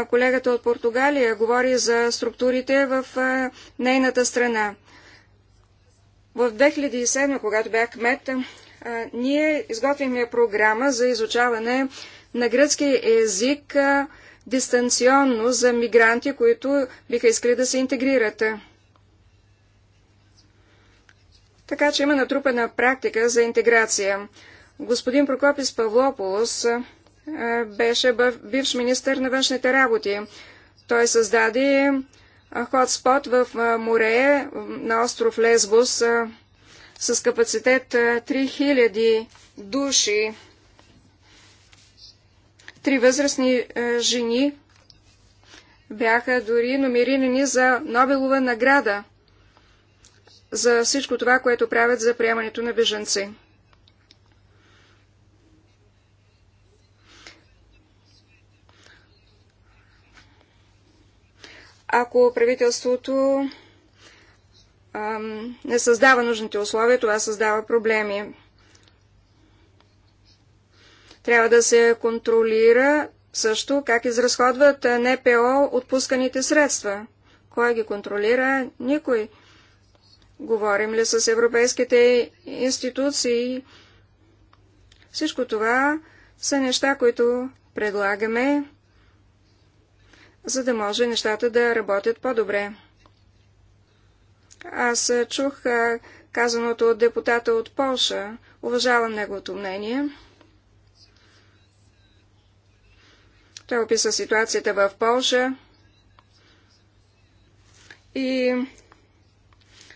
Колегата от Португалия говори за структурите в нейната страна. В 2007, когато бях кмет, ние изготвихме програма за изучаване на гръцки език дистанционно за мигранти, които биха искали да се интегрират. Така че има натрупана практика за интеграция. Господин Прокопис Павлополос беше бивш министър на външните работи. Той създаде хотспот в море на остров Лесбос с капацитет 3000 души. Три възрастни е, жени бяха дори номерирани за Нобелова награда за всичко това, което правят за приемането на беженци. Ако правителството ам, не създава нужните условия, това създава проблеми. Трябва да се контролира също как изразходват НПО отпусканите средства. Кой ги контролира? Никой. Говорим ли с европейските институции? Всичко това са неща, които предлагаме, за да може нещата да работят по-добре. Аз чух казаното от депутата от Полша. Уважавам неговото мнение. Той описа ситуацията в Польша и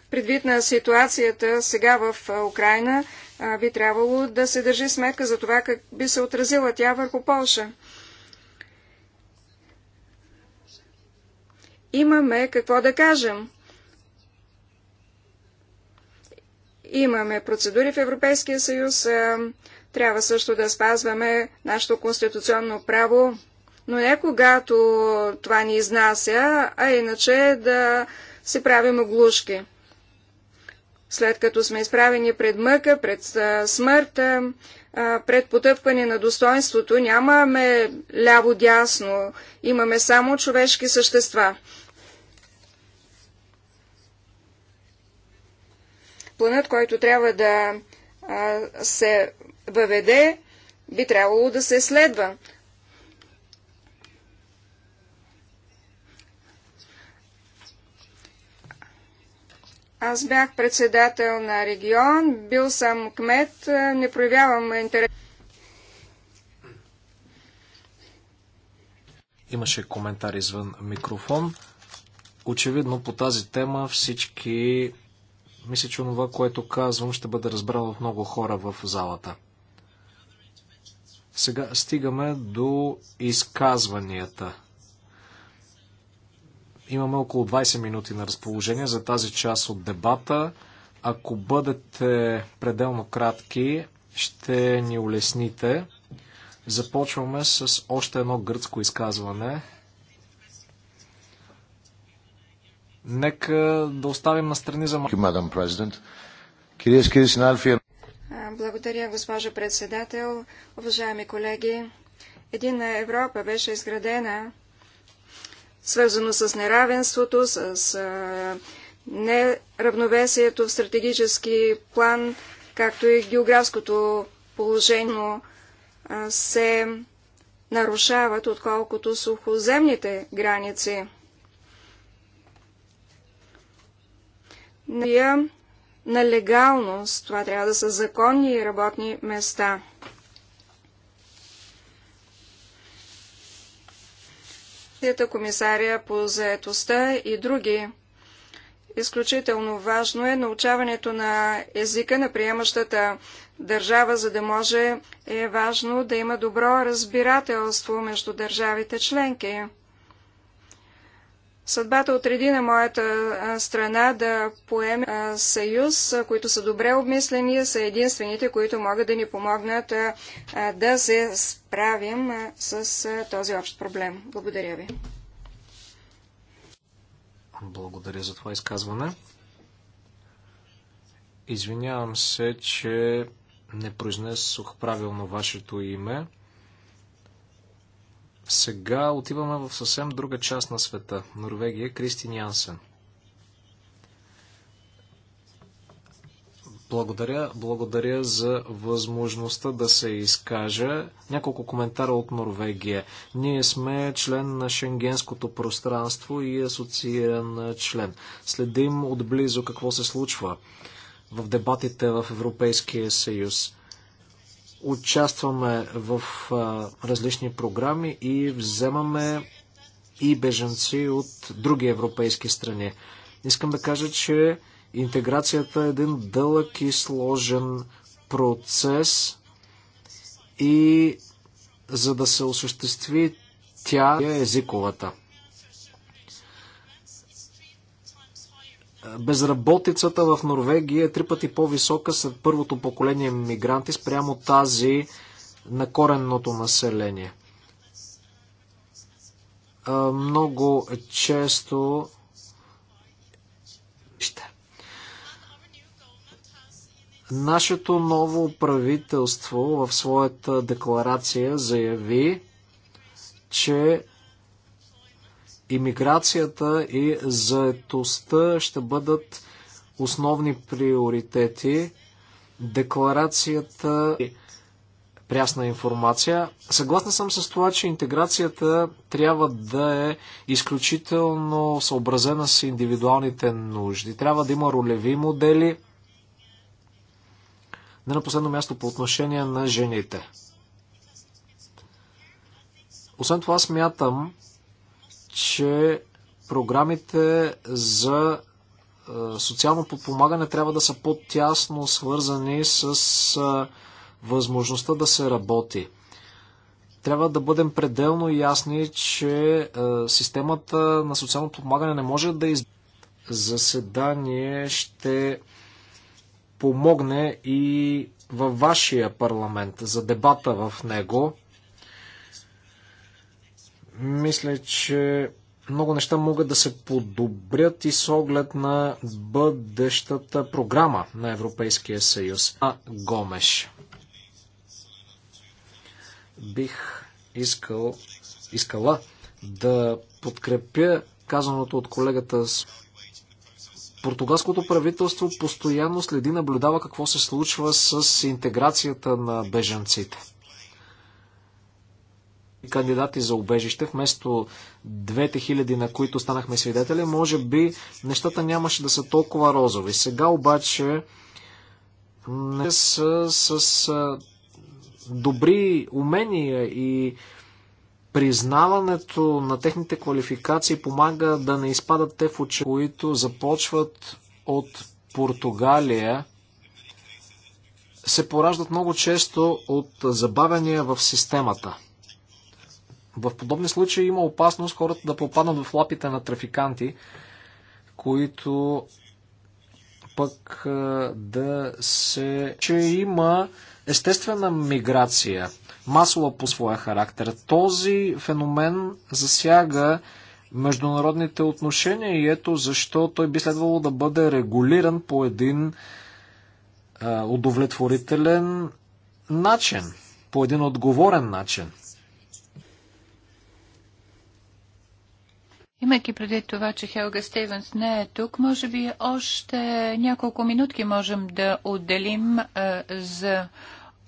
предвид на ситуацията сега в Украина, би трябвало да се държи сметка за това как би се отразила тя върху Польша. Имаме какво да кажем. Имаме процедури в Европейския съюз. Трябва също да спазваме нашето конституционно право но не когато това ни изнася, а иначе да се правим оглушки. След като сме изправени пред мъка, пред смърт, пред потъпване на достоинството, нямаме ляво-дясно, имаме само човешки същества. Планът, който трябва да се въведе, би трябвало да се следва. Аз бях председател на регион, бил съм кмет, е, не проявявам интерес. Имаше коментар извън микрофон. Очевидно по тази тема всички... Мисля, че това, което казвам, ще бъде разбрано от много хора в залата. Сега стигаме до изказванията. Имаме около 20 минути на разположение за тази част от дебата. Ако бъдете пределно кратки, ще ни улесните. Започваме с още едно гръцко изказване. Нека да оставим на страни за... Благодаря, госпожо председател. Уважаеми колеги, Единна Европа беше изградена свързано с неравенството, с а, неравновесието в стратегически план, както и географското положение а, се нарушават, отколкото сухоземните граници. на легалност. Това трябва да са законни и работни места. Дета комисария по заетостта и други. Изключително важно е научаването на езика на приемащата държава, за да може е важно да има добро разбирателство между държавите членки. Съдбата отреди на моята страна да поеме съюз, които са добре обмислени, са единствените, които могат да ни помогнат да се справим с този общ проблем. Благодаря ви. Благодаря за това изказване. Извинявам се, че не произнесох правилно вашето име. Сега отиваме в съвсем друга част на света. Норвегия, Кристин Янсен. Благодаря, благодаря за възможността да се изкажа. Няколко коментара от Норвегия. Ние сме член на Шенгенското пространство и асоцииран член. Следим отблизо какво се случва в дебатите в Европейския съюз. Участваме в различни програми и вземаме и беженци от други европейски страни. Искам да кажа, че интеграцията е един дълъг и сложен процес и за да се осъществи тя е езиковата. Безработицата в Норвегия е три пъти по-висока след първото поколение мигранти спрямо тази на коренното население. Много често Нашето ново правителство в своята декларация заяви, че Имиграцията и заетостта ще бъдат основни приоритети. Декларацията е прясна информация. Съгласна съм с това, че интеграцията трябва да е изключително съобразена с индивидуалните нужди. Трябва да има ролеви модели. Не на последно място по отношение на жените. Освен това смятам, че програмите за е, социално подпомагане трябва да са по-тясно свързани с е, възможността да се работи. Трябва да бъдем пределно ясни, че е, системата на социално подпомагане не може да из... Заседание ще помогне и във вашия парламент за дебата в него. Мисля, че много неща могат да се подобрят и с оглед на бъдещата програма на Европейския съюз. А Гомеш. Бих искал, искала да подкрепя казаното от колегата с Португалското правителство постоянно следи, наблюдава какво се случва с интеграцията на бежанците кандидати за убежище, вместо двете хиляди, на които станахме свидетели, може би нещата нямаше да са толкова розови. Сега обаче не са с, с добри умения и признаването на техните квалификации помага да не изпадат те в очи, които започват от Португалия, се пораждат много често от забавяния в системата. В подобни случаи има опасност хората да попаднат в лапите на трафиканти, които пък да се... че има естествена миграция, масова по своя характер. Този феномен засяга международните отношения и ето защо той би следвало да бъде регулиран по един удовлетворителен начин, по един отговорен начин. Имайки преди това, че Хелга Стивенс не е тук, може би още няколко минутки можем да отделим а, е, за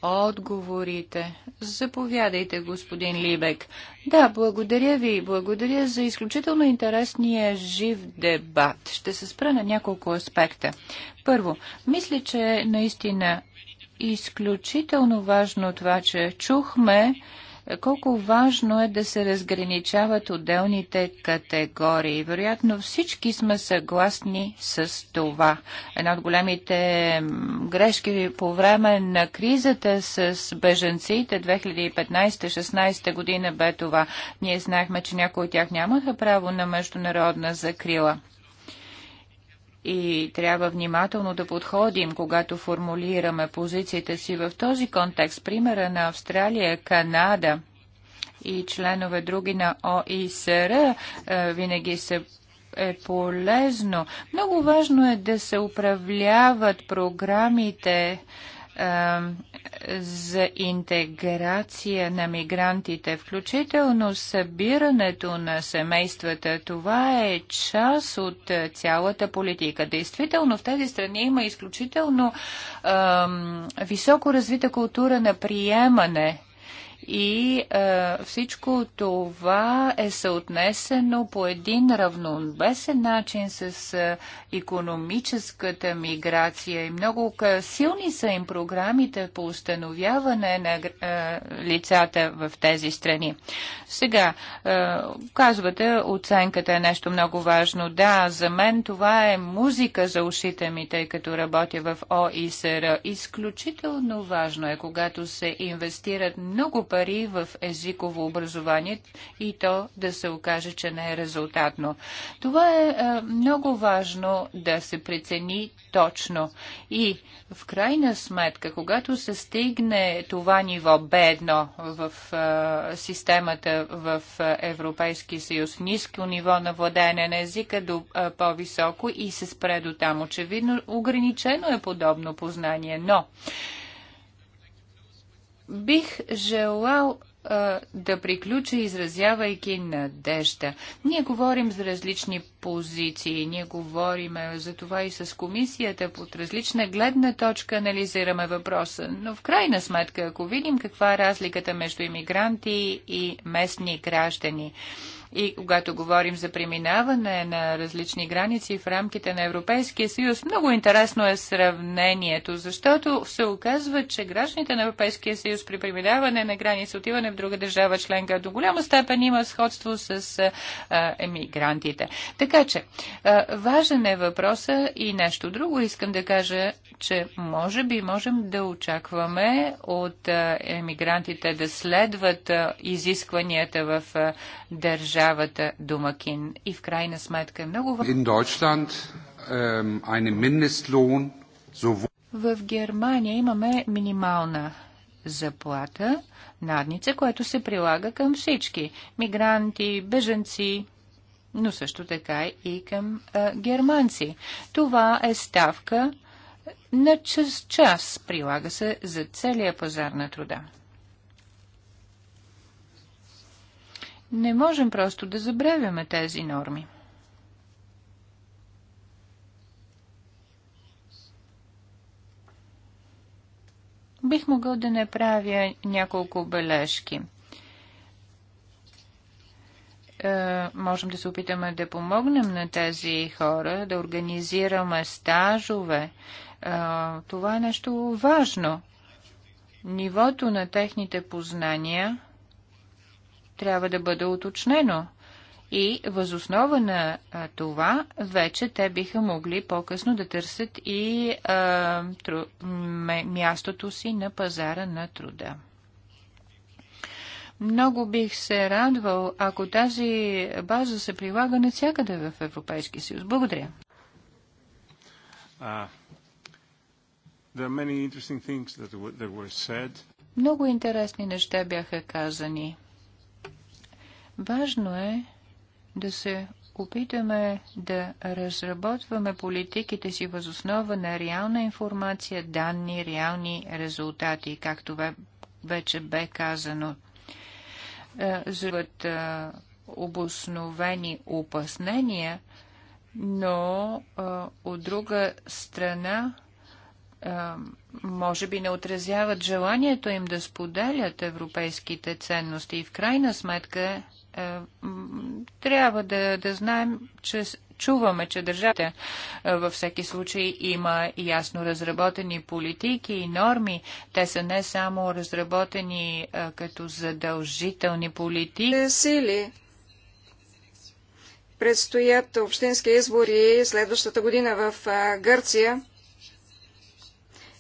отговорите. Заповядайте, господин Либек. Да, благодаря ви. Благодаря за изключително интересния жив дебат. Ще се спра на няколко аспекта. Първо, мисля, че наистина изключително важно това, че чухме колко важно е да се разграничават отделните категории. Вероятно всички сме съгласни с това. Една от големите грешки по време на кризата с беженците 2015-16 година бе това. Ние знаехме, че някои от тях нямаха право на международна закрила и трябва внимателно да подходим, когато формулираме позицията си в този контекст. Примера на Австралия, Канада и членове други на ОИСР е, винаги са е полезно. Много важно е да се управляват програмите за интеграция на мигрантите, включително събирането на семействата. Това е част от цялата политика. Действително в тези страни има изключително ем, високо развита култура на приемане и а, е, всичко това е съотнесено по един равнобесен начин с економическата миграция и много силни са им програмите по установяване на а, е, лицата в тези страни. Сега, а, е, казвате, оценката е нещо много важно. Да, за мен това е музика за ушите ми, тъй като работя в ОИСР. Изключително важно е, когато се инвестират много пари в езиково образование и то да се окаже, че не е резултатно. Това е, е много важно да се прецени точно. И в крайна сметка, когато се стигне това ниво бедно в е, системата в е, Европейския съюз, ниско ниво на владение на езика до по-високо и се спре до там, очевидно ограничено е подобно познание. Но Бих желал а, да приключа, изразявайки надежда. Ние говорим за различни позиции, ние говорим за това и с комисията, под различна гледна точка анализираме въпроса. Но в крайна сметка, ако видим каква е разликата между иммигранти и местни граждани, и когато говорим за преминаване на различни граници в рамките на Европейския съюз, много интересно е сравнението, защото се оказва, че гражданите на Европейския съюз при преминаване на граница, отиване в друга държава членка, до голяма степен има сходство с а, емигрантите. Така че, а, важен е въпроса и нещо друго искам да кажа, че може би можем да очакваме от емигрантите да следват изискванията в държава държавата домакин. И в крайна сметка е много важно. Ähm, в Германия имаме минимална заплата, надница, която се прилага към всички мигранти, беженци, но също така и към а, германци. Това е ставка на час-час, прилага се за целия пазар на труда. Не можем просто да забравяме тези норми. Бих могъл да направя няколко бележки е, можем да се опитаме да помогнем на тези хора, да организираме стажове. Е, това е нещо важно. Нивото на техните познания – трябва да бъде уточнено. И възоснова на а, това вече те биха могли по-късно да търсят и а, тру, мястото си на пазара на труда. Много бих се радвал, ако тази база се прилага навсякъде в Европейски съюз. Благодаря. Много интересни неща бяха казани. Важно е да се опитаме да разработваме политиките си възоснова на реална информация, данни, реални резултати, както вече бе казано. Е, зват е, обосновени опаснения, но е, от друга страна може би не отразяват желанието им да споделят европейските ценности и в крайна сметка е, трябва да, да знаем, че чуваме, че държавата е, във всеки случай има ясно разработени политики и норми. Те са не само разработени е, като задължителни политики. Сили. Предстоят общински избори следващата година в Гърция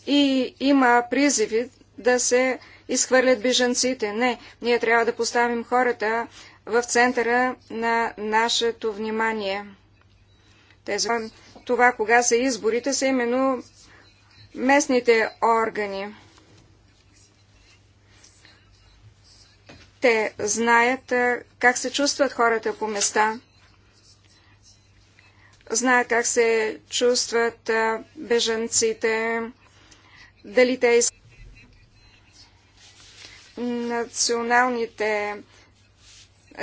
и има призиви да се изхвърлят бежанците. Не, ние трябва да поставим хората в центъра на нашето внимание. Тези, това, кога са изборите, са именно местните органи. Те знаят как се чувстват хората по места, знаят как се чувстват бежанците, дали те националните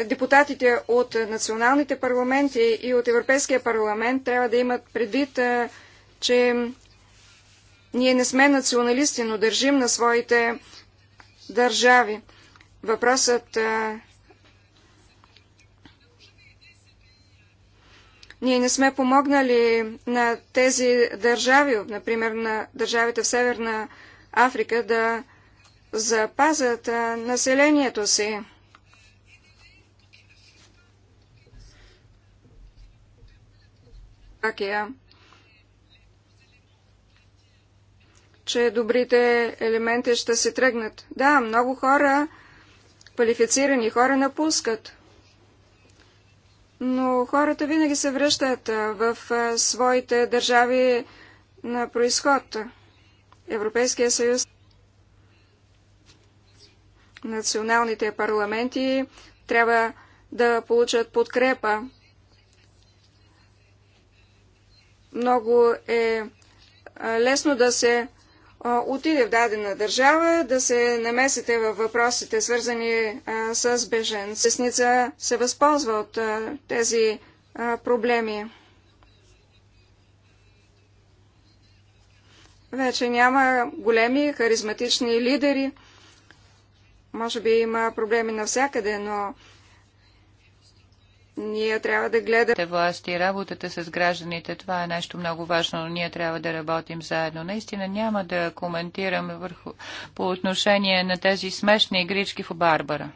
депутатите от националните парламенти и от Европейския парламент трябва да имат предвид, че ние не сме националисти, но държим на своите държави. Въпросът Ние не сме помогнали на тези държави, например на държавите в Северна Африка, да запазят населението си. Словакия, че добрите елементи ще се тръгнат. Да, много хора, квалифицирани хора напускат. Но хората винаги се връщат в своите държави на происход. Европейския съюз, националните парламенти трябва да получат подкрепа Много е, е лесно да се отиде в дадена държава, да се намесите във въпросите, свързани с беженци. Сесница се възползва от тези проблеми. Вече няма големи харизматични лидери. Може би има проблеми навсякъде, но ние трябва да гледаме власти, работата с гражданите, това е нещо много важно, но ние трябва да работим заедно. Наистина няма да коментирам върху, по отношение на тези смешни игрички в Барбара.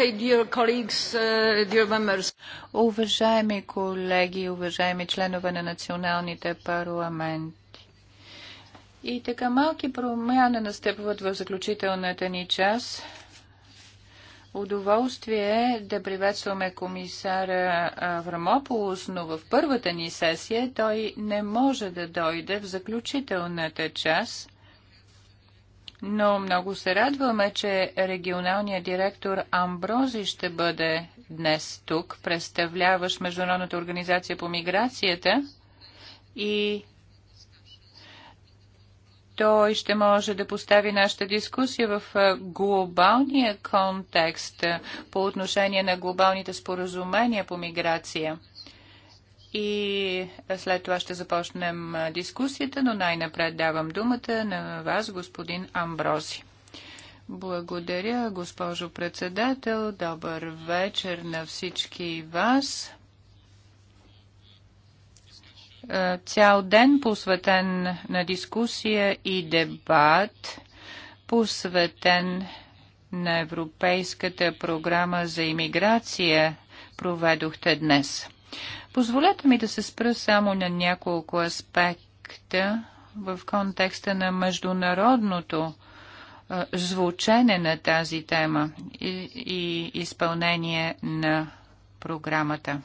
Uh, уважаеми колеги, уважаеми членове на националните парламенти, и така малки промяна настъпват в заключителната ни час. Удоволствие е да приветстваме комисара Аврамополос, но в първата ни сесия той не може да дойде в заключителната част – но много се радваме, че регионалният директор Амбрози ще бъде днес тук, представляваш Международната организация по миграцията и той ще може да постави нашата дискусия в глобалния контекст по отношение на глобалните споразумения по миграция и след това ще започнем дискусията, но най-напред давам думата на вас, господин Амбрози. Благодаря, госпожо председател. Добър вечер на всички вас. Цял ден посветен на дискусия и дебат, посветен на Европейската програма за иммиграция, проведохте днес. Позволете ми да се спра само на няколко аспекта в контекста на международното звучене на тази тема и, изпълнение на програмата.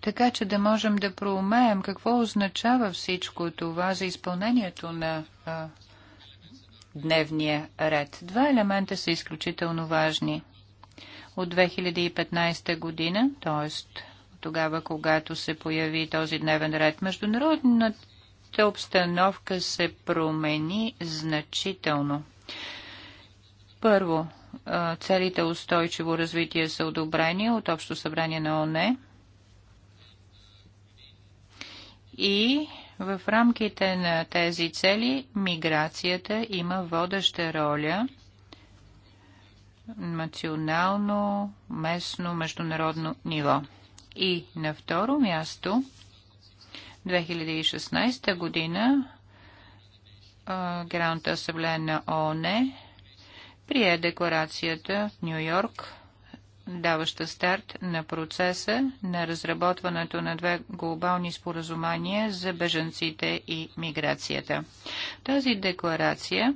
Така че да можем да проумеем какво означава всичко това за изпълнението на а, дневния ред. Два елемента са изключително важни. От 2015 година, т.е тогава, когато се появи този дневен ред. Международната обстановка се промени значително. Първо, целите устойчиво развитие са одобрени от Общо събрание на ОНЕ и в рамките на тези цели миграцията има водеща роля национално, местно, международно ниво. И на второ място, 2016 година, Гранта асамблея на ООН прие декларацията в Нью Йорк, даваща старт на процеса на разработването на две глобални споразумания за беженците и миграцията. Тази декларация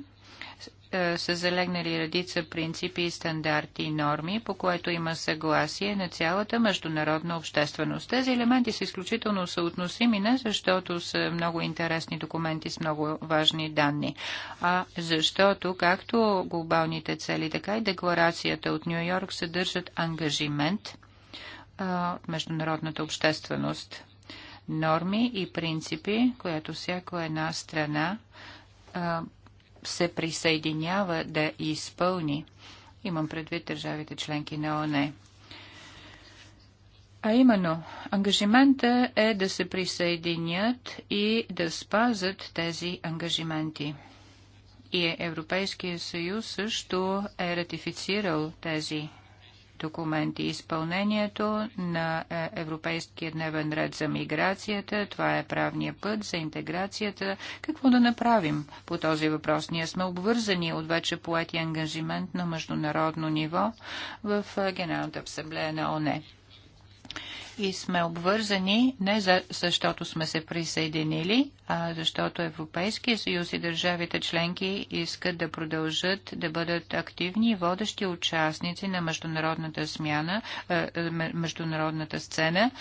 е, са залегнали редица принципи и стандарти и норми, по което има съгласие на цялата международна общественост. Тези елементи са изключително съотносими не защото са много интересни документи с много важни данни, а защото както глобалните цели, така и декларацията от Нью Йорк съдържат ангажимент а, е, от международната общественост. Норми и принципи, която всяко една страна е, се присъединява да изпълни. Имам предвид държавите членки на ОНЕ. А именно, ангажимента е да се присъединят и да спазят тези ангажименти. И Европейския съюз също е ратифицирал тези документи. Изпълнението на е, Европейския дневен ред за миграцията, това е правния път за интеграцията. Какво да направим по този въпрос? Ние сме обвързани от вече поети ангажимент на международно ниво в е, Генералната асамблея на ОНЕ и сме обвързани не за, защото сме се присъединили, а защото Европейския съюз и държавите членки искат да продължат да бъдат активни и водещи участници на международната смяна, е, е, международната сцена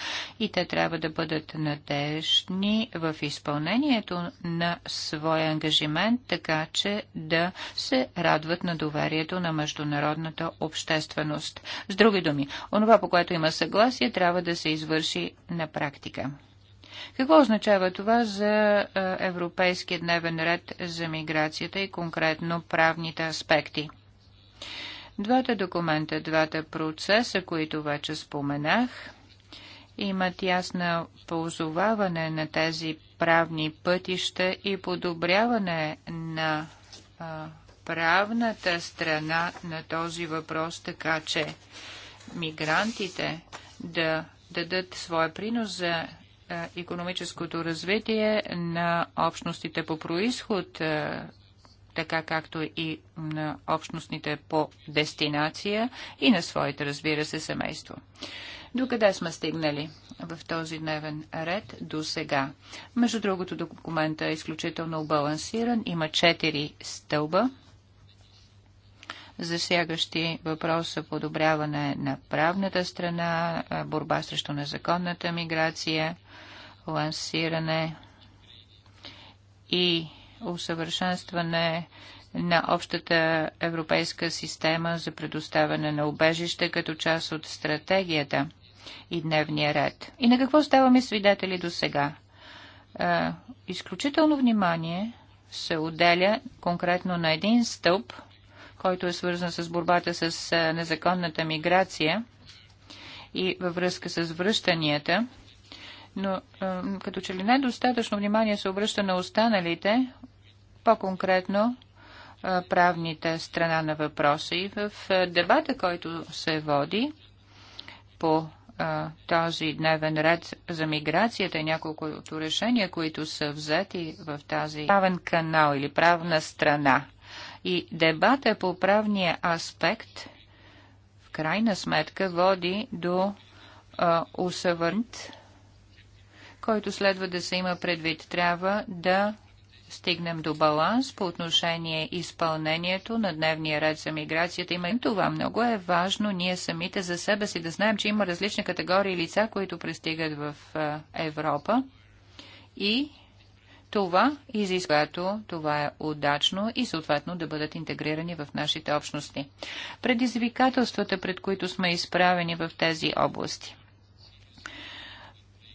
и те трябва да бъдат надежни в изпълнението на своя ангажимент, така че да се радват на доверието на международната общественост. С други думи, онова, по което има съгласие, трябва да се извърши на практика. Какво означава това за европейския дневен ред за миграцията и конкретно правните аспекти? Двата документа, двата процеса, които вече споменах, имат ясна ползоваване на тези правни пътища и подобряване на а, правната страна на този въпрос, така че мигрантите да дадат своя принос за економическото развитие на общностите по происход, е, така както и на общностните по дестинация и на своите, разбира се, семейство. До къде сме стигнали в този дневен ред до сега? Между другото, документа е изключително балансиран. Има четири стълба – засягащи въпроса подобряване на правната страна, борба срещу незаконната миграция, лансиране и усъвършенстване на общата европейска система за предоставяне на убежище като част от стратегията и дневния ред. И на какво ставаме свидетели до сега? Изключително внимание се отделя конкретно на един стълб – който е свързан с борбата с незаконната миграция и във връзка с връщанията. Но като че ли недостатъчно внимание се обръща на останалите, по-конкретно правните страна на въпроса. И в дебата, който се води по този дневен ред за миграцията и няколкото решения, които са взети в тази правен канал или правна страна. И дебата по правния аспект в крайна сметка води до а, усъвърнт, който следва да се има предвид. Трябва да стигнем до баланс по отношение изпълнението на дневния ред за миграцията. Именно това много е важно ние самите за себе си да знаем, че има различни категории лица, които пристигат в Европа и това изисква, това е удачно и съответно да бъдат интегрирани в нашите общности. Предизвикателствата, пред които сме изправени в тези области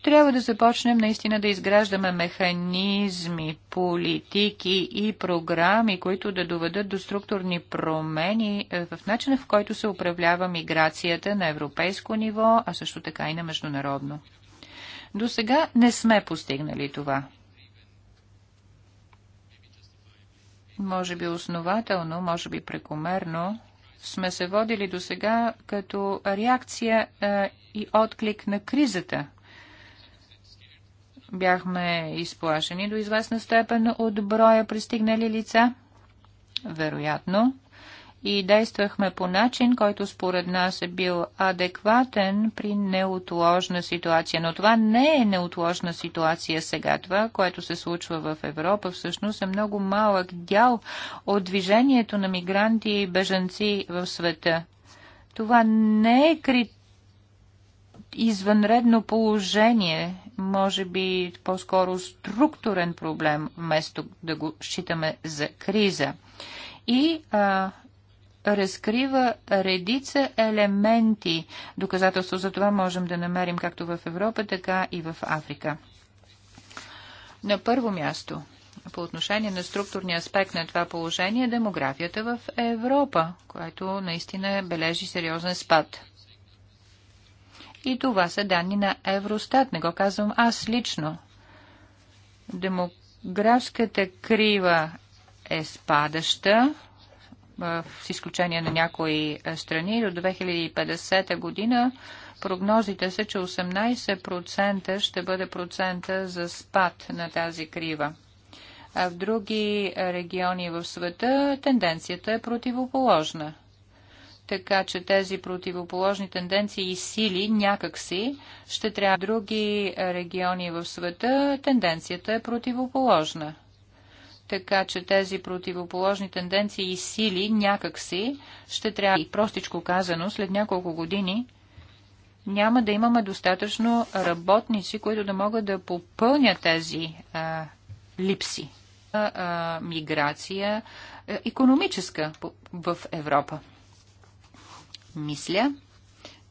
трябва да започнем наистина да изграждаме механизми, политики и програми, които да доведат до структурни промени е, в начина, в който се управлява миграцията на европейско ниво, а също така и на международно. До сега не сме постигнали това. може би основателно, може би прекомерно, сме се водили до сега като реакция а, е, и отклик на кризата. Бяхме изплашени до известна степен от броя пристигнали лица. Вероятно, и действахме по начин, който според нас е бил адекватен при неотложна ситуация. Но това не е неотложна ситуация сега. Това, което се случва в Европа, всъщност е много малък дял от движението на мигранти и бежанци в света. Това не е крит извънредно положение, може би по-скоро структурен проблем, вместо да го считаме за криза. И а, разкрива редица елементи. Доказателство за това можем да намерим както в Европа, така и в Африка. На първо място, по отношение на структурния аспект на това положение, е демографията в Европа, която наистина бележи сериозен спад. И това са данни на Евростат, не го казвам аз лично. Демографската крива е спадаща, с изключение на някои страни, до 2050 година прогнозите са, че 18% ще бъде процента за спад на тази крива. А в други региони в света тенденцията е противоположна. Така че тези противоположни тенденции и сили някакси ще трябва. В други региони в света тенденцията е противоположна така че тези противоположни тенденции и сили някакси ще трябва, и простичко казано, след няколко години няма да имаме достатъчно работници, които да могат да попълнят тези а, липси. А, а, миграция, а, економическа в Европа. Мисля,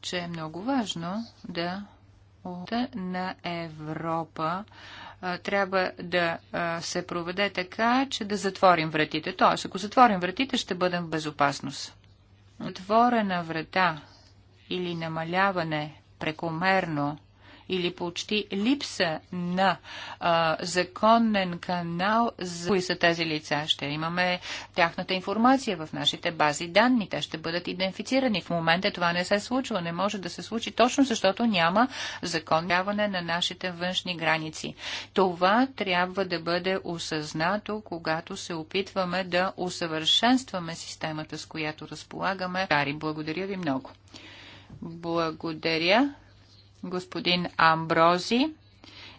че е много важно да на Европа трябва да се проведе така, че да затворим вратите. Тоест, ако затворим вратите, ще бъдем в безопасност. Отворена врата или намаляване прекомерно или почти липса на а, законен канал за кои са тези лица. Ще имаме тяхната информация в нашите бази данни. Те ще бъдат идентифицирани. В момента това не се случва. Не може да се случи точно защото няма законяване на нашите външни граници. Това трябва да бъде осъзнато, когато се опитваме да усъвършенстваме системата, с която разполагаме. Кари, благодаря ви много. Благодаря господин Амбрози.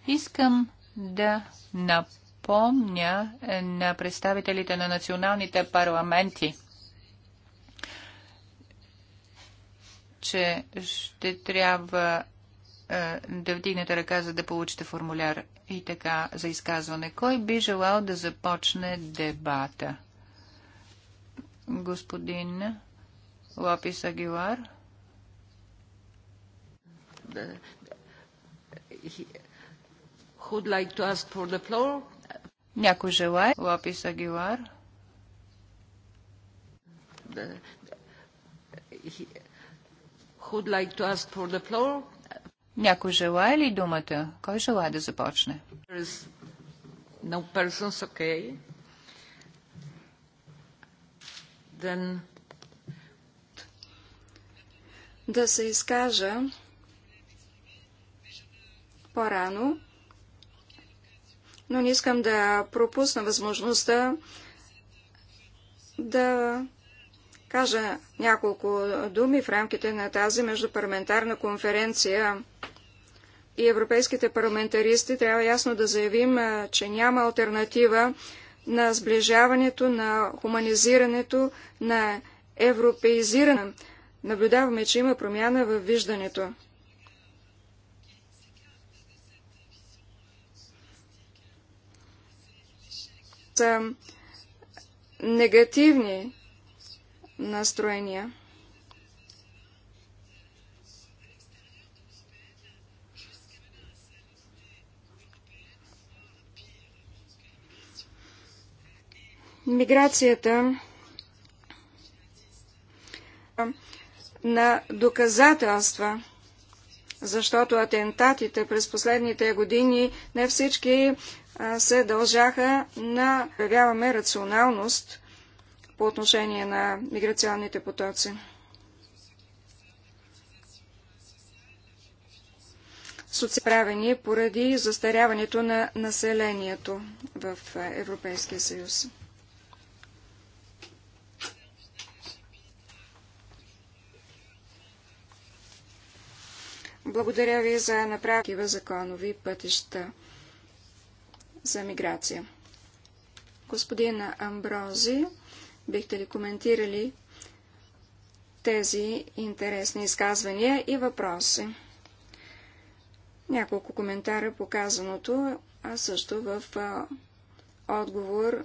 Искам да напомня е, на представителите на националните парламенти, че ще трябва е, да вдигнете ръка, за да получите формуляр и така за изказване. Кой би желал да започне дебата? Господин Лопис Агилар? the, he, who'd like to ask for the floor? Някой желая? Лопис Агилар. The, he, who'd like to ask for the floor? Някой желая ли думата? Кой желая да започне? No persons, okay. Then... Да се изкажа по-рано, но не искам да пропусна възможността да кажа няколко думи в рамките на тази междупарламентарна конференция и европейските парламентаристи трябва ясно да заявим, че няма альтернатива на сближаването, на хуманизирането, на европеизиране. Наблюдаваме, че има промяна в виждането. бъдат негативни настроения. Миграцията на доказателства, защото атентатите през последните години не всички се дължаха на проявяваме рационалност по отношение на миграционните потоци. Социправени поради застаряването на населението в Европейския съюз. Благодаря ви за направкива законови пътища за миграция. Господин Амбрози, бихте ли коментирали тези интересни изказвания и въпроси? Няколко коментара по казаното, а също в отговор